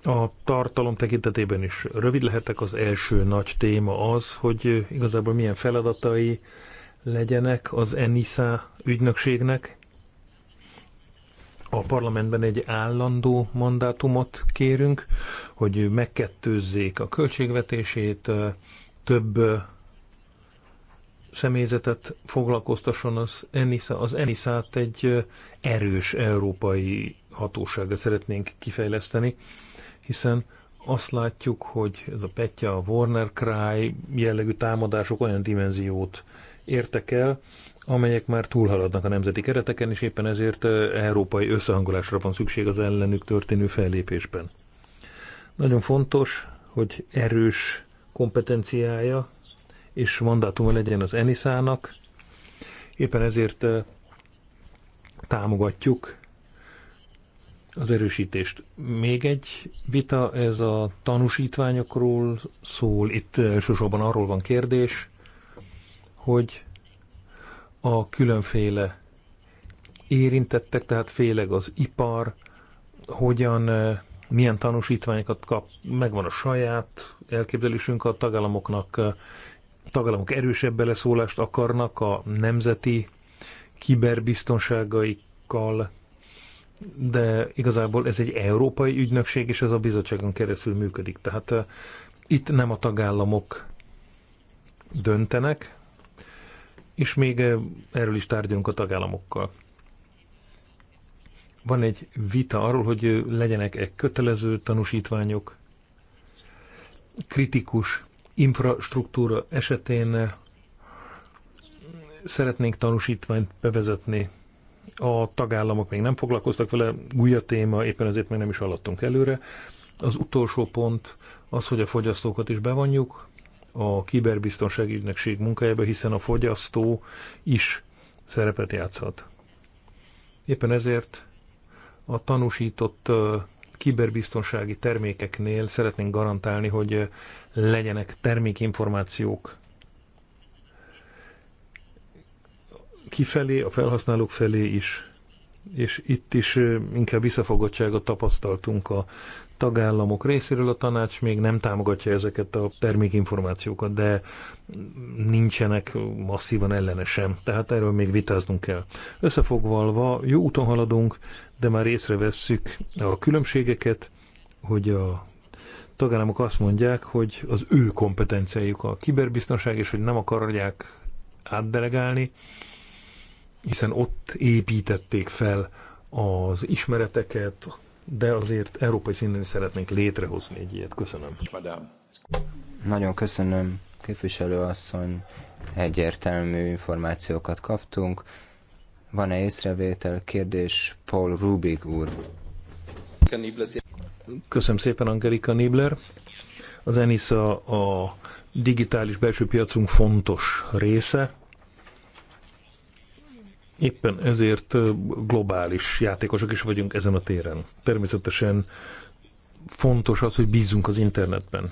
A tartalom tekintetében is rövid lehetek. Az első nagy téma az, hogy igazából milyen feladatai legyenek az ENISA ügynökségnek. A parlamentben egy állandó mandátumot kérünk, hogy megkettőzzék a költségvetését, több személyzetet foglalkoztasson az ENISA. Az enisa egy erős európai hatósága szeretnénk kifejleszteni, hiszen azt látjuk, hogy ez a Petya, a Warner Cry jellegű támadások olyan dimenziót értek el, amelyek már túlhaladnak a nemzeti kereteken, és éppen ezért eh, európai összehangolásra van szükség az ellenük történő fellépésben. Nagyon fontos, hogy erős kompetenciája és mandátuma legyen az Enisának. Éppen ezért eh, támogatjuk az erősítést. Még egy vita, ez a tanúsítványokról szól, itt elsősorban arról van kérdés, hogy a különféle érintettek, tehát féleg az ipar, hogyan, eh, milyen tanúsítványokat kap, megvan a saját elképzelésünk a tagállamoknak, eh, tagállamok erősebb beleszólást akarnak a nemzeti kiberbiztonságaikkal de igazából ez egy európai ügynökség, és ez a bizottságon keresztül működik. Tehát uh, itt nem a tagállamok döntenek, és még uh, erről is tárgyalunk a tagállamokkal. Van egy vita arról, hogy legyenek-e kötelező tanúsítványok, kritikus infrastruktúra esetén szeretnénk tanúsítványt bevezetni a tagállamok még nem foglalkoztak vele, új a téma, éppen ezért még nem is haladtunk előre. Az utolsó pont az, hogy a fogyasztókat is bevonjuk a kiberbiztonság ügynökség munkájába, hiszen a fogyasztó is szerepet játszhat. Éppen ezért a tanúsított kiberbiztonsági termékeknél szeretnénk garantálni, hogy legyenek termékinformációk kifelé, a felhasználók felé is, és itt is inkább visszafogottságot tapasztaltunk a tagállamok részéről a tanács még nem támogatja ezeket a termékinformációkat, de nincsenek masszívan ellene sem. Tehát erről még vitáznunk kell. Összefoglalva jó úton haladunk, de már észrevesszük a különbségeket, hogy a tagállamok azt mondják, hogy az ő kompetenciájuk a kiberbiztonság, és hogy nem akarják átdelegálni, hiszen ott építették fel az ismereteket, de azért európai szinten is szeretnénk létrehozni egy ilyet. Köszönöm. Madame. Nagyon köszönöm, asszony. Egyértelmű információkat kaptunk. Van-e észrevétel, kérdés Paul Rubik úr? Köszönöm szépen, Angelika Nibler. Az ENISA a digitális belső piacunk fontos része, Éppen ezért globális játékosok is vagyunk ezen a téren. Természetesen fontos az, hogy bízunk az internetben.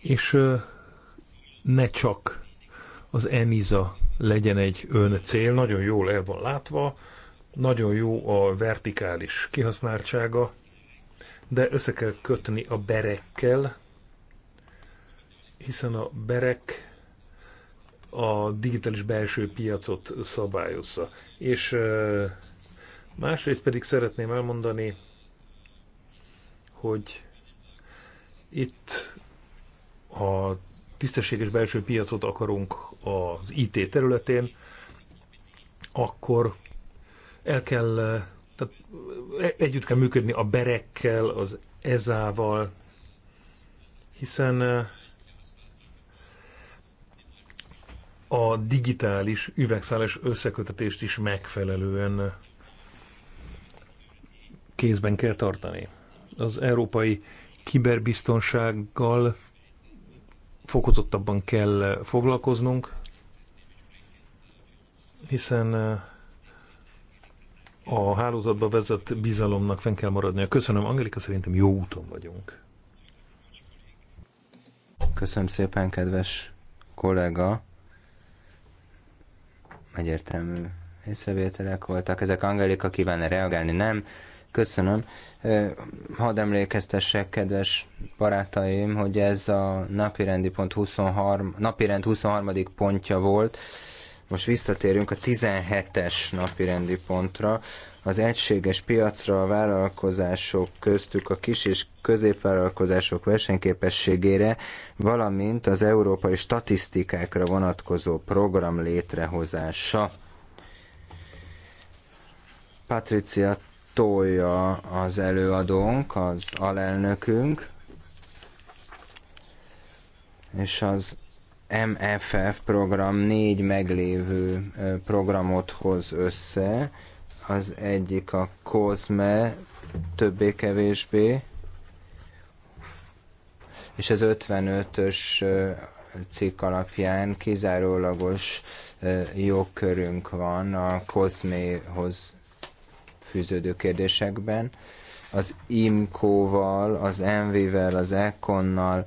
És ne csak az ENISA legyen egy ön cél, nagyon jól el van látva, nagyon jó a vertikális kihasználtsága, de össze kell kötni a berekkel, hiszen a berek a digitális belső piacot szabályozza. És másrészt pedig szeretném elmondani, hogy itt a tisztességes belső piacot akarunk az IT területén, akkor el kell, tehát e-, együtt kell működni a berekkel, az ezával, hiszen a digitális üvegszálas összekötetést is megfelelően kézben kell tartani. Az európai kiberbiztonsággal fokozottabban kell foglalkoznunk, hiszen eh, a hálózatba vezet bizalomnak fenn kell maradnia. Köszönöm, Angelika, szerintem jó úton vagyunk. Köszönöm szépen, kedves kollega egyértelmű észrevételek voltak. Ezek Angelika kívánna reagálni? Nem. Köszönöm. Hadd emlékeztessek, kedves barátaim, hogy ez a napirendi pont 23, napirend 23. pontja volt. Most visszatérünk a 17-es napirendi pontra, az egységes piacra a vállalkozások köztük a kis és középvállalkozások versenyképességére, valamint az európai statisztikákra vonatkozó program létrehozása. Patricia Tója az előadónk, az alelnökünk, és az MFF program négy meglévő programot hoz össze, az egyik a COSME, többé-kevésbé, és az 55-ös cikk alapján kizárólagos jogkörünk van a cosme fűződő kérdésekben. Az IMCO-val, az ENVI-vel, az ECON-nal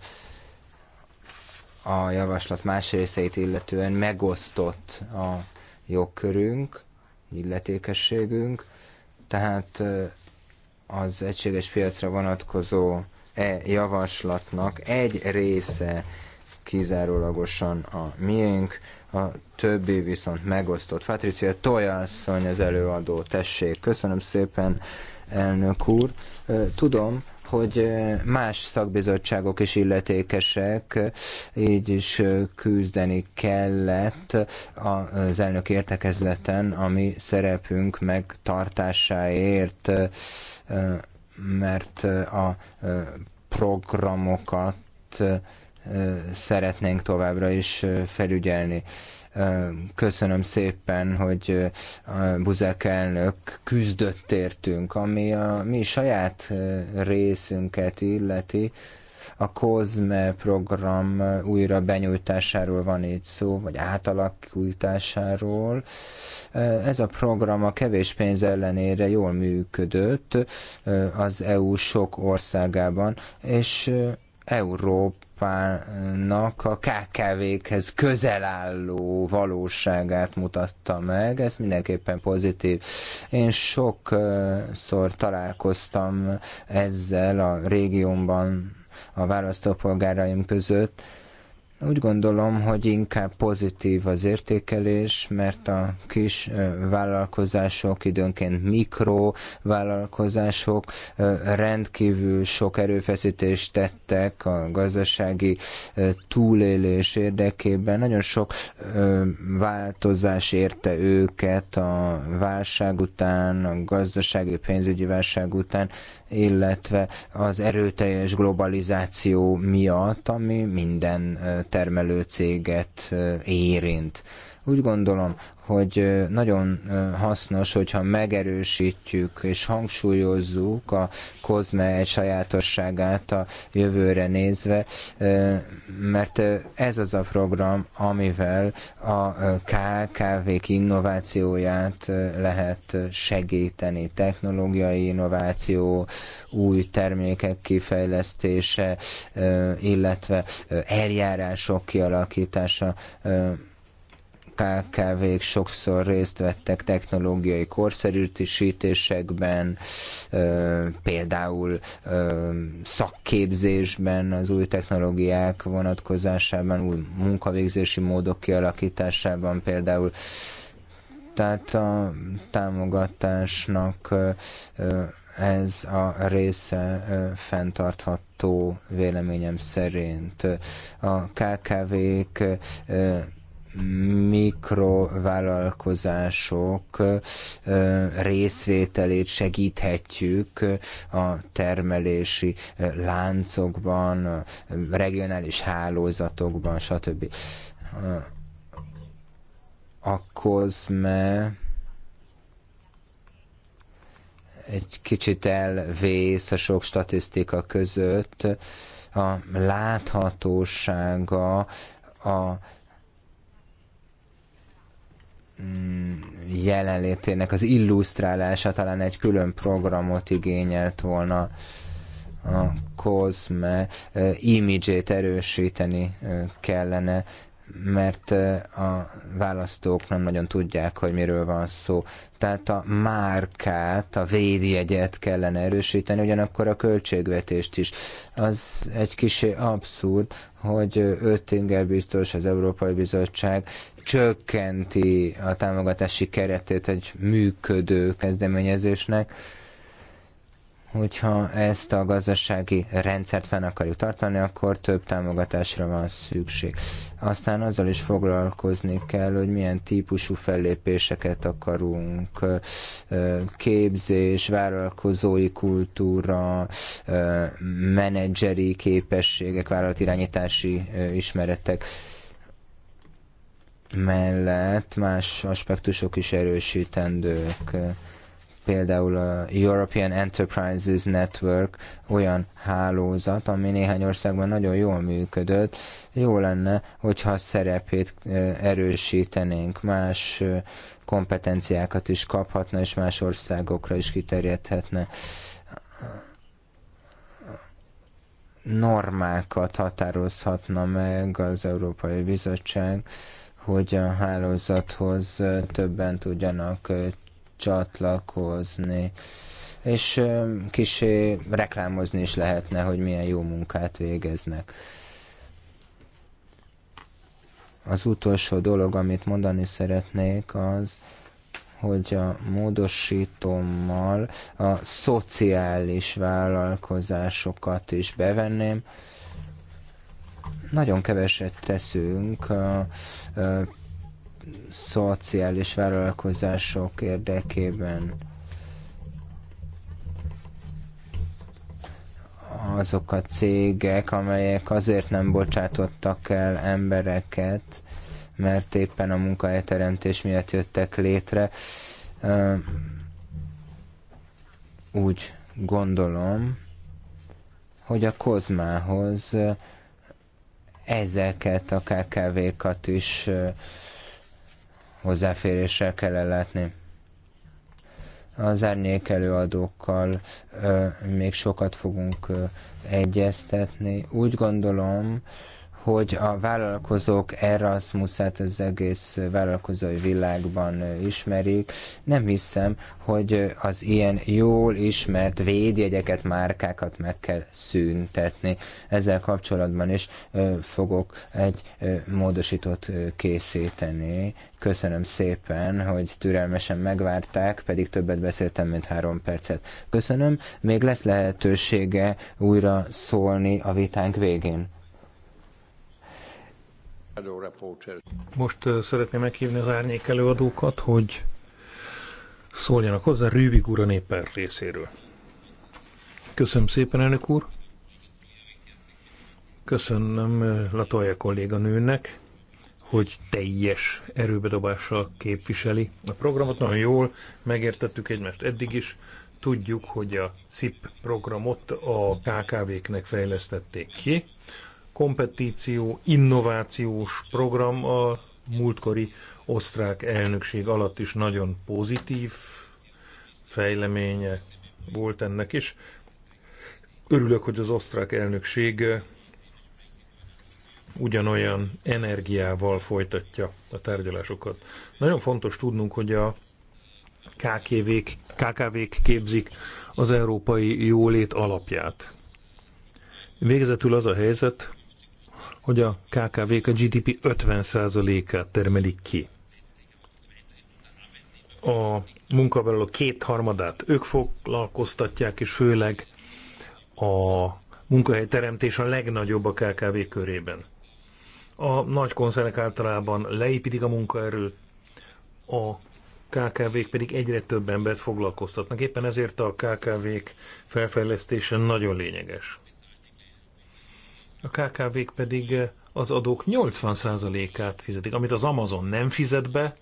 a javaslat más részeit illetően megosztott a jogkörünk illetékességünk, tehát az egységes piacra vonatkozó e javaslatnak egy része kizárólagosan a miénk, a többi viszont megosztott. Patricia Tojászony az előadó, tessék. Köszönöm szépen, elnök úr. Tudom, hogy más szakbizottságok is illetékesek, így is küzdeni kellett az elnök értekezleten, ami szerepünk megtartásáért, mert a programokat szeretnénk továbbra is felügyelni. Köszönöm szépen, hogy Buzek elnök küzdött értünk, ami a mi saját részünket illeti a COSME program újra benyújtásáról van itt szó, vagy átalakításáról. Ez a program a kevés pénz ellenére jól működött az EU sok országában, és Európa Európának a KKV-khez közel álló valóságát mutatta meg, ez mindenképpen pozitív. Én sokszor találkoztam ezzel a régiómban a választópolgáraim között, úgy gondolom, hogy inkább pozitív az értékelés, mert a kis vállalkozások, időnként mikrovállalkozások rendkívül sok erőfeszítést tettek a gazdasági túlélés érdekében. Nagyon sok változás érte őket a válság után, a gazdasági pénzügyi válság után, illetve az erőteljes globalizáció miatt, ami minden termelő céget érint. Úgy gondolom, hogy nagyon hasznos, hogyha megerősítjük és hangsúlyozzuk a kozme egy sajátosságát a jövőre nézve, mert ez az a program, amivel a KKV-k innovációját lehet segíteni. Technológiai innováció, új termékek kifejlesztése, illetve eljárások kialakítása KKV-k sokszor részt vettek technológiai korszerűsítésekben, például szakképzésben az új technológiák vonatkozásában, új munkavégzési módok kialakításában például. Tehát a támogatásnak ez a része fenntartható véleményem szerint. A KKV-k mikrovállalkozások részvételét segíthetjük a termelési láncokban, regionális hálózatokban, stb. A kozme egy kicsit elvész a sok statisztika között, a láthatósága a Mm, jelenlétének az illusztrálása talán egy külön programot igényelt volna a cosme, image ét erősíteni kellene, mert a választók nem nagyon tudják, hogy miről van szó. Tehát a márkát, a védjegyet kellene erősíteni, ugyanakkor a költségvetést is. Az egy kicsi abszurd, hogy Öttinger biztos az Európai Bizottság csökkenti a támogatási keretét egy működő kezdeményezésnek, hogyha ezt a gazdasági rendszert fenn akarjuk tartani, akkor több támogatásra van szükség. Aztán azzal is foglalkozni kell, hogy milyen típusú fellépéseket akarunk, képzés, vállalkozói kultúra, menedzseri képességek, vállalatirányítási ismeretek mellett más aspektusok is erősítendők Például a European Enterprises Network olyan hálózat, ami néhány országban nagyon jól működött. Jó lenne, hogyha a szerepét erősítenénk, más kompetenciákat is kaphatna, és más országokra is kiterjedhetne normákat határozhatna meg az Európai Bizottság, hogy a hálózathoz többen tudjanak csatlakozni, és kisé reklámozni is lehetne, hogy milyen jó munkát végeznek. Az utolsó dolog, amit mondani szeretnék, az, hogy a módosítommal a szociális vállalkozásokat is bevenném. Nagyon keveset teszünk a szociális vállalkozások érdekében azok a cégek, amelyek azért nem bocsátottak el embereket, mert éppen a munkahelyteremtés miatt jöttek létre. Úgy gondolom, hogy a kozmához ezeket a KKV-kat is hozzáféréssel kell ellátni. Az árnyék előadókkal ö, még sokat fogunk ö, egyeztetni. Úgy gondolom, hogy a vállalkozók Erasmusát az egész vállalkozói világban ismerik. Nem hiszem, hogy az ilyen jól ismert védjegyeket, márkákat meg kell szüntetni. Ezzel kapcsolatban is fogok egy módosítót készíteni. Köszönöm szépen, hogy türelmesen megvárták, pedig többet beszéltem, mint három percet. Köszönöm, még lesz lehetősége újra szólni a vitánk végén. Most szeretném meghívni az árnyék előadókat, hogy szóljanak hozzá Rübig úr a néppárt részéről. Köszönöm szépen, elnök úr. Köszönöm Latolja kolléganőnek, hogy teljes erőbedobással képviseli a programot. Nagyon jól megértettük egymást eddig is. Tudjuk, hogy a CIP programot a KKV-knek fejlesztették ki kompetíció innovációs program a múltkori osztrák elnökség alatt is nagyon pozitív fejleménye volt ennek is. Örülök, hogy az osztrák elnökség eh, ugyanolyan energiával folytatja a tárgyalásokat. Nagyon fontos tudnunk, hogy a KKV-k, KKV-k képzik az európai jólét alapját. Végezetül az a helyzet, hogy a KKV-k a GDP 50%-át termelik ki. A munkavállaló kétharmadát ők foglalkoztatják, és főleg a munkahelyteremtés a legnagyobb a KKV körében. A nagy koncernek általában leépítik a munkaerőt, a KKV-k pedig egyre több embert foglalkoztatnak. Éppen ezért a KKV-k felfejlesztése nagyon lényeges a KKV-k pedig eh, az adók 80%-át fizetik, amit az Amazon nem fizet be,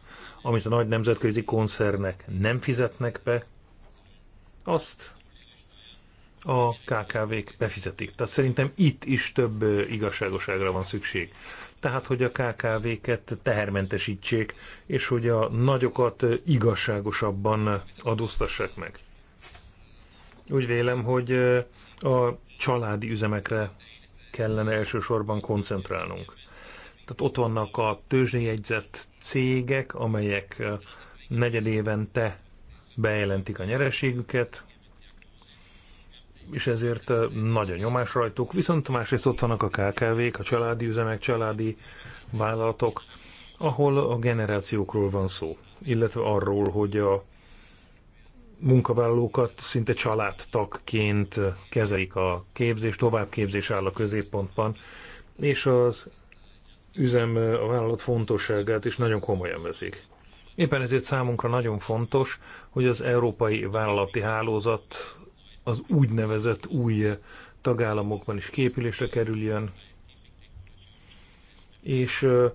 amit a nagy nemzetközi koncernek nem fizetnek be, azt a KKV-k befizetik. Tehát szerintem itt is több eh, igazságoságra van szükség. Tehát, hogy a KKV-ket tehermentesítsék, és hogy a nagyokat eh, igazságosabban adóztassák meg. Úgy vélem, hogy a családi üzemekre kellene elsősorban koncentrálnunk. Tehát ott vannak a tőzsdéjegyzett cégek, amelyek negyedévente bejelentik a nyereségüket, és ezért nagy a nyomás rajtuk, viszont másrészt ott vannak a KKV-k, a családi üzemek, családi vállalatok, ahol a generációkról van szó, illetve arról, hogy a munkavállalókat szinte családtagként kezelik a képzés, továbbképzés áll a középpontban, és az üzem a vállalat fontosságát is nagyon komolyan veszik. Éppen ezért számunkra nagyon fontos, hogy az európai vállalati hálózat az úgynevezett új tagállamokban is képülésre kerüljön, és uh,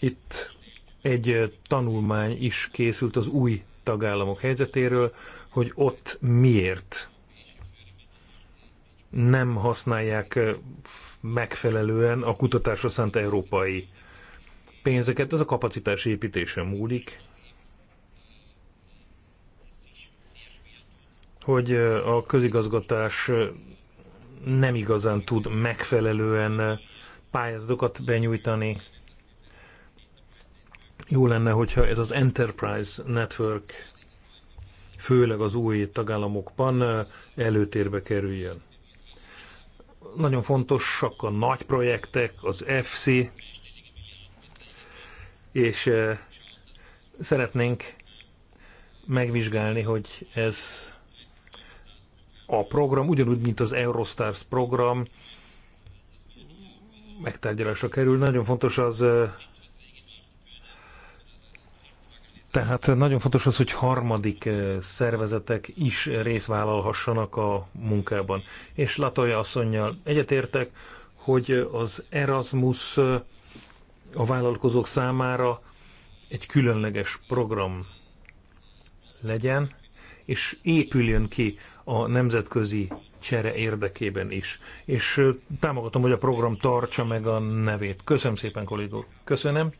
itt egy tanulmány is készült az új tagállamok helyzetéről, hogy ott miért nem használják megfelelően a kutatásra szánt európai pénzeket. Ez a kapacitás építése múlik. Hogy a közigazgatás nem igazán tud megfelelően pályázatokat benyújtani. Jó lenne, hogyha ez az Enterprise Network főleg az új tagállamokban előtérbe kerüljön. Nagyon fontosak a nagy projektek, az FC, és szeretnénk megvizsgálni, hogy ez a program, ugyanúgy, mint az Eurostars program, megtárgyalásra kerül. Nagyon fontos az tehát nagyon fontos az, hogy harmadik eh, szervezetek is részt vállalhassanak a munkában. És Latoya asszonynal egyetértek, hogy az Erasmus eh, a vállalkozók számára egy különleges program legyen, és épüljön ki a nemzetközi csere érdekében is. És eh, támogatom, hogy a program tartsa meg a nevét. Köszönöm szépen, kollégó. Köszönöm.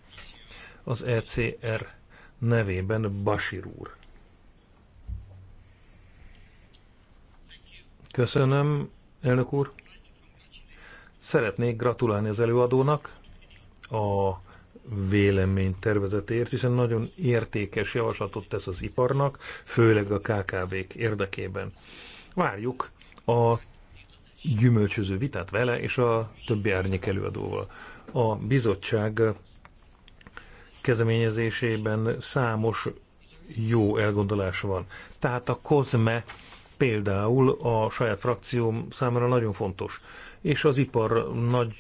Az ECR nevében Basir úr. Köszönöm, elnök úr. Szeretnék gratulálni az előadónak a vélemény tervezetért, hiszen nagyon értékes javaslatot tesz az iparnak, főleg a KKV-k érdekében. Várjuk a gyümölcsöző vitát vele és a többi árnyék előadóval. A bizottság kezdeményezésében számos jó elgondolás van. Tehát a COSME például a saját frakcióm számára nagyon fontos, és az ipar nagy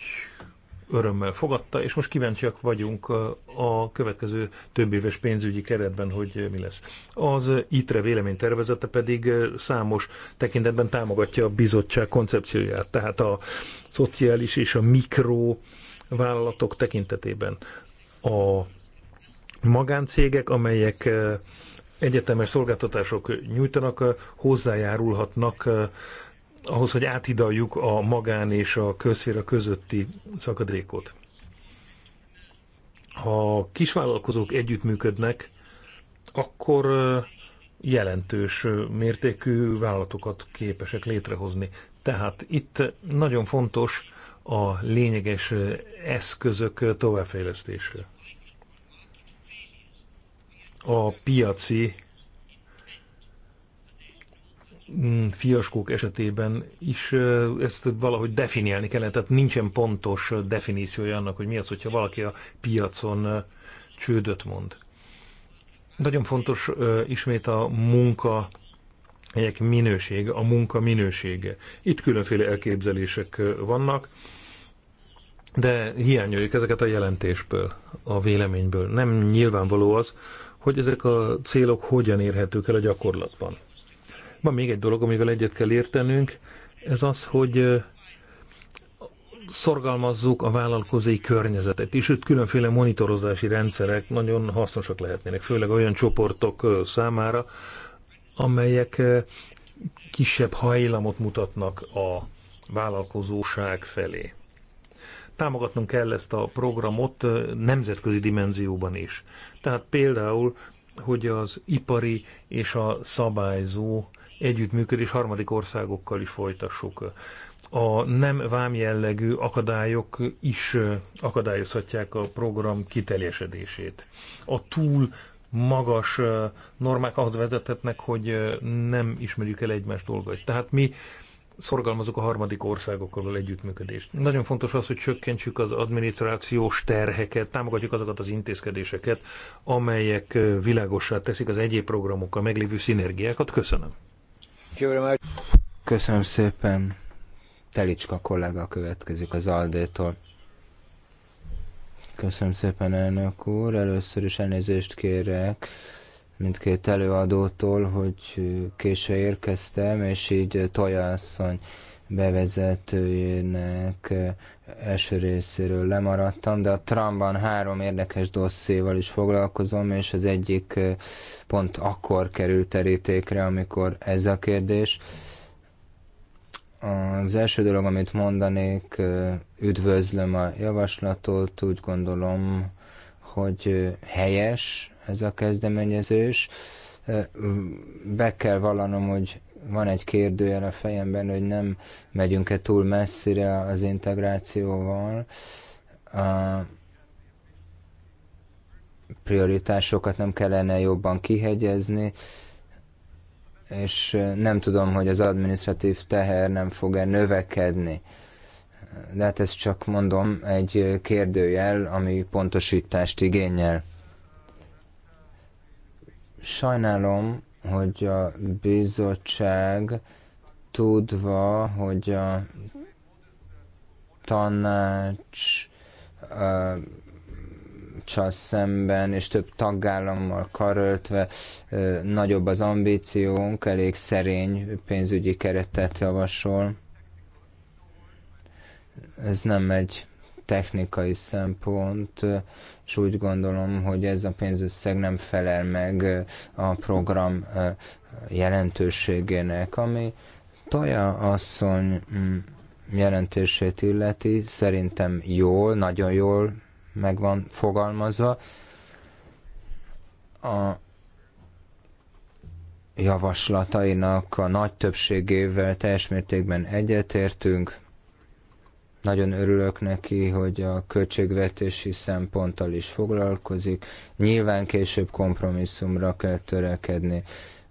örömmel fogadta, és most kíváncsiak vagyunk a következő több éves pénzügyi keretben, hogy mi lesz. Az ITRE tervezete pedig számos tekintetben támogatja a bizottság koncepcióját, tehát a szociális és a mikro vállalatok tekintetében. A magáncégek, amelyek egyetemes szolgáltatások nyújtanak, hozzájárulhatnak ahhoz, hogy áthidaljuk a magán és a közféra közötti szakadékot. Ha kisvállalkozók együttműködnek, akkor jelentős mértékű vállalatokat képesek létrehozni. Tehát itt nagyon fontos a lényeges eszközök továbbfejlesztése a piaci mm, fiaskók esetében is ezt valahogy definiálni kellene, tehát nincsen pontos definíciója annak, hogy mi az, hogyha valaki a piacon csődöt mond. Nagyon fontos ismét a munka helyek minősége, a munka minősége. Itt különféle elképzelések vannak, de hiányoljuk ezeket a jelentésből, a véleményből. Nem nyilvánvaló az, hogy ezek a célok hogyan érhetők el a gyakorlatban. Van még egy dolog, amivel egyet kell értenünk, ez az, hogy szorgalmazzuk a vállalkozói környezetet is, sőt különféle monitorozási rendszerek nagyon hasznosak lehetnének, főleg olyan csoportok számára, amelyek kisebb hajlamot mutatnak a vállalkozóság felé támogatnunk kell ezt a programot nemzetközi dimenzióban is. Tehát például, hogy az ipari és a szabályzó együttműködés harmadik országokkal is folytassuk. A nem vámjellegű akadályok is akadályozhatják a program kiteljesedését. A túl magas normák ahhoz vezethetnek, hogy nem ismerjük el egymás dolgait. Tehát mi szorgalmazok a harmadik országokkal való együttműködést. Nagyon fontos az, hogy csökkentsük az adminisztrációs terheket, támogatjuk azokat az intézkedéseket, amelyek világossá teszik az egyéb programokkal meglévő szinergiákat. Köszönöm. Köszönöm szépen. Telicska kollega következik az Aldétól. Köszönöm szépen, elnök úr. Először is elnézést kérek mindkét előadótól, hogy késő érkeztem, és így tojászony bevezetőjének első részéről lemaradtam, de a tramban három érdekes dosszéval is foglalkozom, és az egyik pont akkor került terítékre, amikor ez a kérdés. Az első dolog, amit mondanék, üdvözlöm a javaslatot, úgy gondolom, hogy helyes ez a kezdeményezés. Be kell vallanom, hogy van egy kérdőjel a fejemben, hogy nem megyünk-e túl messzire az integrációval. A prioritásokat nem kellene jobban kihegyezni, és nem tudom, hogy az administratív teher nem fog-e növekedni de hát ez csak mondom egy kérdőjel, ami pontosítást igényel. Sajnálom, hogy a bizottság tudva, hogy a tanács csal szemben és több tagállammal karöltve nagyobb az ambíciónk, elég szerény pénzügyi keretet javasol ez nem egy technikai szempont, és úgy gondolom, hogy ez a pénzösszeg nem felel meg a program jelentőségének, ami Toja asszony mm, jelentését illeti, szerintem jól, nagyon jól meg van fogalmazva. A javaslatainak a nagy többségével teljes mértékben egyetértünk, nagyon örülök neki, hogy a költségvetési szemponttal is foglalkozik. Nyilván később kompromisszumra kell törekedni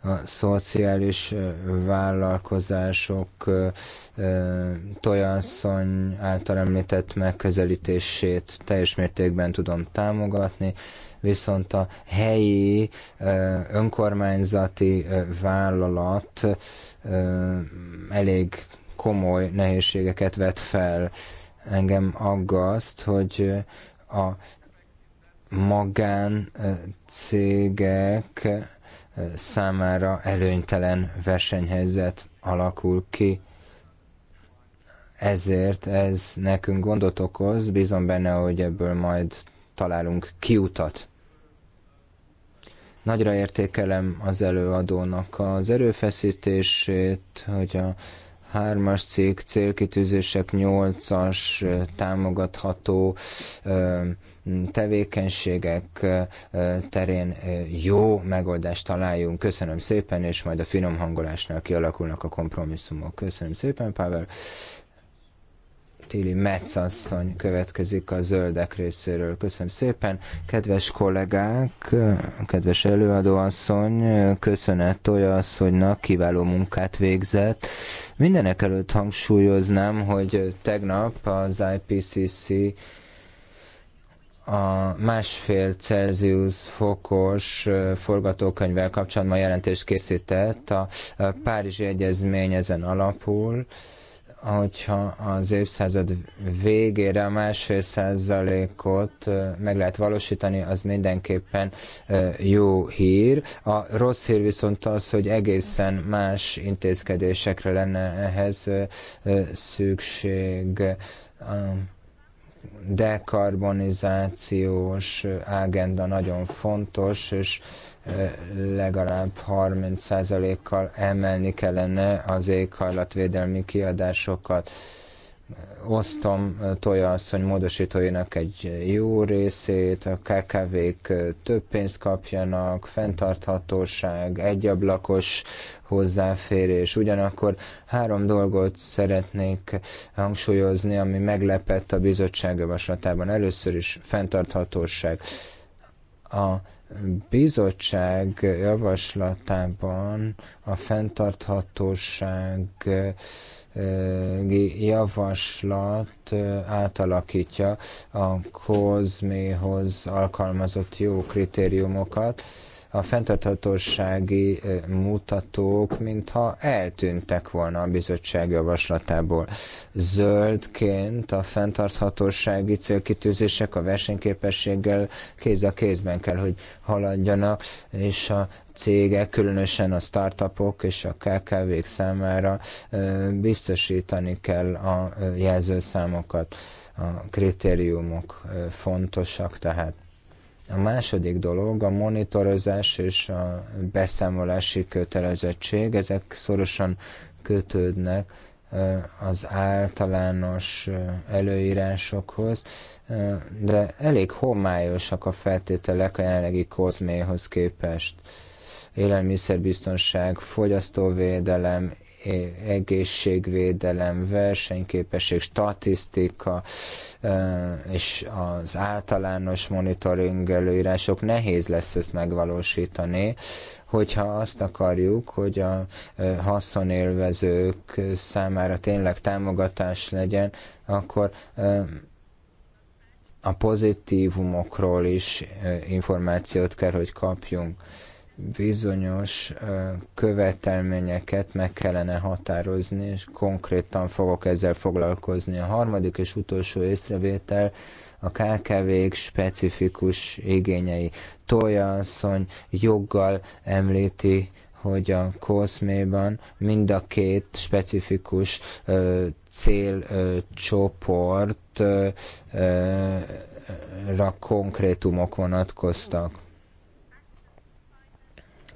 a szociális vállalkozások tojasszony által említett megközelítését teljes mértékben tudom támogatni, viszont a helyi önkormányzati vállalat elég komoly nehézségeket vet fel. Engem aggaszt, hogy a magán cégek számára előnytelen versenyhelyzet alakul ki. Ezért ez nekünk gondot okoz, bízom benne, hogy ebből majd találunk kiutat. Nagyra értékelem az előadónak az erőfeszítését, hogy a hármas cikk, célkitűzések nyolcas támogatható tevékenységek terén jó megoldást találjunk. Köszönöm szépen, és majd a finom hangolásnál kialakulnak a kompromisszumok. Köszönöm szépen, Pavel. Tilly Metzasszony következik a zöldek részéről. Köszönöm szépen. Kedves kollégák, kedves előadóasszony, köszönet Tojasszonynak, kiváló munkát végzett. Mindenek előtt hangsúlyoznám, hogy tegnap az IPCC a másfél Celsius fokos forgatókönyvvel kapcsolatban jelentést készített. A Párizsi Egyezmény ezen alapul hogyha az évszázad végére a másfél százalékot meg lehet valósítani, az mindenképpen jó hír. A rossz hír viszont az, hogy egészen más intézkedésekre lenne ehhez szükség dekarbonizációs ágenda nagyon fontos, és legalább 30%-kal emelni kellene az éghajlatvédelmi kiadásokat. Osztom Tolja hogy módosítóinak egy jó részét, a KKV-k több pénzt kapjanak, fenntarthatóság, egyablakos hozzáférés. Ugyanakkor három dolgot szeretnék hangsúlyozni, ami meglepett a bizottság javaslatában. Először is fenntarthatóság a bizottság javaslatában a fenntarthatóság javaslat átalakítja a kozméhoz alkalmazott jó kritériumokat, a fenntarthatósági mutatók mintha eltűntek volna a bizottság javaslatából. Zöldként a fenntarthatósági célkitűzések a versenyképességgel kéz a kézben kell, hogy haladjanak, és a cégek, különösen a startupok és a KKV-k számára biztosítani kell a jelzőszámokat, a kritériumok fontosak, tehát a második dolog a monitorozás és a beszámolási kötelezettség, ezek szorosan kötődnek az általános előírásokhoz, de elég homályosak a feltételek a jelenlegi kozméhoz képest. Élelmiszerbiztonság, fogyasztóvédelem, E, egészségvédelem, versenyképesség, statisztika e, és az általános monitoring előírások nehéz lesz ezt megvalósítani, hogyha azt akarjuk, hogy a e, haszonélvezők számára tényleg támogatás legyen, akkor a pozitívumokról is információt kell, hogy kapjunk bizonyos követelményeket meg kellene határozni, és konkrétan fogok ezzel foglalkozni. A harmadik és utolsó észrevétel a KKV-k specifikus igényei. Tolja asszony joggal említi, hogy a koszméban mind a két specifikus ö, célcsoport konkrétumok vonatkoztak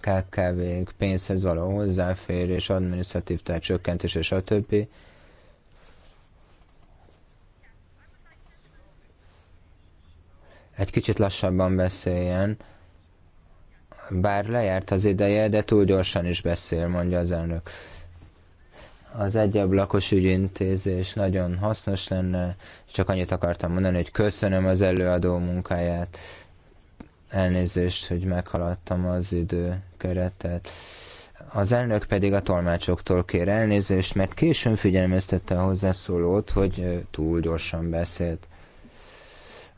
KKV-k, pénzhez való hozzáférés, adminisztratív tehát csökkentés és a többi. Egy kicsit lassabban beszéljen, bár lejárt az ideje, de túl gyorsan is beszél, mondja az elnök. Az egyablakos ügyintézés nagyon hasznos lenne, csak annyit akartam mondani, hogy köszönöm az előadó munkáját, Elnézést, hogy meghaladtam az idő keretet. Az elnök pedig a tolmácsoktól kér elnézést, mert későn figyelmeztette a hozzászólót, hogy túl gyorsan beszélt.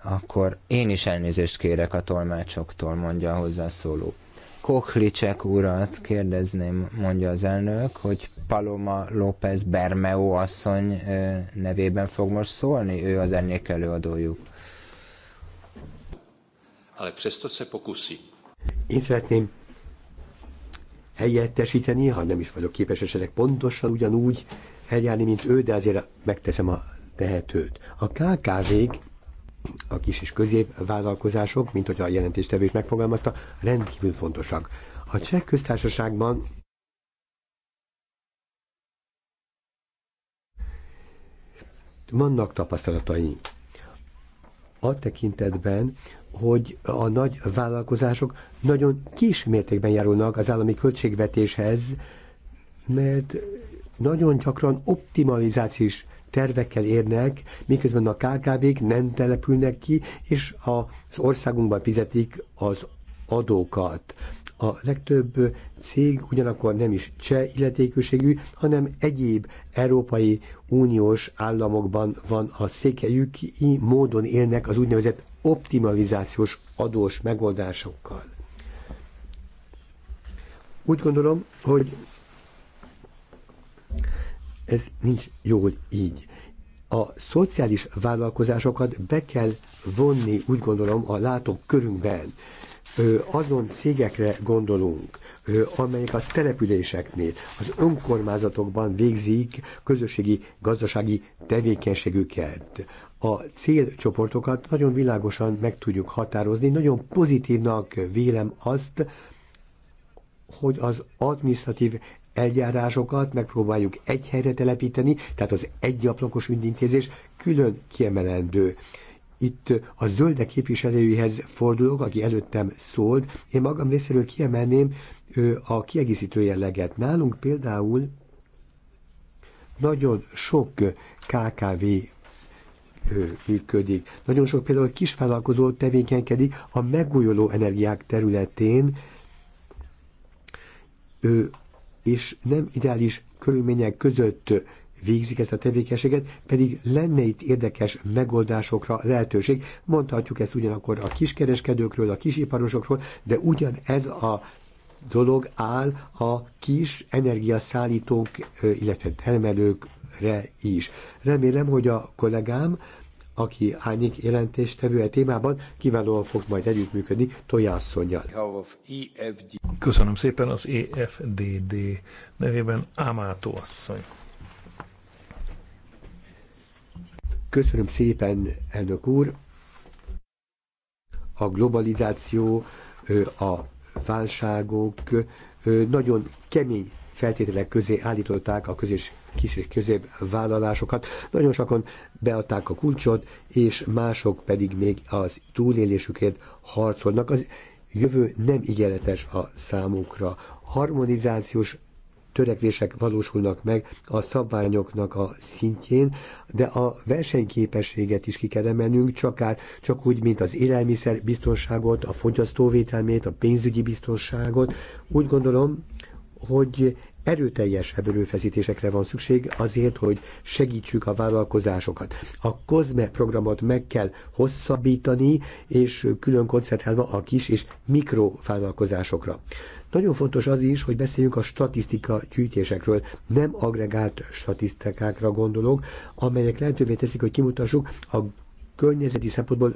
Akkor én is elnézést kérek a tolmácsoktól, mondja a hozzászóló. Kochlicek urat kérdezném, mondja az elnök, hogy Paloma López Bermeó asszony nevében fog most szólni, ő az ennék előadójuk ale přesto se pokusím. Én szeretném helyettesíteni, ha nem is vagyok képes esetleg pontosan ugyanúgy eljárni, mint ő, de azért megteszem a tehetőt. A kkv a kis és közép vállalkozások, mint hogy a jelentéstevő is megfogalmazta, rendkívül fontosak. A cseh köztársaságban vannak tapasztalataink a tekintetben, hogy a nagy vállalkozások nagyon kis mértékben járulnak az állami költségvetéshez, mert nagyon gyakran optimalizációs tervekkel érnek, miközben a KKV-k nem települnek ki, és az országunkban fizetik az adókat. A legtöbb cég ugyanakkor nem is cseh illetékűségű, hanem egyéb Európai Uniós államokban van a székhelyük, így módon élnek az úgynevezett optimalizációs adós megoldásokkal. Úgy gondolom, hogy ez nincs jól így. A szociális vállalkozásokat be kell vonni, úgy gondolom, a körünkben Azon cégekre gondolunk, amelyek a településeknél, az önkormányzatokban végzik közösségi gazdasági tevékenységüket a célcsoportokat nagyon világosan meg tudjuk határozni. Nagyon pozitívnak vélem azt, hogy az administratív eljárásokat megpróbáljuk egy helyre telepíteni, tehát az egyablakos ügyintézés külön kiemelendő. Itt a zöldek képviselőjéhez fordulok, aki előttem szólt. Én magam részéről kiemelném a kiegészítő jelleget. Nálunk például nagyon sok KKV működik. Nagyon sok például kisvállalkozó tevékenykedik a megújuló energiák területén, és nem ideális körülmények között végzik ezt a tevékenységet, pedig lenne itt érdekes megoldásokra lehetőség. Mondhatjuk ezt ugyanakkor a kiskereskedőkről, a kisiparosokról, de ugyanez a dolog áll a kis energiaszállítók, illetve termelők jövőre is. Remélem, hogy a kollégám, aki árnyék jelentéstevő a témában, kiválóan fog majd együttműködni Tojászonyjal. Köszönöm szépen az EFDD nevében Ámátó asszony. Köszönöm szépen, elnök úr. A globalizáció, a válságok nagyon kemény feltételek közé állították a közös kis és vállalásokat, Nagyon sokan beadták a kulcsot, és mások pedig még az túlélésükért harcolnak. Az jövő nem ígéretes a számukra. Harmonizációs törekvések valósulnak meg a szabványoknak a szintjén, de a versenyképességet is ki kell emelnünk, csak, át, csak úgy, mint az élelmiszer biztonságot, a fogyasztóvételmét, a pénzügyi biztonságot. Úgy gondolom, hogy erőteljesebb erőfeszítésekre van szükség azért, hogy segítsük a vállalkozásokat. A COSME programot meg kell hosszabbítani, és külön koncentrálva a kis és mikrovállalkozásokra. Nagyon fontos az is, hogy beszéljünk a statisztika gyűjtésekről, nem agregált statisztikákra gondolok, amelyek lehetővé teszik, hogy kimutassuk a környezeti szempontból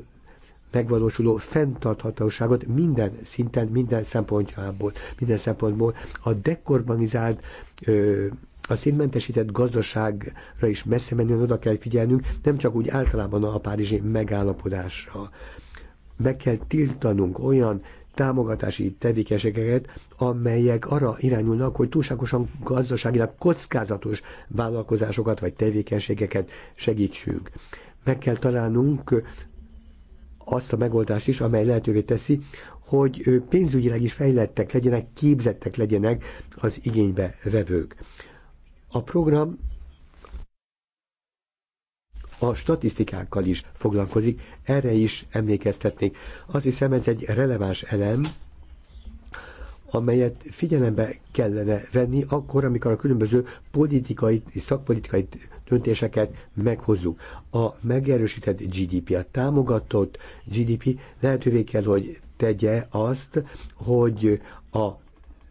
megvalósuló fenntarthatóságot minden szinten, minden szempontjából, minden szempontból a dekorbanizált ö, a szintmentesített gazdaságra is messze menően oda kell figyelnünk, nem csak úgy általában a párizsi megállapodásra. Meg kell tiltanunk olyan támogatási tevékenységeket, amelyek arra irányulnak, hogy túlságosan gazdaságilag kockázatos vállalkozásokat vagy tevékenységeket segítsünk. Meg kell találnunk azt a megoldást is, amely lehetővé teszi, hogy pénzügyileg is fejlettek legyenek, képzettek legyenek az igénybe vevők. A program a statisztikákkal is foglalkozik, erre is emlékeztetnék. Azt hiszem, ez egy releváns elem, amelyet figyelembe kellene venni akkor, amikor a különböző politikai és szakpolitikai döntéseket meghozzuk. A megerősített GDP, a támogatott GDP lehetővé kell, hogy tegye azt, hogy a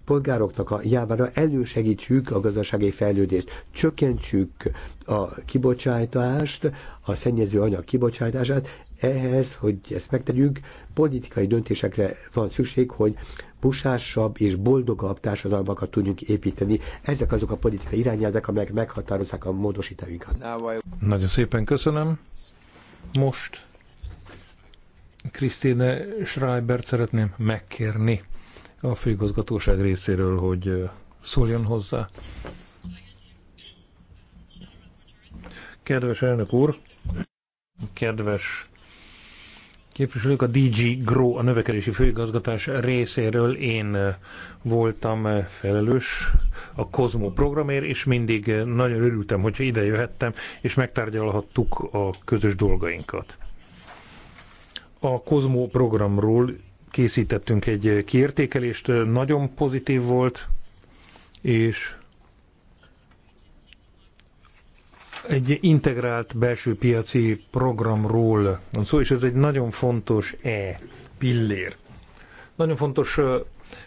polgároknak a jávára elősegítsük a gazdasági fejlődést, csökkentsük a kibocsátást, a szennyező anyag kibocsátását, ehhez, hogy ezt megtegyük, politikai döntésekre van szükség, hogy pusásabb és boldogabb társadalmakat tudjunk építeni. Ezek azok a politikai irányelvek, amelyek meghatározzák a módosítóinkat. Nagyon szépen köszönöm. Most Krisztine Schreibert szeretném megkérni a főigazgatóság részéről, hogy szóljon hozzá. Kedves elnök úr, kedves képviselők. A DG Grow, a növekedési főigazgatás részéről én eh, voltam eh, felelős a Cosmo programért, és mindig eh, nagyon örültem, hogyha ide jöhettem, és megtárgyalhattuk a közös dolgainkat. A Cosmo programról készítettünk egy kiértékelést, nagyon pozitív volt, és egy integrált belső piaci programról van szó, és ez egy nagyon fontos E pillér. Nagyon fontos,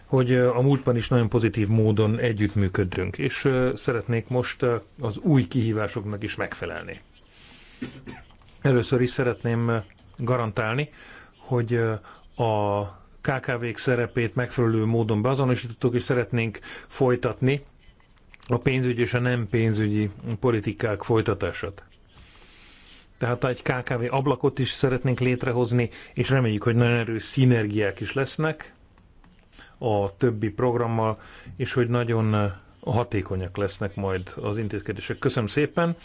hogy a múltban is nagyon pozitív módon együttműködünk, és szeretnék most az új kihívásoknak is megfelelni. Először is szeretném garantálni, hogy a KKV-k szerepét megfelelő módon beazonosítottuk, és szeretnénk folytatni a pénzügyi és a nem pénzügyi politikák folytatását. Tehát egy KKV ablakot is szeretnénk létrehozni, és reméljük, hogy nagyon erős szinergiák is lesznek a többi programmal, és hogy nagyon hatékonyak lesznek majd az intézkedések. Köszönöm szépen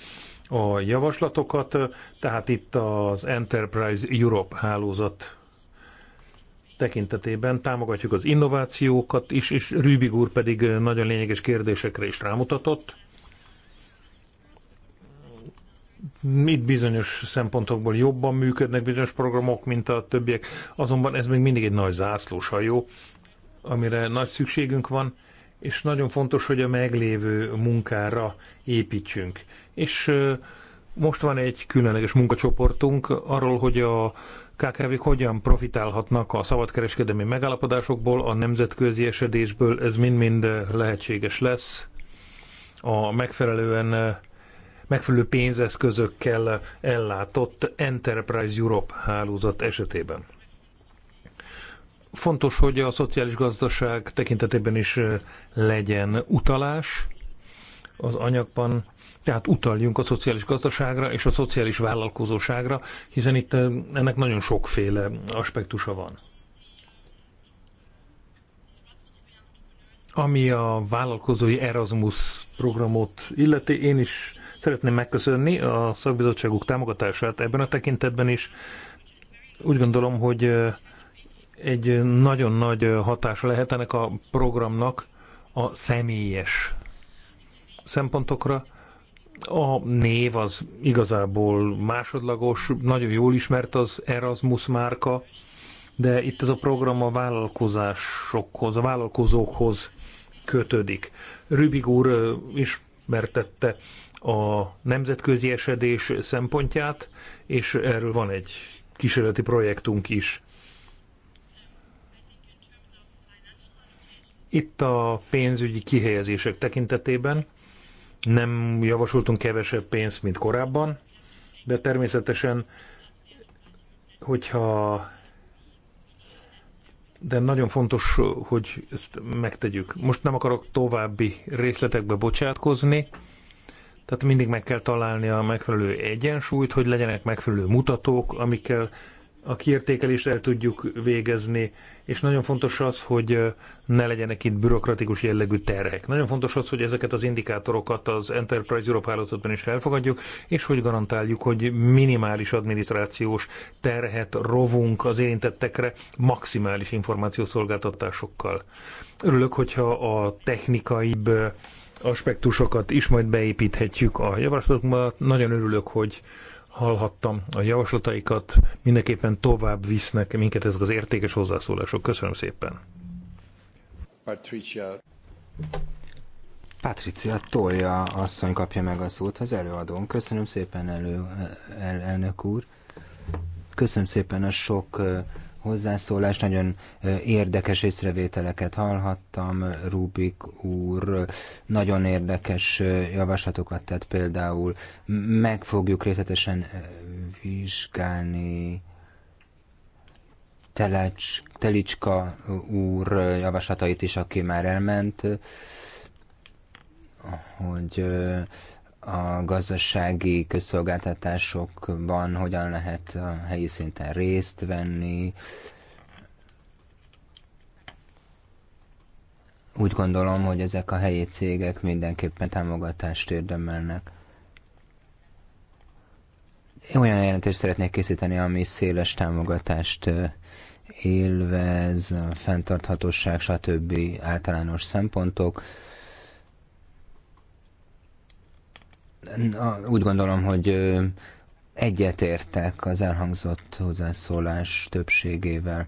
a javaslatokat, tehát itt az Enterprise Europe hálózat tekintetében támogatjuk az innovációkat is, és Rübig úr pedig nagyon lényeges kérdésekre is rámutatott. Itt bizonyos szempontokból jobban működnek bizonyos programok, mint a többiek, azonban ez még mindig egy nagy hajó, amire nagy szükségünk van, és nagyon fontos, hogy a meglévő munkára építsünk. És most van egy különleges munkacsoportunk arról, hogy a kkv hogyan profitálhatnak a szabadkereskedelmi megállapodásokból, a nemzetközi esedésből, ez mind-mind lehetséges lesz a megfelelően megfelelő pénzeszközökkel ellátott Enterprise Europe hálózat esetében. Fontos, hogy a szociális gazdaság tekintetében is legyen utalás az anyagban, tehát utaljunk a szociális gazdaságra és a szociális vállalkozóságra, hiszen itt eh, ennek nagyon sokféle aspektusa van. Ami a vállalkozói Erasmus programot illeti, én is szeretném megköszönni a szakbizottságuk támogatását ebben a tekintetben is. Úgy gondolom, hogy eh, egy nagyon nagy eh, hatása lehet ennek a programnak a személyes szempontokra, a név az igazából másodlagos, nagyon jól ismert az Erasmus márka, de itt ez a program a vállalkozásokhoz, a vállalkozókhoz kötődik. Rübig úr ismertette a nemzetközi esedés szempontját, és erről van egy kísérleti projektunk is. Itt a pénzügyi kihelyezések tekintetében nem javasoltunk kevesebb pénzt, mint korábban, de természetesen, hogyha de nagyon fontos, hogy ezt megtegyük. Most nem akarok további részletekbe bocsátkozni, tehát mindig meg kell találni a megfelelő egyensúlyt, hogy legyenek megfelelő mutatók, amikkel a kiértékelést el tudjuk végezni, és nagyon fontos az, hogy ne legyenek itt bürokratikus jellegű terhek. Nagyon fontos az, hogy ezeket az indikátorokat az Enterprise Europe hálózatban is elfogadjuk, és hogy garantáljuk, hogy minimális adminisztrációs terhet rovunk az érintettekre maximális információszolgáltatásokkal. Örülök, hogyha a technikaibb aspektusokat is majd beépíthetjük a javaslatunkba. Nagyon örülök, hogy hallhattam a javaslataikat, mindenképpen tovább visznek minket ezek az értékes hozzászólások. Köszönöm szépen. Patricia. Patricia Tolja asszony kapja meg a szót az előadón. Köszönöm szépen elő, el, elnök úr. Köszönöm szépen a sok hozzászólás, nagyon érdekes észrevételeket hallhattam, Rubik úr nagyon érdekes javaslatokat tett például, meg fogjuk részletesen vizsgálni Telecs, Telicska úr javaslatait is, aki már elment, hogy a gazdasági közszolgáltatásokban hogyan lehet a helyi szinten részt venni. Úgy gondolom, hogy ezek a helyi cégek mindenképpen támogatást érdemelnek. Én olyan jelentést szeretnék készíteni, ami széles támogatást élvez, fenntarthatóság, stb. általános szempontok Úgy gondolom, hogy egyetértek az elhangzott hozzászólás többségével,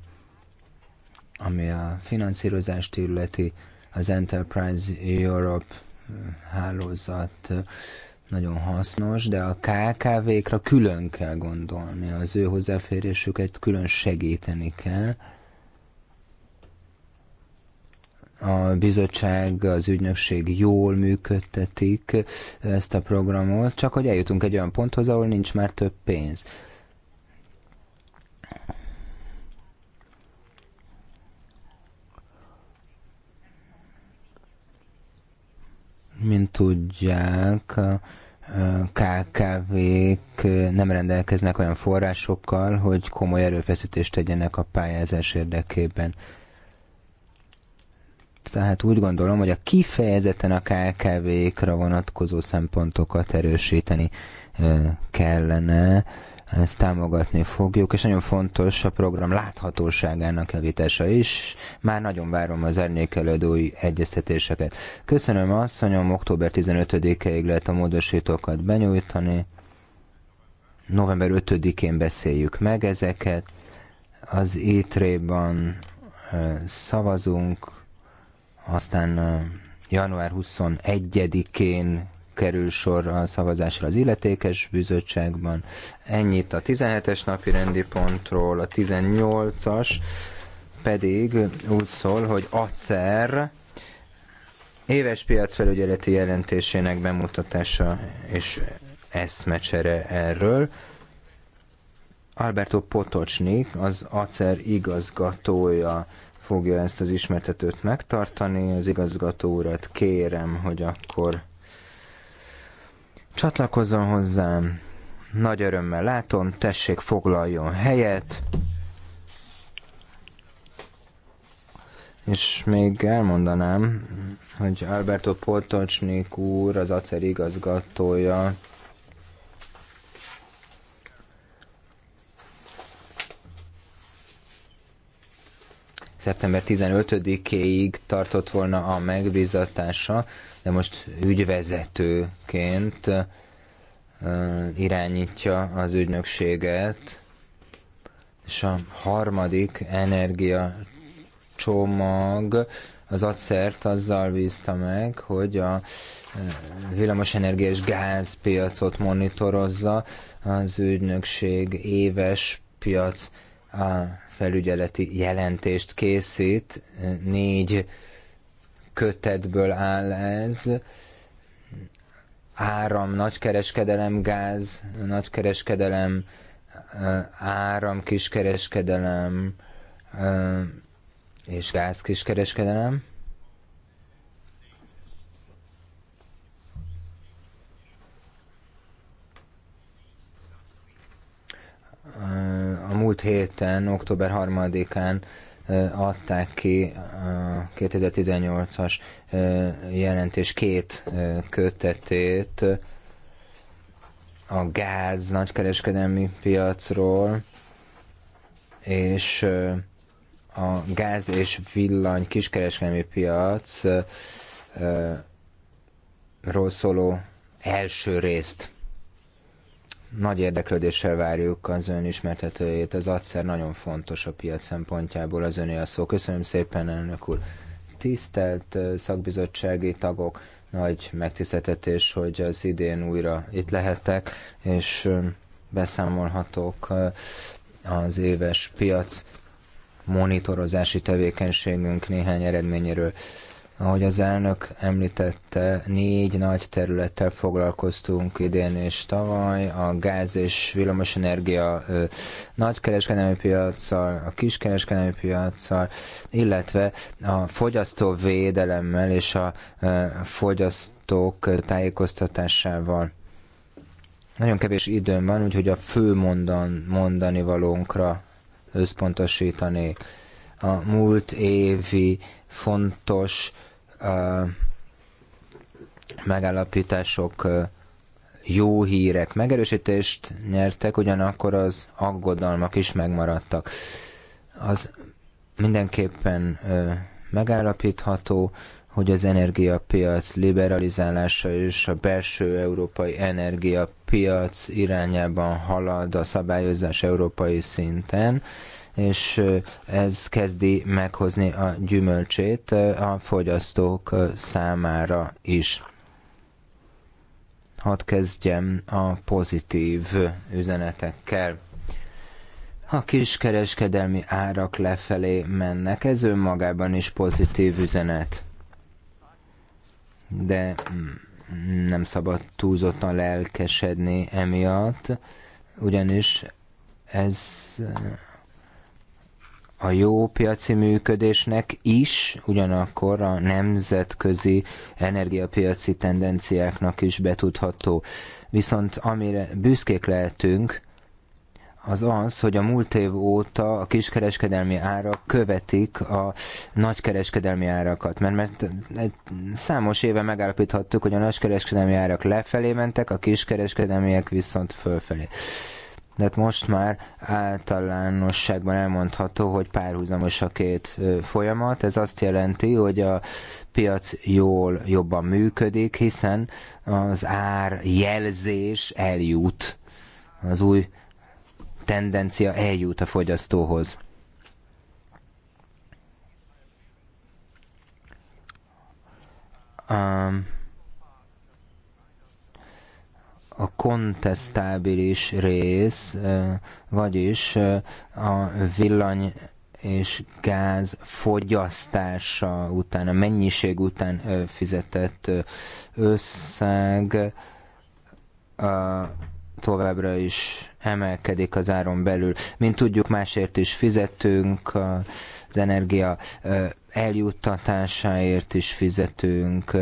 ami a finanszírozást illeti, az Enterprise Europe hálózat nagyon hasznos, de a KKV-kra külön kell gondolni, az ő hozzáférésüket külön segíteni kell a bizottság, az ügynökség jól működtetik ezt a programot, csak hogy eljutunk egy olyan ponthoz, ahol nincs már több pénz. Mint tudják, a KKV-k nem rendelkeznek olyan forrásokkal, hogy komoly erőfeszítést tegyenek a pályázás érdekében. Tehát úgy gondolom, hogy a kifejezetten a KKV-kra vonatkozó szempontokat erősíteni kellene, ezt támogatni fogjuk, és nagyon fontos a program láthatóságának javítása is. Már nagyon várom az árnyékelődői egyeztetéseket. Köszönöm asszonyom, október 15-ig lehet a módosítókat benyújtani. November 5-én beszéljük meg ezeket. Az étrében e szavazunk, aztán január 21-én kerül sor a szavazásra az illetékes bizottságban. Ennyit a 17-es napi rendi pontról, a 18-as pedig úgy szól, hogy acer éves piacfelügyeleti jelentésének bemutatása és eszmecsere erről. Alberto Potocsnik, az acer igazgatója fogja ezt az ismertetőt megtartani. Az igazgató urat kérem, hogy akkor csatlakozzon hozzám. Nagy örömmel látom, tessék foglaljon helyet. És még elmondanám, hogy Alberto Poltocsnik úr, az acer igazgatója szeptember 15-éig tartott volna a megbízatása, de most ügyvezetőként irányítja az ügynökséget, és a harmadik energia csomag az acert azzal bízta meg, hogy a villamosenergia és gázpiacot monitorozza az ügynökség éves piac felügyeleti jelentést készít, négy kötetből áll ez, áram, nagykereskedelem, gáz, nagykereskedelem, áram, kiskereskedelem és gáz, kiskereskedelem. a múlt héten, október 3-án adták ki a 2018-as jelentés két kötetét a gáz nagykereskedelmi piacról, és a gáz és villany kiskereskedelmi piacról szóló első részt. Nagy érdeklődéssel várjuk az ön ismertetőjét. Az adszer nagyon fontos a piac szempontjából, az öné a szó. Köszönöm szépen, elnök úr. Tisztelt szakbizottsági tagok, nagy megtiszteltetés, hogy az idén újra itt lehetek, és beszámolhatok az éves piac monitorozási tevékenységünk néhány eredményéről. Ahogy az elnök említette, négy nagy területtel foglalkoztunk idén és tavaly, a gáz és villamosenergia nagykereskedelmi piaccal, a kiskereskedelmi piaccal, illetve a fogyasztóvédelemmel és a fogyasztók tájékoztatásával. Nagyon kevés időm van, úgyhogy a fő mondan, mondani valónkra összpontosítani. A múlt évi fontos megállapítások jó hírek megerősítést nyertek, ugyanakkor az aggodalmak is megmaradtak. Az mindenképpen megállapítható, hogy az energiapiac liberalizálása és a belső európai energiapiac irányában halad a szabályozás európai szinten és ez kezdi meghozni a gyümölcsét a fogyasztók számára is. Hadd kezdjem a pozitív üzenetekkel a kereskedelmi árak lefelé mennek, ez önmagában is pozitív üzenet. De mm, nem szabad túlzottan lelkesedni emiatt, ugyanis ez a jó piaci működésnek is, ugyanakkor a nemzetközi energiapiaci tendenciáknak is betudható. Viszont amire büszkék lehetünk, az az, hogy a múlt év óta a kiskereskedelmi árak követik a nagykereskedelmi árakat, mert, mert számos éve megállapíthattuk, hogy a nagykereskedelmi árak lefelé mentek, a kiskereskedelmiek viszont fölfelé. De most már általánosságban elmondható, hogy párhuzamos a két folyamat. Ez azt jelenti, hogy a piac jól, jobban működik, hiszen az ár jelzés eljut, az új tendencia eljut a fogyasztóhoz. Um, a kontesztábilis rész, vagyis a villany és gáz fogyasztása után, a mennyiség után fizetett összeg továbbra is emelkedik az áron belül. Mint tudjuk, másért is fizetünk, az energia eljuttatásáért is fizetünk,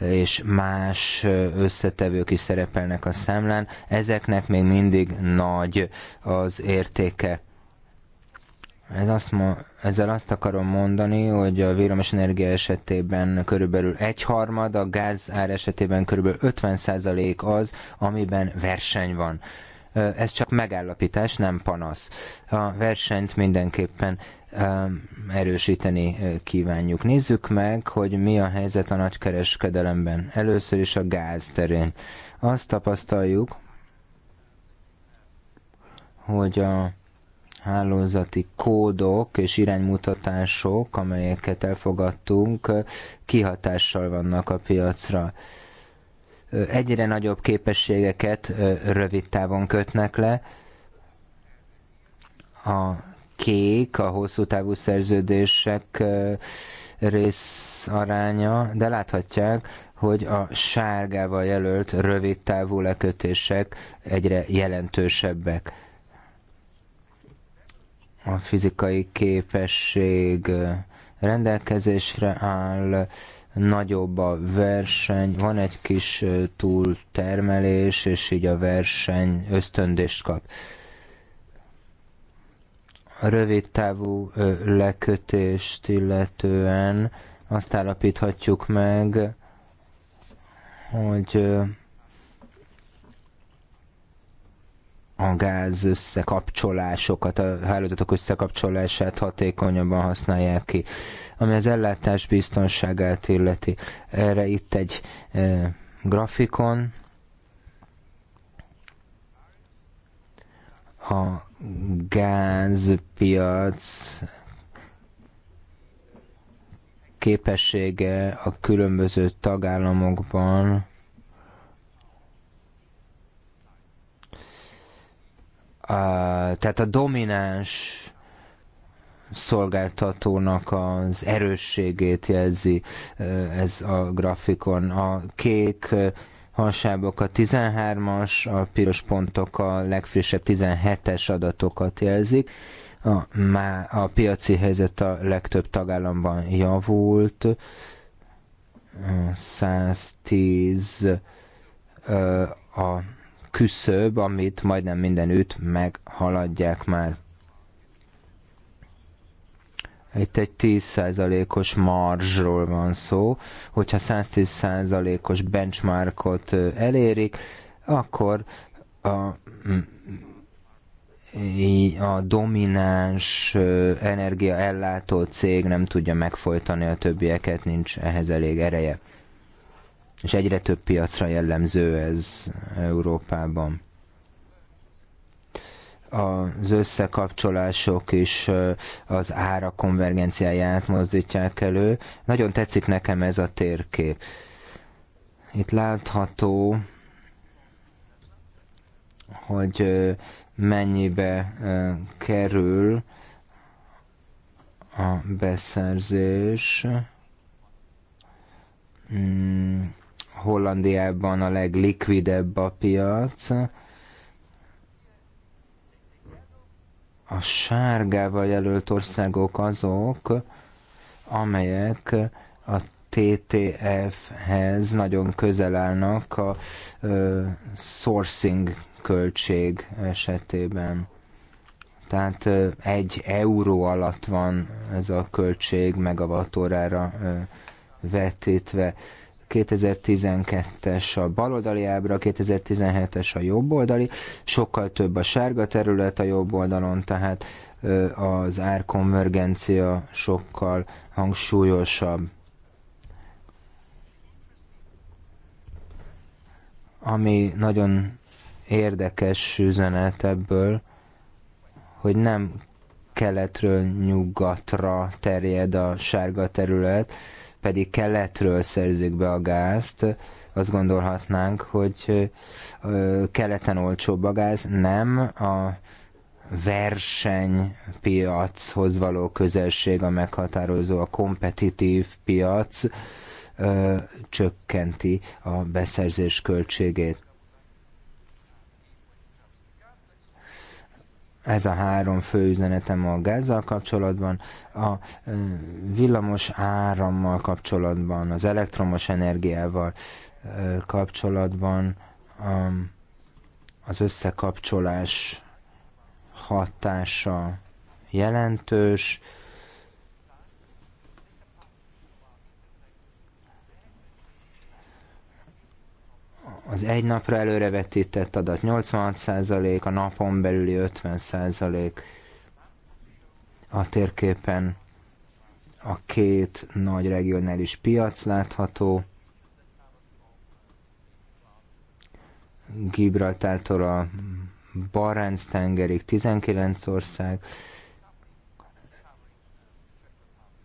és más összetevők is szerepelnek a számlán, ezeknek még mindig nagy az értéke. Ez azt ma, ezzel azt akarom mondani, hogy a villamos energia esetében körülbelül egyharmad, a ár esetében körülbelül 50% az, amiben verseny van. Ez csak megállapítás, nem panasz. A versenyt mindenképpen erősíteni kívánjuk. Nézzük meg, hogy mi a helyzet a nagykereskedelemben. Először is a gáz terén. Azt tapasztaljuk, hogy a hálózati kódok és iránymutatások, amelyeket elfogadtunk, kihatással vannak a piacra egyre nagyobb képességeket rövid távon kötnek le. A kék, a hosszú távú szerződések rész aránya, de láthatják, hogy a sárgával jelölt rövid távú lekötések egyre jelentősebbek. A fizikai képesség rendelkezésre áll, nagyobb a verseny, van egy kis túltermelés, és így a verseny ösztöndést kap. A rövid távú lekötést illetően azt állapíthatjuk meg, hogy a gáz összekapcsolásokat, a hálózatok összekapcsolását hatékonyabban használják ki. Ami az ellátás biztonságát illeti. Erre itt egy e, grafikon. A gázpiac képessége a különböző tagállamokban tehát a domináns szolgáltatónak az erősségét jelzi ez a grafikon. A kék hasábok a 13-as, a piros pontok a legfrissebb 17-es adatokat jelzik. A, má, a piaci helyzet a legtöbb tagállamban javult, 110 a küszöb, amit majdnem mindenütt meghaladják már. Itt egy 10%-os marzsról van szó, hogyha 110%-os benchmarkot elérik, akkor a a domináns energiaellátó cég nem tudja megfolytani a többieket, nincs ehhez elég ereje és egyre több piacra jellemző ez Európában az összekapcsolások és az ára konvergenciáját mozdítják elő. Nagyon tetszik nekem ez a térkép. Itt látható, hogy mennyibe kerül a beszerzés hmm. Hollandiában a leglikvidebb a piac. A sárgával jelölt országok azok, amelyek a TTF-hez nagyon közel állnak a ö, sourcing költség esetében. Tehát ö, egy euró alatt van ez a költség megavattórára vetítve. 2012-es a baloldali ábra, 2017-es a jobboldali, sokkal több a sárga terület a jobb oldalon, tehát az árkonvergencia sokkal hangsúlyosabb. Ami nagyon érdekes üzenet ebből, hogy nem keletről nyugatra terjed a sárga terület, pedig keletről szerzik be a gázt, azt gondolhatnánk, hogy keleten olcsóbb a gáz, nem a versenypiachoz való közelség a meghatározó, a kompetitív piac ö, csökkenti a beszerzés költségét. Ez a három fő üzenetem a gázzal kapcsolatban, a villamos árammal kapcsolatban, az elektromos energiával kapcsolatban, az összekapcsolás hatása jelentős, az egy napra előrevetített adat 86%, a napon belüli 50% a térképen a két nagy regionális piac látható, Gibraltártól a Barents tengerig 19 ország,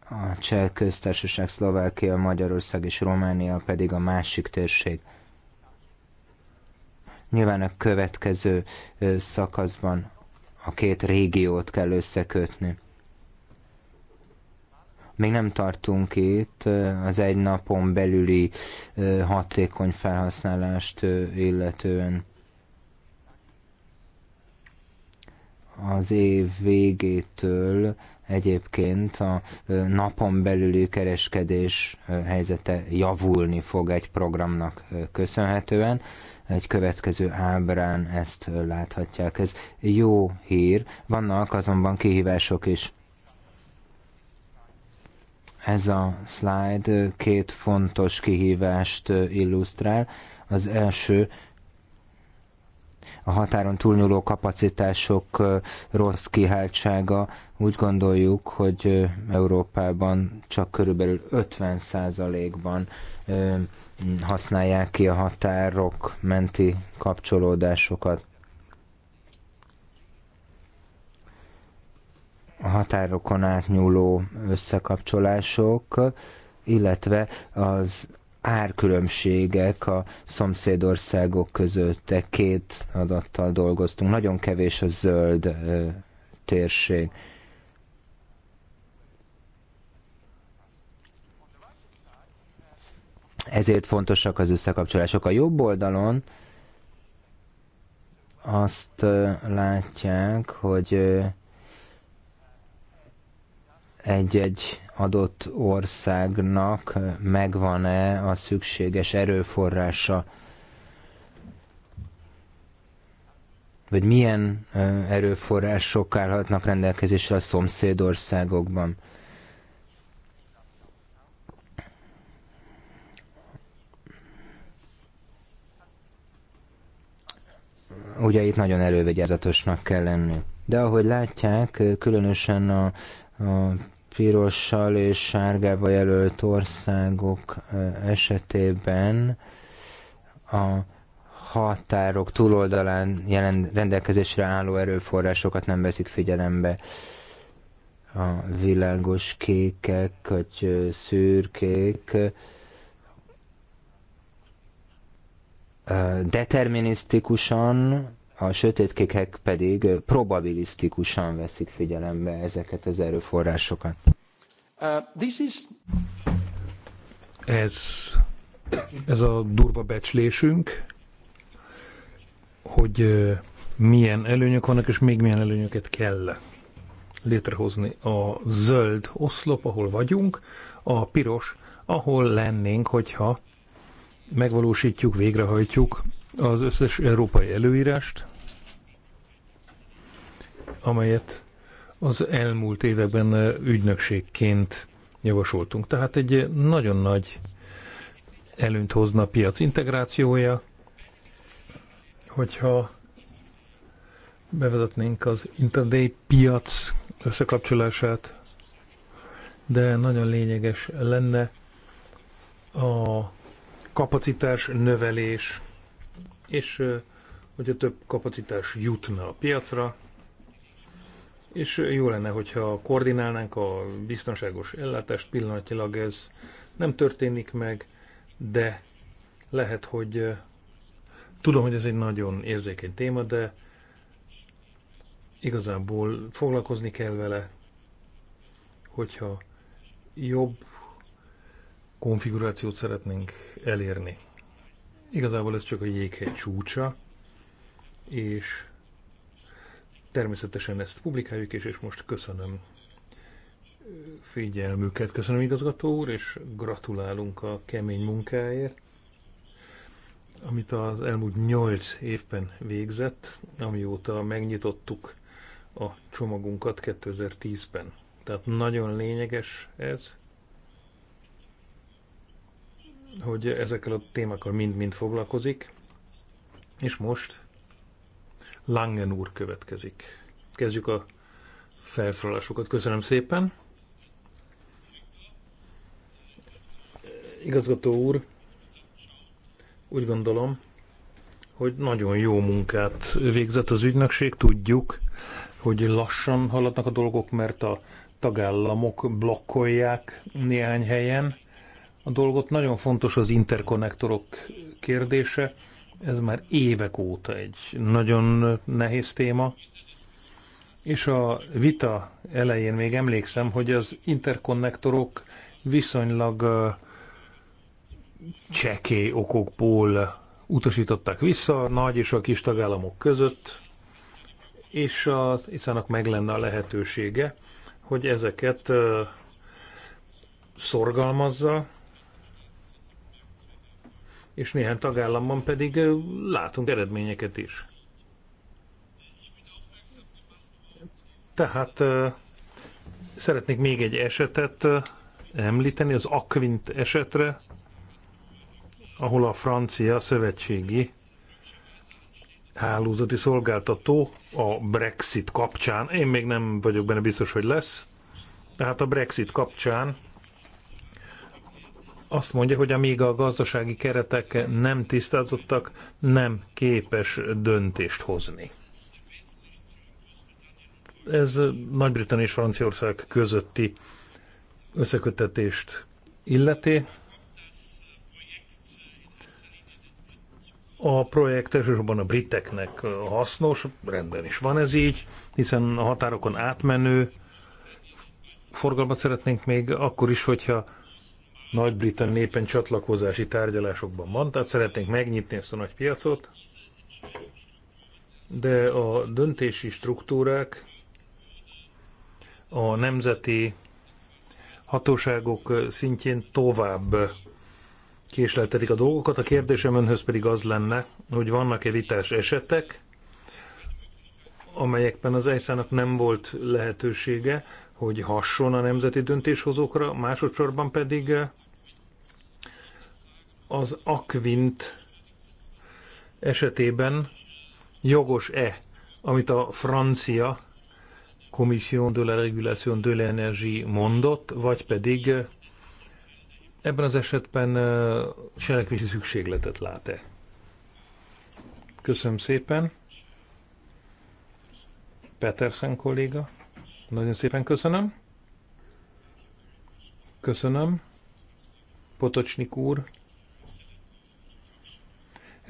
a Cseh köztársaság, Szlovákia, Magyarország és Románia pedig a másik térség. Nyilván a következő szakaszban a két régiót kell összekötni. Még nem tartunk itt az egy napon belüli hatékony felhasználást illetően. Az év végétől egyébként a napon belüli kereskedés helyzete javulni fog egy programnak köszönhetően egy következő ábrán ezt láthatják. Ez jó hír, vannak azonban kihívások is. Ez a slide két fontos kihívást illusztrál. Az első a határon túlnyúló kapacitások rossz kiháltsága. Úgy gondoljuk, hogy Európában csak körülbelül 50 ban használják ki a határok menti kapcsolódásokat. A határokon átnyúló összekapcsolások, illetve az árkülönbségek a szomszédországok között. E két adattal dolgoztunk. Nagyon kevés a zöld térség. Ezért fontosak az összekapcsolások. A jobb oldalon azt látják, hogy egy-egy adott országnak megvan-e a szükséges erőforrása, vagy milyen erőforrások állhatnak rendelkezésre a szomszédországokban. ugye itt nagyon elővigyázatosnak kell lenni. De ahogy látják, különösen a, a pirossal és sárgával jelölt országok esetében a határok túloldalán jelen, rendelkezésre álló erőforrásokat nem veszik figyelembe. A világos kékek, vagy szürkék determinisztikusan, a sötétkékek pedig probabilisztikusan veszik figyelembe ezeket az erőforrásokat. Uh, is... Ez, ez a durva becslésünk, hogy milyen előnyök vannak, és még milyen előnyöket kell létrehozni. A zöld oszlop, ahol vagyunk, a piros, ahol lennénk, hogyha megvalósítjuk, végrehajtjuk az összes európai előírást, amelyet az elmúlt években ügynökségként javasoltunk. Tehát egy nagyon nagy előnyt hozna a piac integrációja, hogyha bevezetnénk az interday piac összekapcsolását, de nagyon lényeges lenne a kapacitás növelés, és hogy a több kapacitás jutna a piacra, és jó lenne, hogyha koordinálnánk a biztonságos ellátást, pillanatilag ez nem történik meg, de lehet, hogy tudom, hogy ez egy nagyon érzékeny téma, de igazából foglalkozni kell vele, hogyha jobb konfigurációt szeretnénk elérni. Igazából ez csak a jéghegy csúcsa, és természetesen ezt publikáljuk, és, és most köszönöm figyelmüket. Köszönöm igazgató úr, és gratulálunk a kemény munkáért, amit az elmúlt nyolc évben végzett, amióta megnyitottuk a csomagunkat 2010-ben. Tehát nagyon lényeges ez, hogy ezekkel a témákkal mind-mind foglalkozik. És most Langen úr következik. Kezdjük a felszólalásokat. Köszönöm szépen. Igazgató úr, úgy gondolom, hogy nagyon jó munkát végzett az ügynökség. Tudjuk, hogy lassan haladnak a dolgok, mert a tagállamok blokkolják néhány helyen a dolgot. Nagyon fontos az interkonnektorok kérdése. Ez már évek óta egy nagyon nehéz téma. És a vita elején még emlékszem, hogy az interkonnektorok viszonylag csekély okokból utasították vissza a nagy és a kis tagállamok között, és az iszának meg lenne a lehetősége, hogy ezeket szorgalmazza, és néhány tagállamban pedig látunk eredményeket is. Tehát szeretnék még egy esetet említeni, az Aquint esetre, ahol a francia szövetségi hálózati szolgáltató a Brexit kapcsán, én még nem vagyok benne biztos, hogy lesz, tehát a Brexit kapcsán azt mondja, hogy amíg a gazdasági keretek nem tisztázottak, nem képes döntést hozni. Ez Nagy-Britannia és Franciaország közötti összekötetést illeti. A projekt elsősorban a briteknek hasznos, rendben is van ez így, hiszen a határokon átmenő forgalmat szeretnénk még akkor is, hogyha nagy-Britannia éppen csatlakozási tárgyalásokban van, tehát szeretnénk megnyitni ezt a nagy piacot, de a döntési struktúrák a nemzeti hatóságok szintjén tovább késleltetik a dolgokat. A kérdésem önhöz pedig az lenne, hogy vannak-e vitás esetek, amelyekben az ejszának nem volt lehetősége, hogy hasson a nemzeti döntéshozókra, másodszorban pedig az Aquint esetében jogos-e, amit a francia Commission de la Régulation de l'Energie mondott, vagy pedig eh, ebben az esetben eh, cselekvési szükségletet lát-e? Köszönöm szépen. Petersen kolléga, nagyon szépen köszönöm. Köszönöm. Potocsnik úr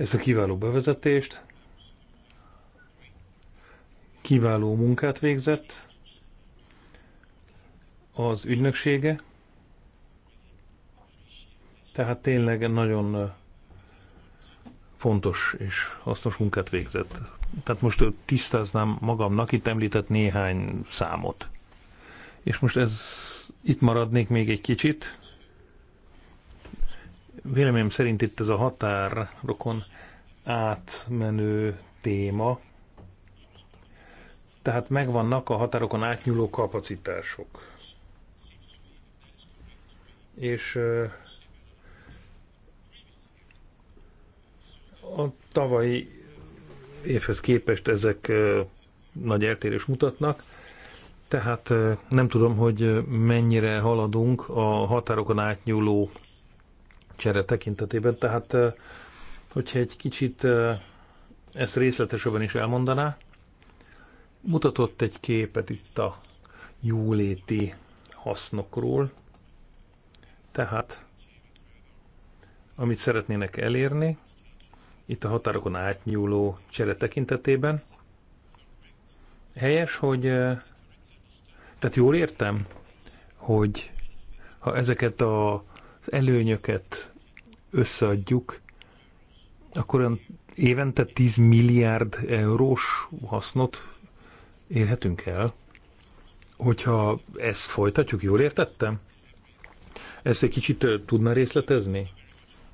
ezt a kiváló bevezetést. Kiváló munkát végzett az ügynöksége. Tehát tényleg nagyon fontos és hasznos munkát végzett. Tehát most tisztáznám magamnak, itt említett néhány számot. És most ez itt maradnék még egy kicsit. Véleményem szerint itt ez a határokon átmenő téma, tehát megvannak a határokon átnyúló kapacitások. És a tavalyi évhez képest ezek nagy eltérés mutatnak, tehát nem tudom, hogy mennyire haladunk a határokon átnyúló csere tekintetében, tehát hogyha egy kicsit ezt részletesebben is elmondaná, mutatott egy képet itt a jóléti hasznokról, tehát amit szeretnének elérni, itt a határokon átnyúló csere tekintetében. Helyes, hogy... Tehát jól értem, hogy ha ezeket az előnyöket összeadjuk, akkor olyan évente 10 milliárd eurós hasznot érhetünk el, hogyha ezt folytatjuk, jól értettem? Ezt egy kicsit tudna részletezni?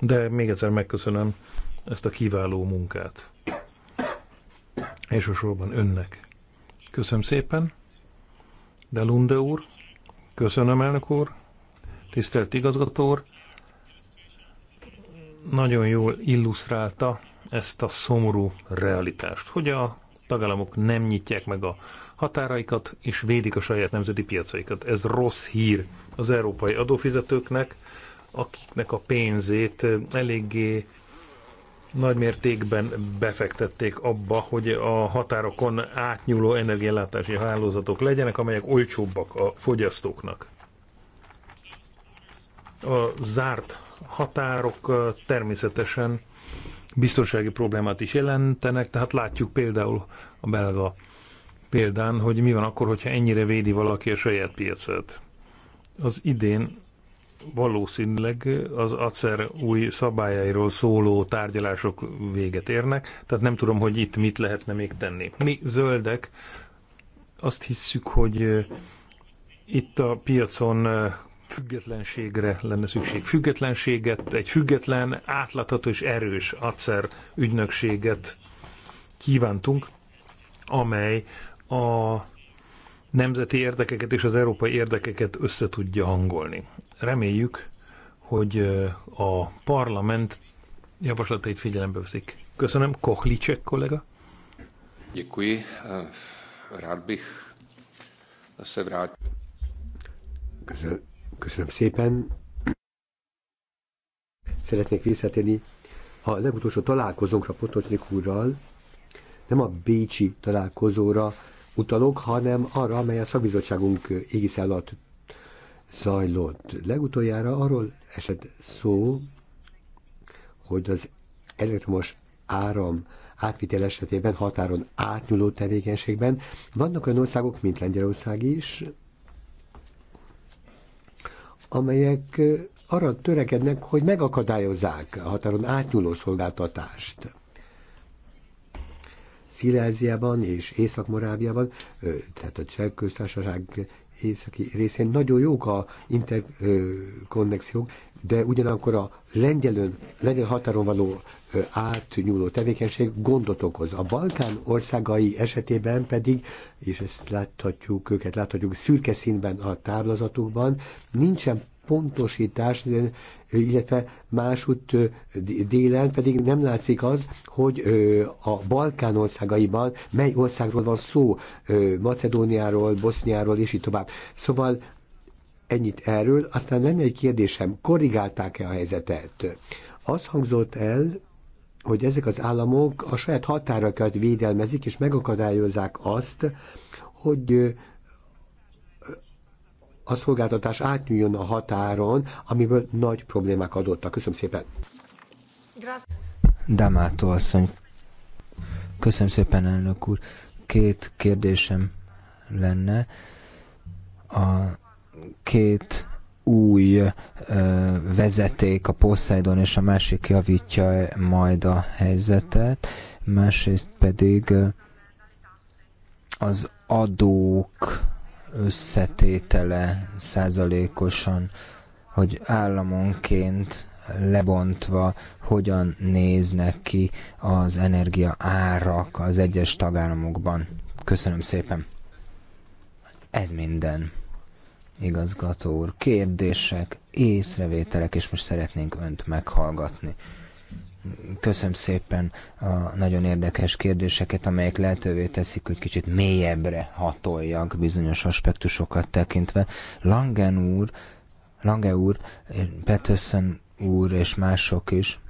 De még egyszer megköszönöm ezt a kiváló munkát. Elsősorban önnek. Köszönöm szépen. De Lunde úr, köszönöm elnök úr, tisztelt igazgató úr, nagyon jól illusztrálta ezt a szomorú realitást, hogy a tagállamok nem nyitják meg a határaikat és védik a saját nemzeti piacaikat. Ez rossz hír az európai adófizetőknek, akiknek a pénzét eléggé nagymértékben befektették abba, hogy a határokon átnyúló energiállátási hálózatok legyenek, amelyek olcsóbbak a fogyasztóknak. A zárt határok természetesen biztonsági problémát is jelentenek, tehát látjuk például a belga példán, hogy mi van akkor, hogyha ennyire védi valaki a saját piacát. Az idén valószínűleg az ACER új szabályairól szóló tárgyalások véget érnek, tehát nem tudom, hogy itt mit lehetne még tenni. Mi zöldek azt hisszük, hogy itt a piacon függetlenségre lenne szükség. Függetlenséget, egy független, átlátható és erős acer ügynökséget kívántunk, amely a nemzeti érdekeket és az európai érdekeket összetudja hangolni. Reméljük, hogy a parlament javaslatait figyelembe veszik. Köszönöm. Kohlicek kollega. Děkuji. Rád bych se vrátil. Köszönöm szépen. Szeretnék visszatérni a legutolsó találkozónkra Potocnik úrral, nem a Bécsi találkozóra utalok, hanem arra, amely a szakbizottságunk égisze alatt zajlott. Legutoljára arról esett szó, hogy az elektromos áram átvitel esetében határon átnyúló tevékenységben vannak olyan országok, mint Lengyelország is, amelyek arra törekednek, hogy megakadályozzák a határon átnyúló szolgáltatást. Sziláziában és Észak-Morábiában, tehát a Cseh köztársaság északi részén nagyon jók a interkonnexiók, de ugyanakkor a lengyelön, lengyel határon való átnyúló tevékenység gondot okoz. A Balkán országai esetében pedig, és ezt láthatjuk, őket láthatjuk szürke színben a táblazatukban, nincsen pontosítás, illetve másút délen pedig nem látszik az, hogy a Balkán országaiban mely országról van szó, Macedóniáról, Boszniáról és így tovább. Szóval Ennyit erről, aztán lenne egy kérdésem, korrigálták-e a helyzetet? Az hangzott el, hogy ezek az államok a saját határokat védelmezik, és megakadályozzák azt, hogy a szolgáltatás átnyúljon a határon, amiből nagy problémák adottak. Köszönöm szépen. Damátó asszony. Köszönöm szépen, elnök úr. Két kérdésem lenne. A két új vezeték, a Poseidon és a másik javítja majd a helyzetet, másrészt pedig az adók összetétele százalékosan, hogy államonként lebontva hogyan néznek ki az energia árak az egyes tagállamokban. Köszönöm szépen. Ez minden igazgató úr. Kérdések, észrevételek, és most szeretnénk önt meghallgatni. Köszönöm szépen a nagyon érdekes kérdéseket, amelyek lehetővé teszik, hogy kicsit mélyebbre hatoljak bizonyos aspektusokat tekintve. Langen úr, Lange úr, Peterson úr és mások is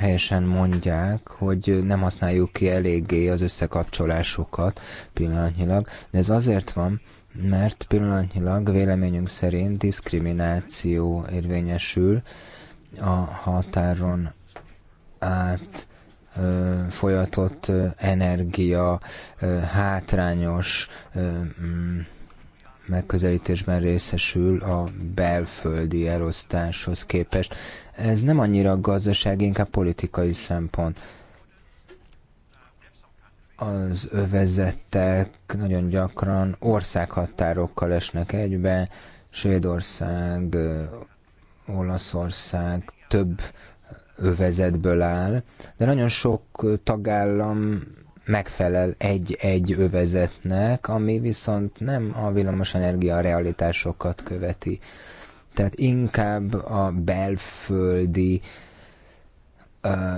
helyesen mondják, hogy nem használjuk ki eléggé az összekapcsolásokat pillanatnyilag, de ez azért van, mert pillanatnyilag véleményünk szerint diszkrimináció érvényesül a határon át folyatott energia hátrányos mm, megközelítésben részesül a belföldi elosztáshoz képest. Ez nem annyira gazdasági, inkább politikai szempont. Az övezettek nagyon gyakran országhatárokkal esnek egybe, Svédország, Olaszország több övezetből áll, de nagyon sok tagállam megfelel egy-egy övezetnek, ami viszont nem a villamosenergia realitásokat követi. Tehát inkább a belföldi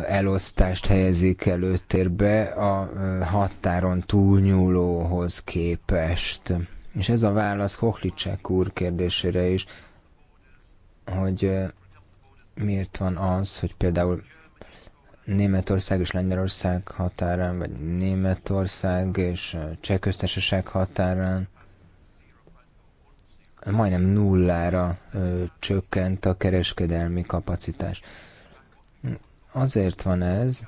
elosztást helyezik előtérbe a határon túlnyúlóhoz képest. És ez a válasz Hochlicek úr kérdésére is, hogy miért van az, hogy például Németország és Lengyelország határán, vagy Németország és Csehköztársaság határán majdnem nullára ö, csökkent a kereskedelmi kapacitás. Azért van ez,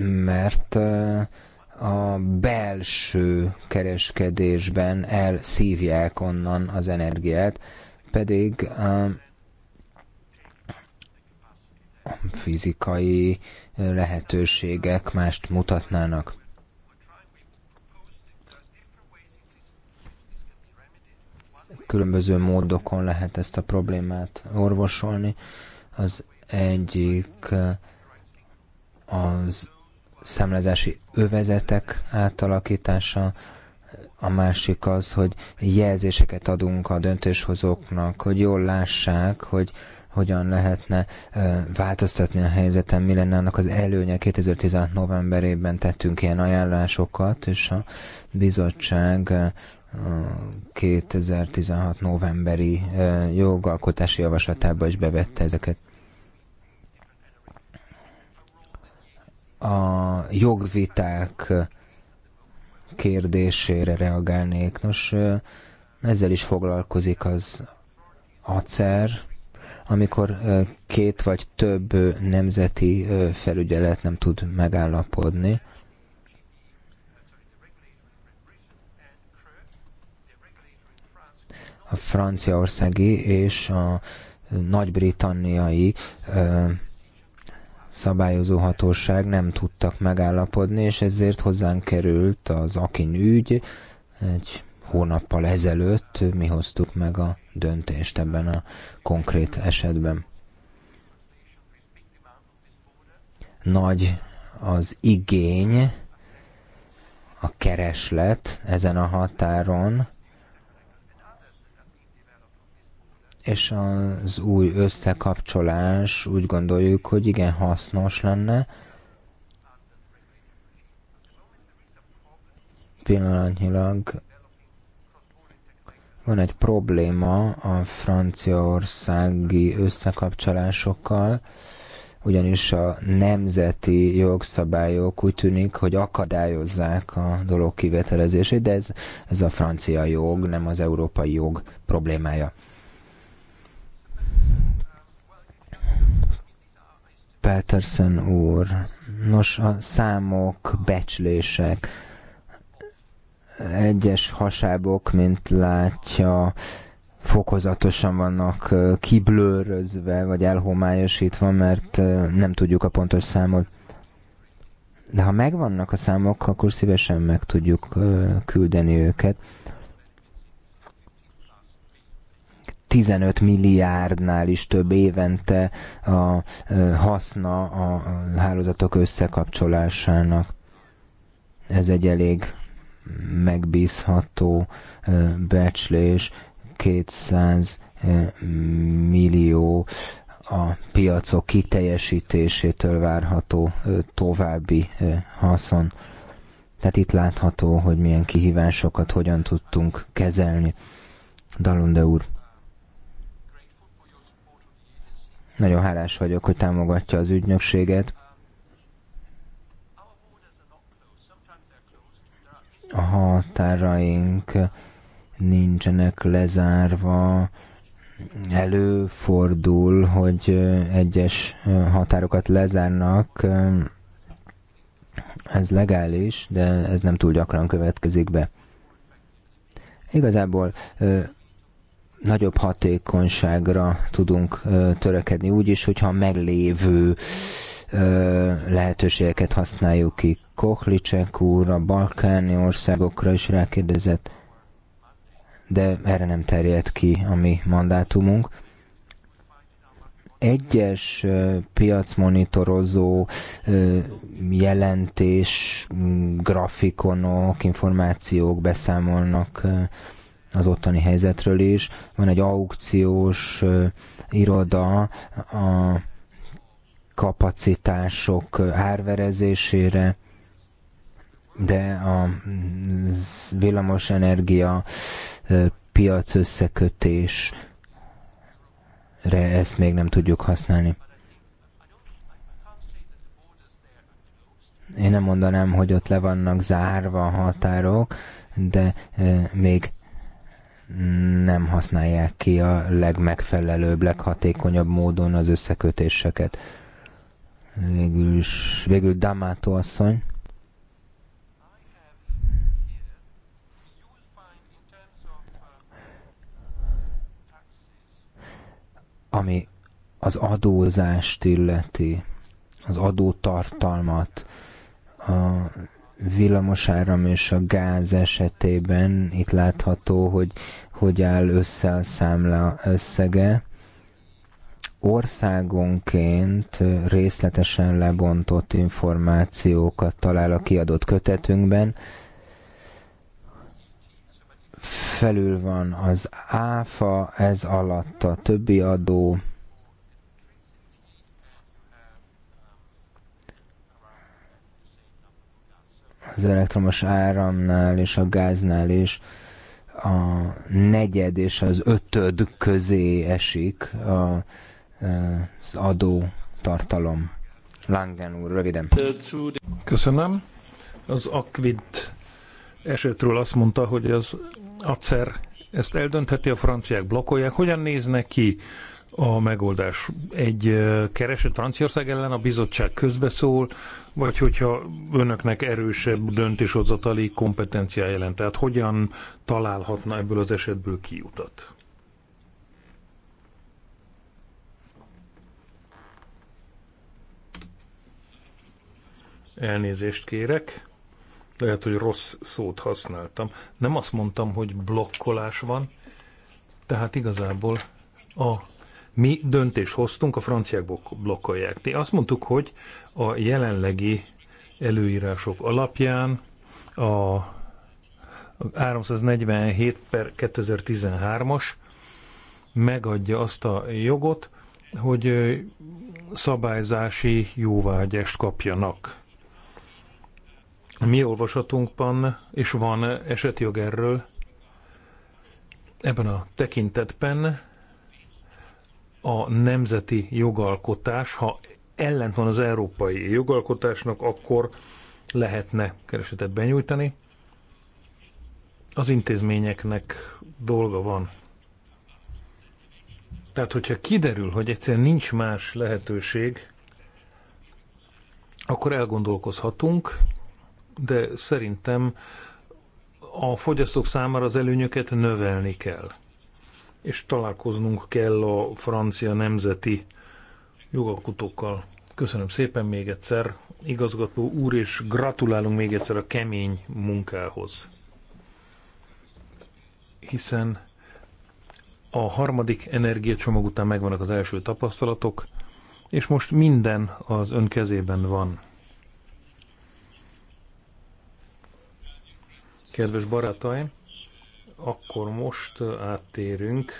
mert ö, a belső kereskedésben elszívják onnan az energiát, pedig ö, fizikai lehetőségek mást mutatnának. Különböző módokon lehet ezt a problémát orvosolni. Az egyik az számlázási övezetek átalakítása, a másik az, hogy jelzéseket adunk a döntéshozóknak, hogy jól lássák, hogy hogyan lehetne változtatni a helyzeten, mi lenne annak az előnye. 2016 novemberében tettünk ilyen ajánlásokat, és a bizottság 2016 novemberi jogalkotási javaslatába is bevette ezeket. A jogviták kérdésére reagálnék. Nos, ezzel is foglalkozik az ACER, amikor két vagy több nemzeti felügyelet nem tud megállapodni. A franciaországi és a nagy-britanniai szabályozó hatóság nem tudtak megállapodni, és ezért hozzánk került az Akin ügy egy hónappal ezelőtt, mi hoztuk meg a döntést ebben a konkrét esetben. Nagy az igény, a kereslet ezen a határon, és az új összekapcsolás úgy gondoljuk, hogy igen hasznos lenne. Pillanatnyilag van egy probléma a franciaországi összekapcsolásokkal, ugyanis a nemzeti jogszabályok úgy tűnik, hogy akadályozzák a dolog kivételezését, de ez, ez a francia jog, nem az európai jog problémája. Peterson úr. Nos, a számok, becslések, egyes hasábok, mint látja, fokozatosan vannak kiblőrözve, vagy elhomályosítva, mert nem tudjuk a pontos számot. De ha megvannak a számok, akkor szívesen meg tudjuk küldeni őket. 15 milliárdnál is több évente a haszna a hálózatok összekapcsolásának. Ez egy elég megbízható becslés 200 millió a piacok kiteljesítésétől várható további haszon. Tehát itt látható, hogy milyen kihívásokat hogyan tudtunk kezelni. Dalunde úr. Nagyon hálás vagyok, hogy támogatja az ügynökséget. a határaink nincsenek lezárva, előfordul, hogy egyes határokat lezárnak, ez legális, de ez nem túl gyakran következik be. Igazából nagyobb hatékonyságra tudunk törekedni, úgyis, hogyha meglévő lehetőségeket használjuk ki. Kohlicek úr a balkáni országokra is rákérdezett, de erre nem terjed ki a mi mandátumunk egyes piacmonitorozó jelentés, grafikonok, információk beszámolnak az ottani helyzetről is. Van egy aukciós iroda, a kapacitások árverezésére, de a villamosenergia piac összekötésre ezt még nem tudjuk használni. Én nem mondanám, hogy ott le vannak zárva a határok, de még nem használják ki a legmegfelelőbb, leghatékonyabb módon az összekötéseket. Végül is, végül Damato asszony. Ami az adózást illeti, az adótartalmat, a villamosáram és a gáz esetében itt látható, hogy hogy áll össze a számla összege országonként részletesen lebontott információkat talál a kiadott kötetünkben. Felül van az áfa, ez alatt a többi adó, az elektromos áramnál és a gáznál is a negyed és az ötöd közé esik a az adó tartalom. Langen úr, röviden. Köszönöm. Az Akvid esetről azt mondta, hogy az acer ezt eldöntheti, a franciák blokkolják. Hogyan nézne ki a megoldás? Egy kereset Franciaország ellen a bizottság közbeszól, vagy hogyha önöknek erősebb döntéshozatali kompetenciája jelent? Tehát hogyan találhatna ebből az esetből kiutat? Elnézést kérek. Lehet, hogy rossz szót használtam. Nem azt mondtam, hogy blokkolás van, tehát igazából a mi döntés hoztunk, a franciák blokkolják. Mi azt mondtuk, hogy a jelenlegi előírások alapján a 347 per 2013-as megadja azt a jogot, hogy szabályzási jóvágyást kapjanak mi olvasatunkban, és van esetjog erről, ebben a tekintetben a nemzeti jogalkotás, ha ellent van az európai jogalkotásnak, akkor lehetne keresetet benyújtani. Az intézményeknek dolga van. Tehát, hogyha kiderül, hogy egyszerűen nincs más lehetőség, akkor elgondolkozhatunk, de szerintem a fogyasztók számára az előnyöket növelni kell. És találkoznunk kell a francia nemzeti jogalkotókkal. Köszönöm szépen még egyszer, igazgató úr, és gratulálunk még egyszer a kemény munkához. Hiszen a harmadik energiacsomag után megvannak az első tapasztalatok, és most minden az ön kezében van. Kedves barátaim, akkor most áttérünk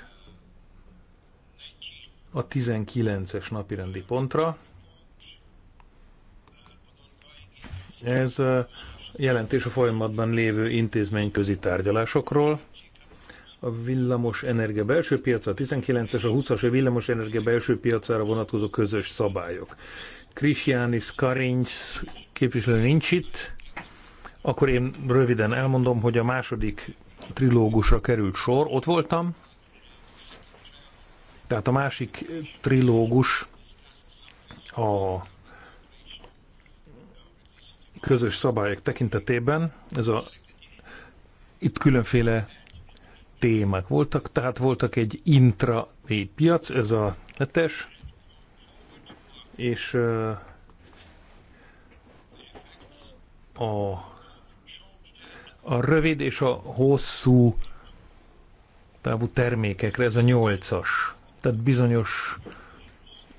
a 19-es napirendi pontra. Ez jelentés a folyamatban lévő intézményközi tárgyalásokról. A villamos energia belső piaca, a 19-es, a 20-as a villamos energia belső piacára vonatkozó közös szabályok. Krisjánis Karincs képviselő nincs itt, akkor én röviden elmondom, hogy a második trilógusra került sor, ott voltam, tehát a másik trilógus a közös szabályok tekintetében, ez a, itt különféle témák voltak, tehát voltak egy intra piac, ez a letes, és a a rövid és a hosszú távú termékekre, ez a nyolcas. Tehát bizonyos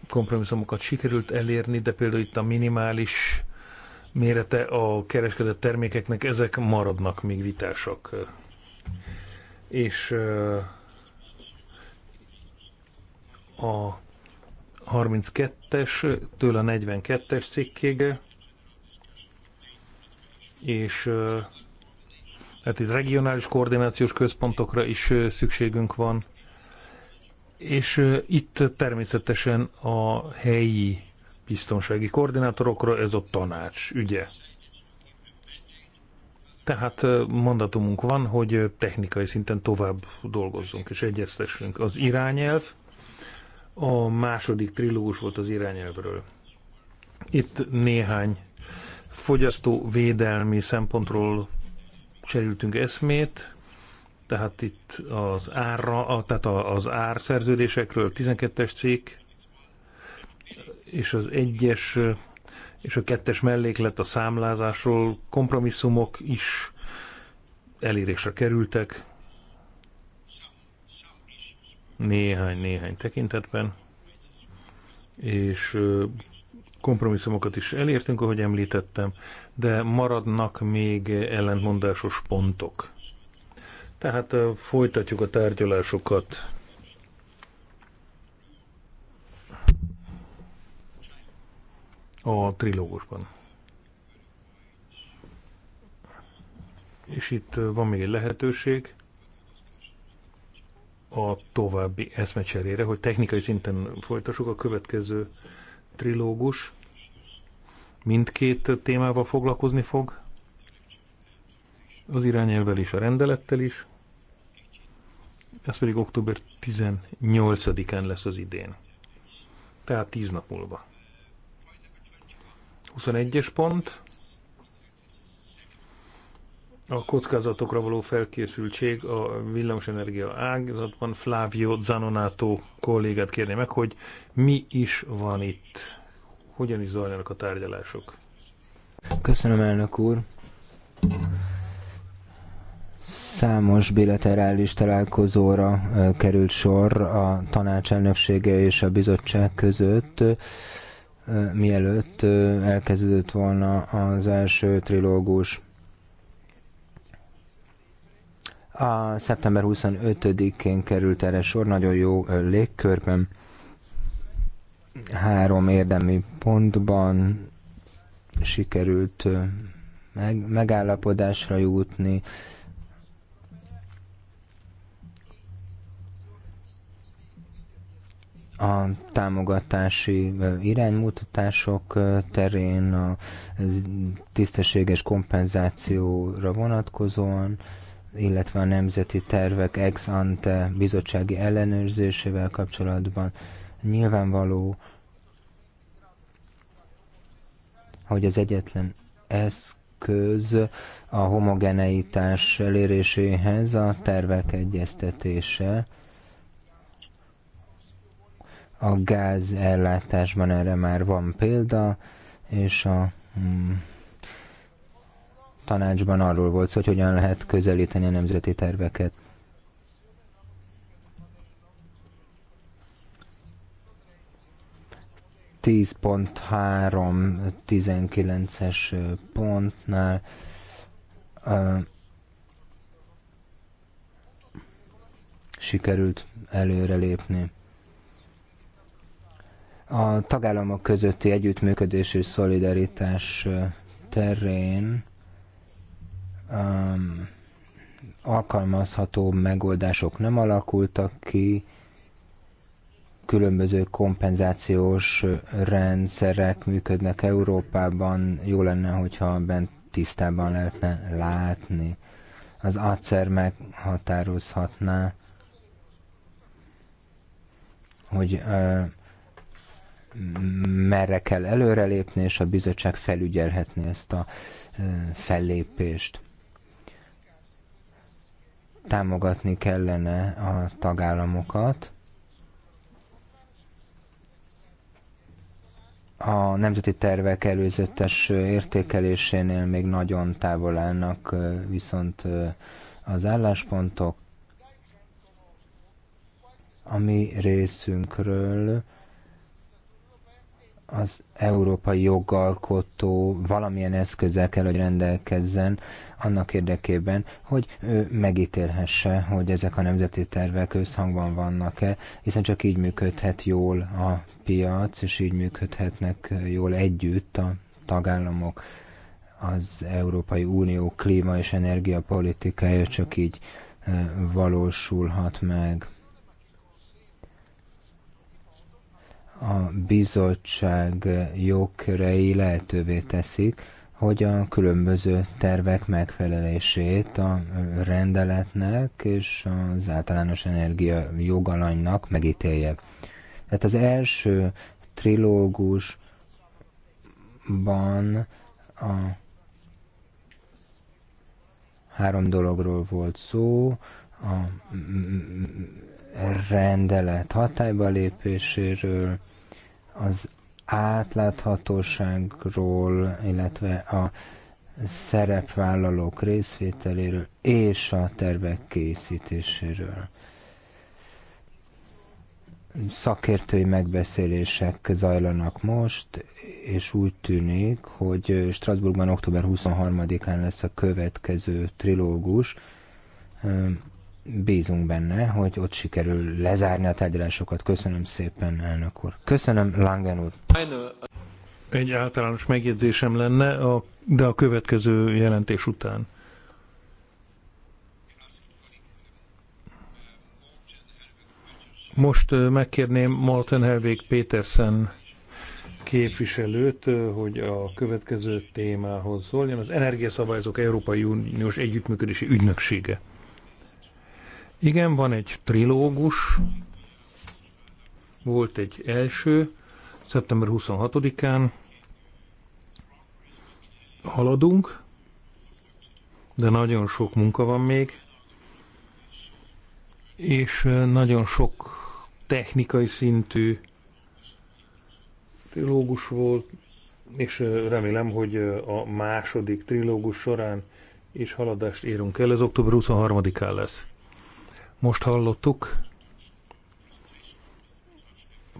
kompromisszumokat sikerült elérni, de például itt a minimális mérete a kereskedett termékeknek, ezek maradnak még vitásak. És a 32-es, től a 42-es cikkig, és tehát itt regionális koordinációs központokra is szükségünk van, és itt természetesen a helyi biztonsági koordinátorokra ez a tanács ügye. Tehát mandatumunk van, hogy technikai szinten tovább dolgozzunk és egyeztessünk. Az irányelv, a második trilógus volt az irányelvről. Itt néhány fogyasztóvédelmi szempontról cserültünk eszmét, tehát itt az árra, a, tehát az árszerződésekről 12-es cikk, és az egyes és a kettes melléklet a számlázásról kompromisszumok is elérésre kerültek. Néhány-néhány tekintetben. És kompromisszumokat is elértünk, ahogy említettem, de maradnak még ellentmondásos pontok. Tehát folytatjuk a tárgyalásokat. A trilógusban. És itt van még egy lehetőség a további eszmecserére, hogy technikai szinten folytassuk a következő trilógus mindkét témával foglalkozni fog, az irányelvel és a rendelettel is, ez pedig október 18-án lesz az idén, tehát 10 nap múlva. 21-es pont, a kockázatokra való felkészültség a villamosenergia ágazatban. Flávio Zanonato kollégát kérné meg, hogy mi is van itt, hogyan is zajlanak a tárgyalások. Köszönöm, elnök úr. Számos bilaterális találkozóra került sor a tanács elnöksége és a bizottság között mielőtt elkezdődött volna az első trilógus A szeptember 25-én került erre sor, nagyon jó légkörben, három érdemi pontban sikerült meg, megállapodásra jutni. a támogatási iránymutatások terén, a tisztességes kompenzációra vonatkozóan, illetve a nemzeti tervek ex ante bizottsági ellenőrzésével kapcsolatban nyilvánvaló, hogy az egyetlen eszköz a homogeneitás eléréséhez a tervek egyeztetése. A gázellátásban erre már van példa, és a hmm, tanácsban arról volt szó, hogy hogyan lehet közelíteni a nemzeti terveket. Tíz pont három, tizenkilences pontnál sikerült előrelépni. A tagállamok közötti együttműködés és szolidaritás terén um, alkalmazható megoldások nem alakultak ki, különböző kompenzációs rendszerek működnek Európában, jó lenne, hogyha bent tisztában lehetne látni. Az acer meghatározhatná, hogy uh, merre kell előrelépni, és a bizottság felügyelhetni ezt a uh, fellépést támogatni kellene a tagállamokat, a nemzeti tervek előzetes értékelésénél még nagyon távol állnak viszont az álláspontok. A mi részünkről az európai jogalkotó valamilyen eszközzel kell, hogy rendelkezzen annak érdekében, hogy ő megítélhesse, hogy ezek a nemzeti tervek összhangban vannak-e, hiszen csak így működhet jól a piac, és így működhetnek jól együtt a tagállamok. Az Európai Unió klíma és energiapolitikája csak így valósulhat meg. a bizottság jogkörei lehetővé teszik, hogy a különböző tervek megfelelését a rendeletnek és az általános energia jogalanynak megítélje. Tehát az első trilógusban a három dologról volt szó, a rendelet hatályba lépéséről, az átláthatóságról, illetve a szerepvállalók részvételéről és a tervek készítéséről. Szakértői megbeszélések zajlanak most, és úgy tűnik, hogy Strasbourgban október 23-án lesz a következő trilógus bízunk benne, hogy ott sikerül lezárni a tárgyalásokat. Köszönöm szépen, elnök úr. Köszönöm, Langen úr. Egy általános megjegyzésem lenne, a, de a következő jelentés után. Most megkérném Martin Helvég Pétersen képviselőt, hogy a következő témához szóljon. Az Energiaszabályozók Európai Uniós Együttműködési Ügynöksége. Igen, van egy trilógus, volt egy első, szeptember 26-án haladunk, de nagyon sok munka van még, és nagyon sok technikai szintű trilógus volt, és remélem, hogy a második trilógus során is haladást érünk el. Ez október 23-án lesz. Most hallottuk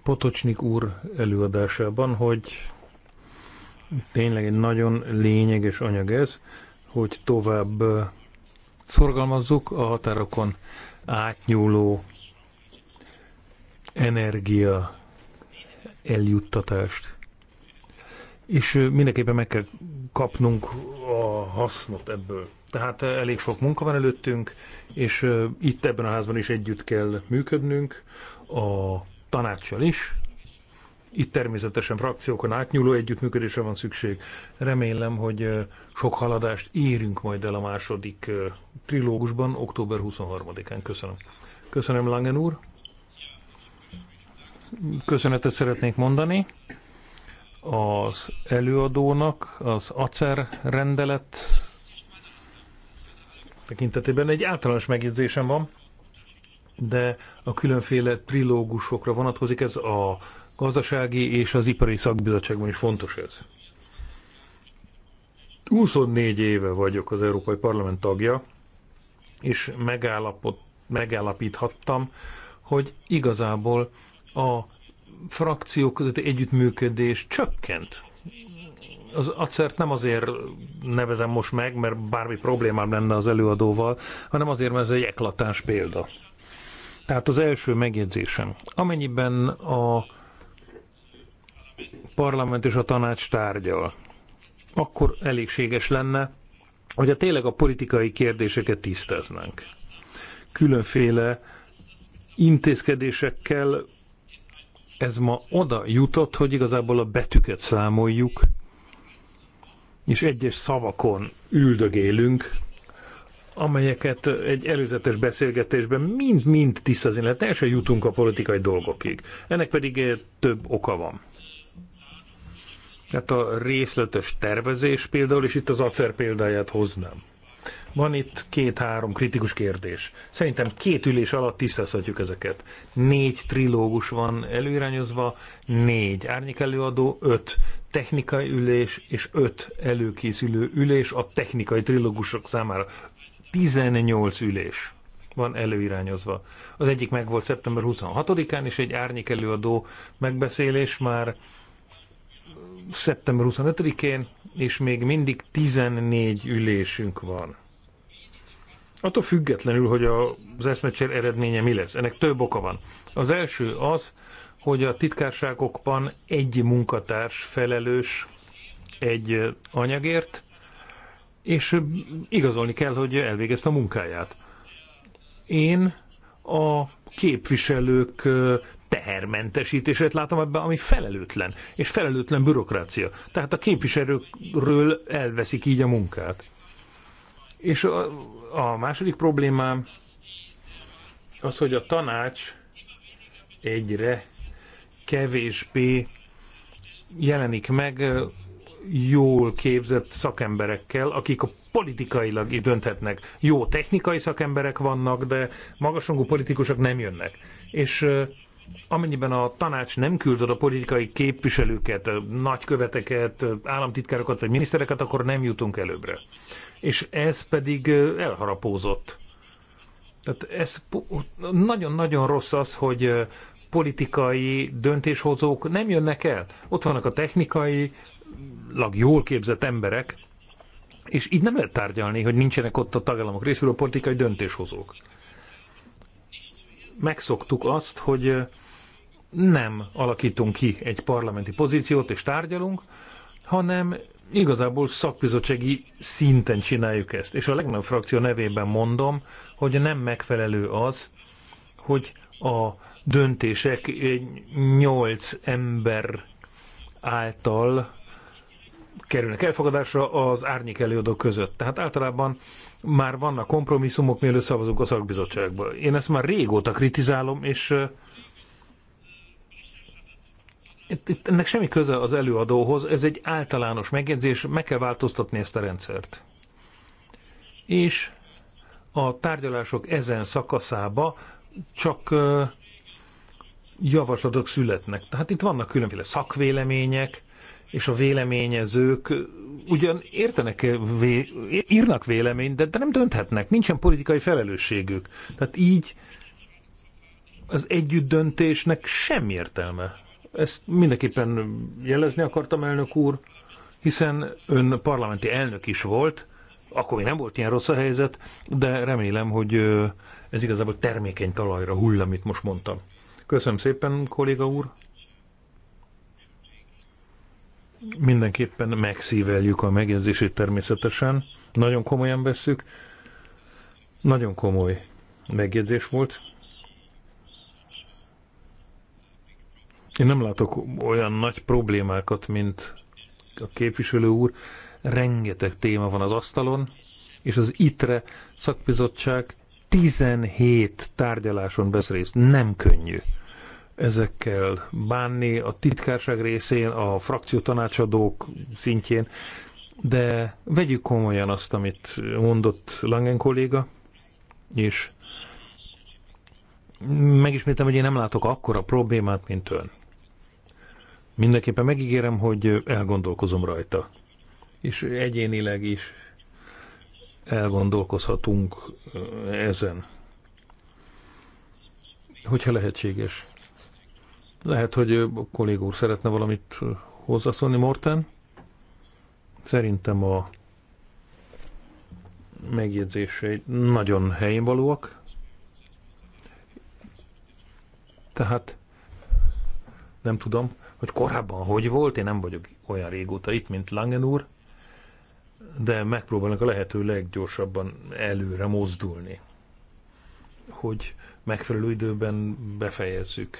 Potocsnik úr előadásában, hogy tényleg egy nagyon lényeges anyag ez, hogy tovább szorgalmazzuk a határokon átnyúló energia eljuttatást. És mindenképpen meg kell kapnunk a hasznot ebből. Tehát eh, elég sok munka van előttünk, és eh, itt ebben a házban is együtt kell működnünk, a tanácssal is. Itt természetesen frakciókon átnyúló együttműködésre van szükség. Remélem, hogy eh, sok haladást érünk majd el a második trilógusban, október 23-án. Köszönöm. Köszönöm, Langen úr. Köszönetet szeretnék mondani az előadónak, az ACER rendelet tekintetében egy általános megjegyzésem van, de a különféle trilógusokra vonatkozik, ez a gazdasági és az ipari szakbizottságban is fontos ez. 24 éve vagyok az Európai Parlament tagja, és megállapíthattam, hogy igazából a frakciók közötti együttműködés csökkent az acert nem azért nevezem most meg, mert bármi problémám lenne az előadóval, hanem azért, mert ez egy eklatáns példa. Tehát az első megjegyzésem. Amennyiben a parlament és a tanács tárgyal, akkor elégséges lenne, hogy a tényleg a politikai kérdéseket tisztáznánk. Különféle intézkedésekkel ez ma oda jutott, hogy igazából a betűket számoljuk, és egyes szavakon üldögélünk, amelyeket egy előzetes beszélgetésben mind-mind tisztázni lehet, el sem jutunk a politikai dolgokig. Ennek pedig több oka van. Tehát a részletes tervezés például, és itt az acer példáját hoznám. Van itt két-három kritikus kérdés. Szerintem két ülés alatt tisztázhatjuk ezeket. Négy trilógus van előirányozva, négy előadó, öt technikai ülés és öt előkészülő ülés a technikai trilógusok számára. 18 ülés van előirányozva. Az egyik meg volt szeptember 26-án, és egy árnyék előadó megbeszélés már szeptember 25-én, és még mindig 14 ülésünk van attól függetlenül, hogy az eszmecsér eredménye mi lesz. Ennek több oka van. Az első az, hogy a titkárságokban egy munkatárs felelős egy anyagért, és igazolni kell, hogy elvégezte a munkáját. Én a képviselők tehermentesítését látom ebben, ami felelőtlen, és felelőtlen bürokrácia. Tehát a képviselőkről elveszik így a munkát. És a, a második problémám az, hogy a tanács egyre kevésbé jelenik meg jól képzett szakemberekkel, akik a politikailag is dönthetnek. Jó technikai szakemberek vannak, de magasrangú politikusok nem jönnek. És amennyiben a tanács nem küld a politikai képviselőket, nagyköveteket, államtitkárokat vagy minisztereket, akkor nem jutunk előbbre és ez pedig elharapózott. Tehát ez nagyon-nagyon rossz az, hogy politikai döntéshozók nem jönnek el. Ott vannak a technikai, jól képzett emberek, és így nem lehet tárgyalni, hogy nincsenek ott a tagállamok részéről a politikai döntéshozók. Megszoktuk azt, hogy nem alakítunk ki egy parlamenti pozíciót és tárgyalunk, hanem igazából szakbizottsági szinten csináljuk ezt. És a legnagyobb frakció nevében mondom, hogy nem megfelelő az, hogy a döntések nyolc ember által kerülnek elfogadásra az árnyék előadók között. Tehát általában már vannak kompromisszumok, mielőtt szavazunk a szakbizottságból. Én ezt már régóta kritizálom, és itt, itt ennek semmi köze az előadóhoz, ez egy általános megjegyzés, meg kell változtatni ezt a rendszert. És a tárgyalások ezen szakaszába csak javaslatok születnek. Tehát itt vannak különféle szakvélemények, és a véleményezők ugyan értenek, vé, írnak véleményt, de, de nem dönthetnek, nincsen politikai felelősségük. Tehát így az együttdöntésnek semmi értelme. Ezt mindenképpen jelezni akartam, elnök úr, hiszen ön parlamenti elnök is volt, akkor még nem volt ilyen rossz a helyzet, de remélem, hogy ez igazából termékeny talajra hull, amit most mondtam. Köszönöm szépen, kolléga úr. Mindenképpen megszíveljük a megjegyzését természetesen. Nagyon komolyan vesszük. Nagyon komoly megjegyzés volt. Én nem látok olyan nagy problémákat, mint a képviselő úr. Rengeteg téma van az asztalon, és az ITRE szakbizottság 17 tárgyaláson vesz részt. Nem könnyű ezekkel bánni a titkárság részén, a frakció tanácsadók szintjén, de vegyük komolyan azt, amit mondott Langen kolléga, és megismétem, hogy én nem látok akkora problémát, mint ön. Mindenképpen megígérem, hogy elgondolkozom rajta. És egyénileg is elgondolkozhatunk eh, ezen. Hogyha lehetséges. Lehet, hogy eh, a kollégó szeretne valamit eh, hozzászólni, Morten? Szerintem a megjegyzései nagyon helyén valóak. Tehát nem tudom, hogy korábban hogy volt, én nem vagyok olyan régóta itt, mint Langen úr, de megpróbálnak a lehető leggyorsabban előre mozdulni, hogy megfelelő időben befejezzük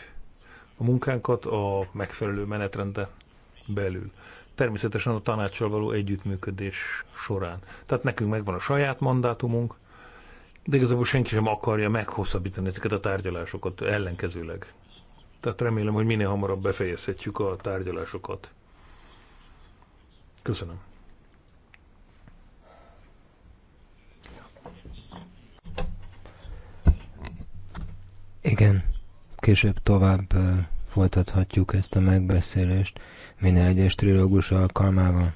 a munkánkat a megfelelő menetrende belül. Természetesen a tanácssal való együttműködés során. Tehát nekünk megvan a saját mandátumunk, de igazából senki sem akarja meghosszabbítani ezeket a tárgyalásokat ellenkezőleg. Tehát remélem, hogy minél hamarabb befejezhetjük a tárgyalásokat. Köszönöm. Igen, később tovább folytathatjuk ezt a megbeszélést minden egyes trilógus alkalmával.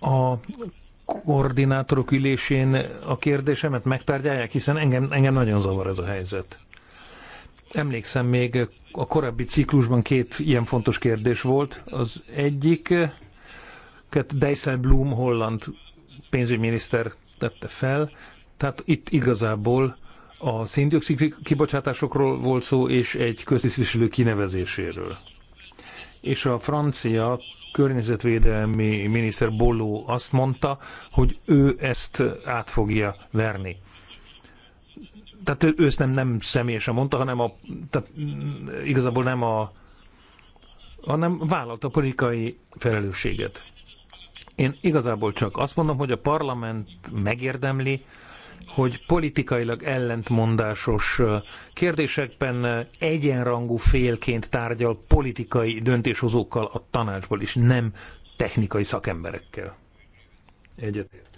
A koordinátorok ülésén a kérdésemet megtárgyalják, hiszen engem, engem nagyon zavar ez a helyzet. Emlékszem, még a korábbi ciklusban két ilyen fontos kérdés volt. Az egyik, Blum holland pénzügyminiszter tette fel, tehát itt igazából a széndiokszid kibocsátásokról volt szó, és egy köztisztviselő kinevezéséről. És a francia környezetvédelmi miniszter Bolló azt mondta, hogy ő ezt át fogja verni tehát ő ezt nem, nem személyesen mondta, hanem a, tehát mm, igazából nem a, hanem vállalta a politikai felelősséget. Én igazából csak azt mondom, hogy a parlament megérdemli, hogy politikailag ellentmondásos kérdésekben egyenrangú félként tárgyal politikai döntéshozókkal a tanácsból is, nem technikai szakemberekkel. Egyetértünk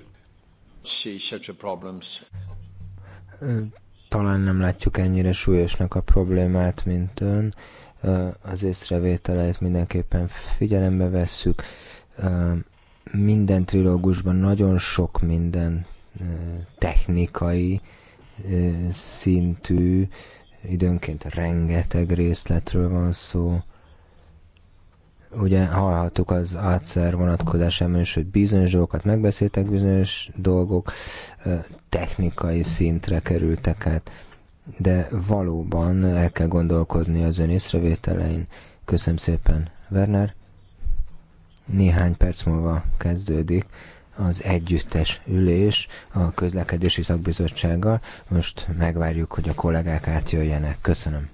talán nem látjuk ennyire súlyosnak a problémát, mint ön. Az észrevételeit mindenképpen figyelembe vesszük. Minden trilógusban nagyon sok minden technikai szintű, időnként rengeteg részletről van szó ugye hallhattuk az átszer vonatkozásában is, hogy bizonyos dolgokat megbeszéltek, bizonyos dolgok technikai szintre kerültek át, de valóban el kell gondolkozni az ön észrevételein. Köszönöm szépen, Werner. Néhány perc múlva kezdődik az együttes ülés a közlekedési szakbizottsággal. Most megvárjuk, hogy a kollégák átjöjjenek. Köszönöm.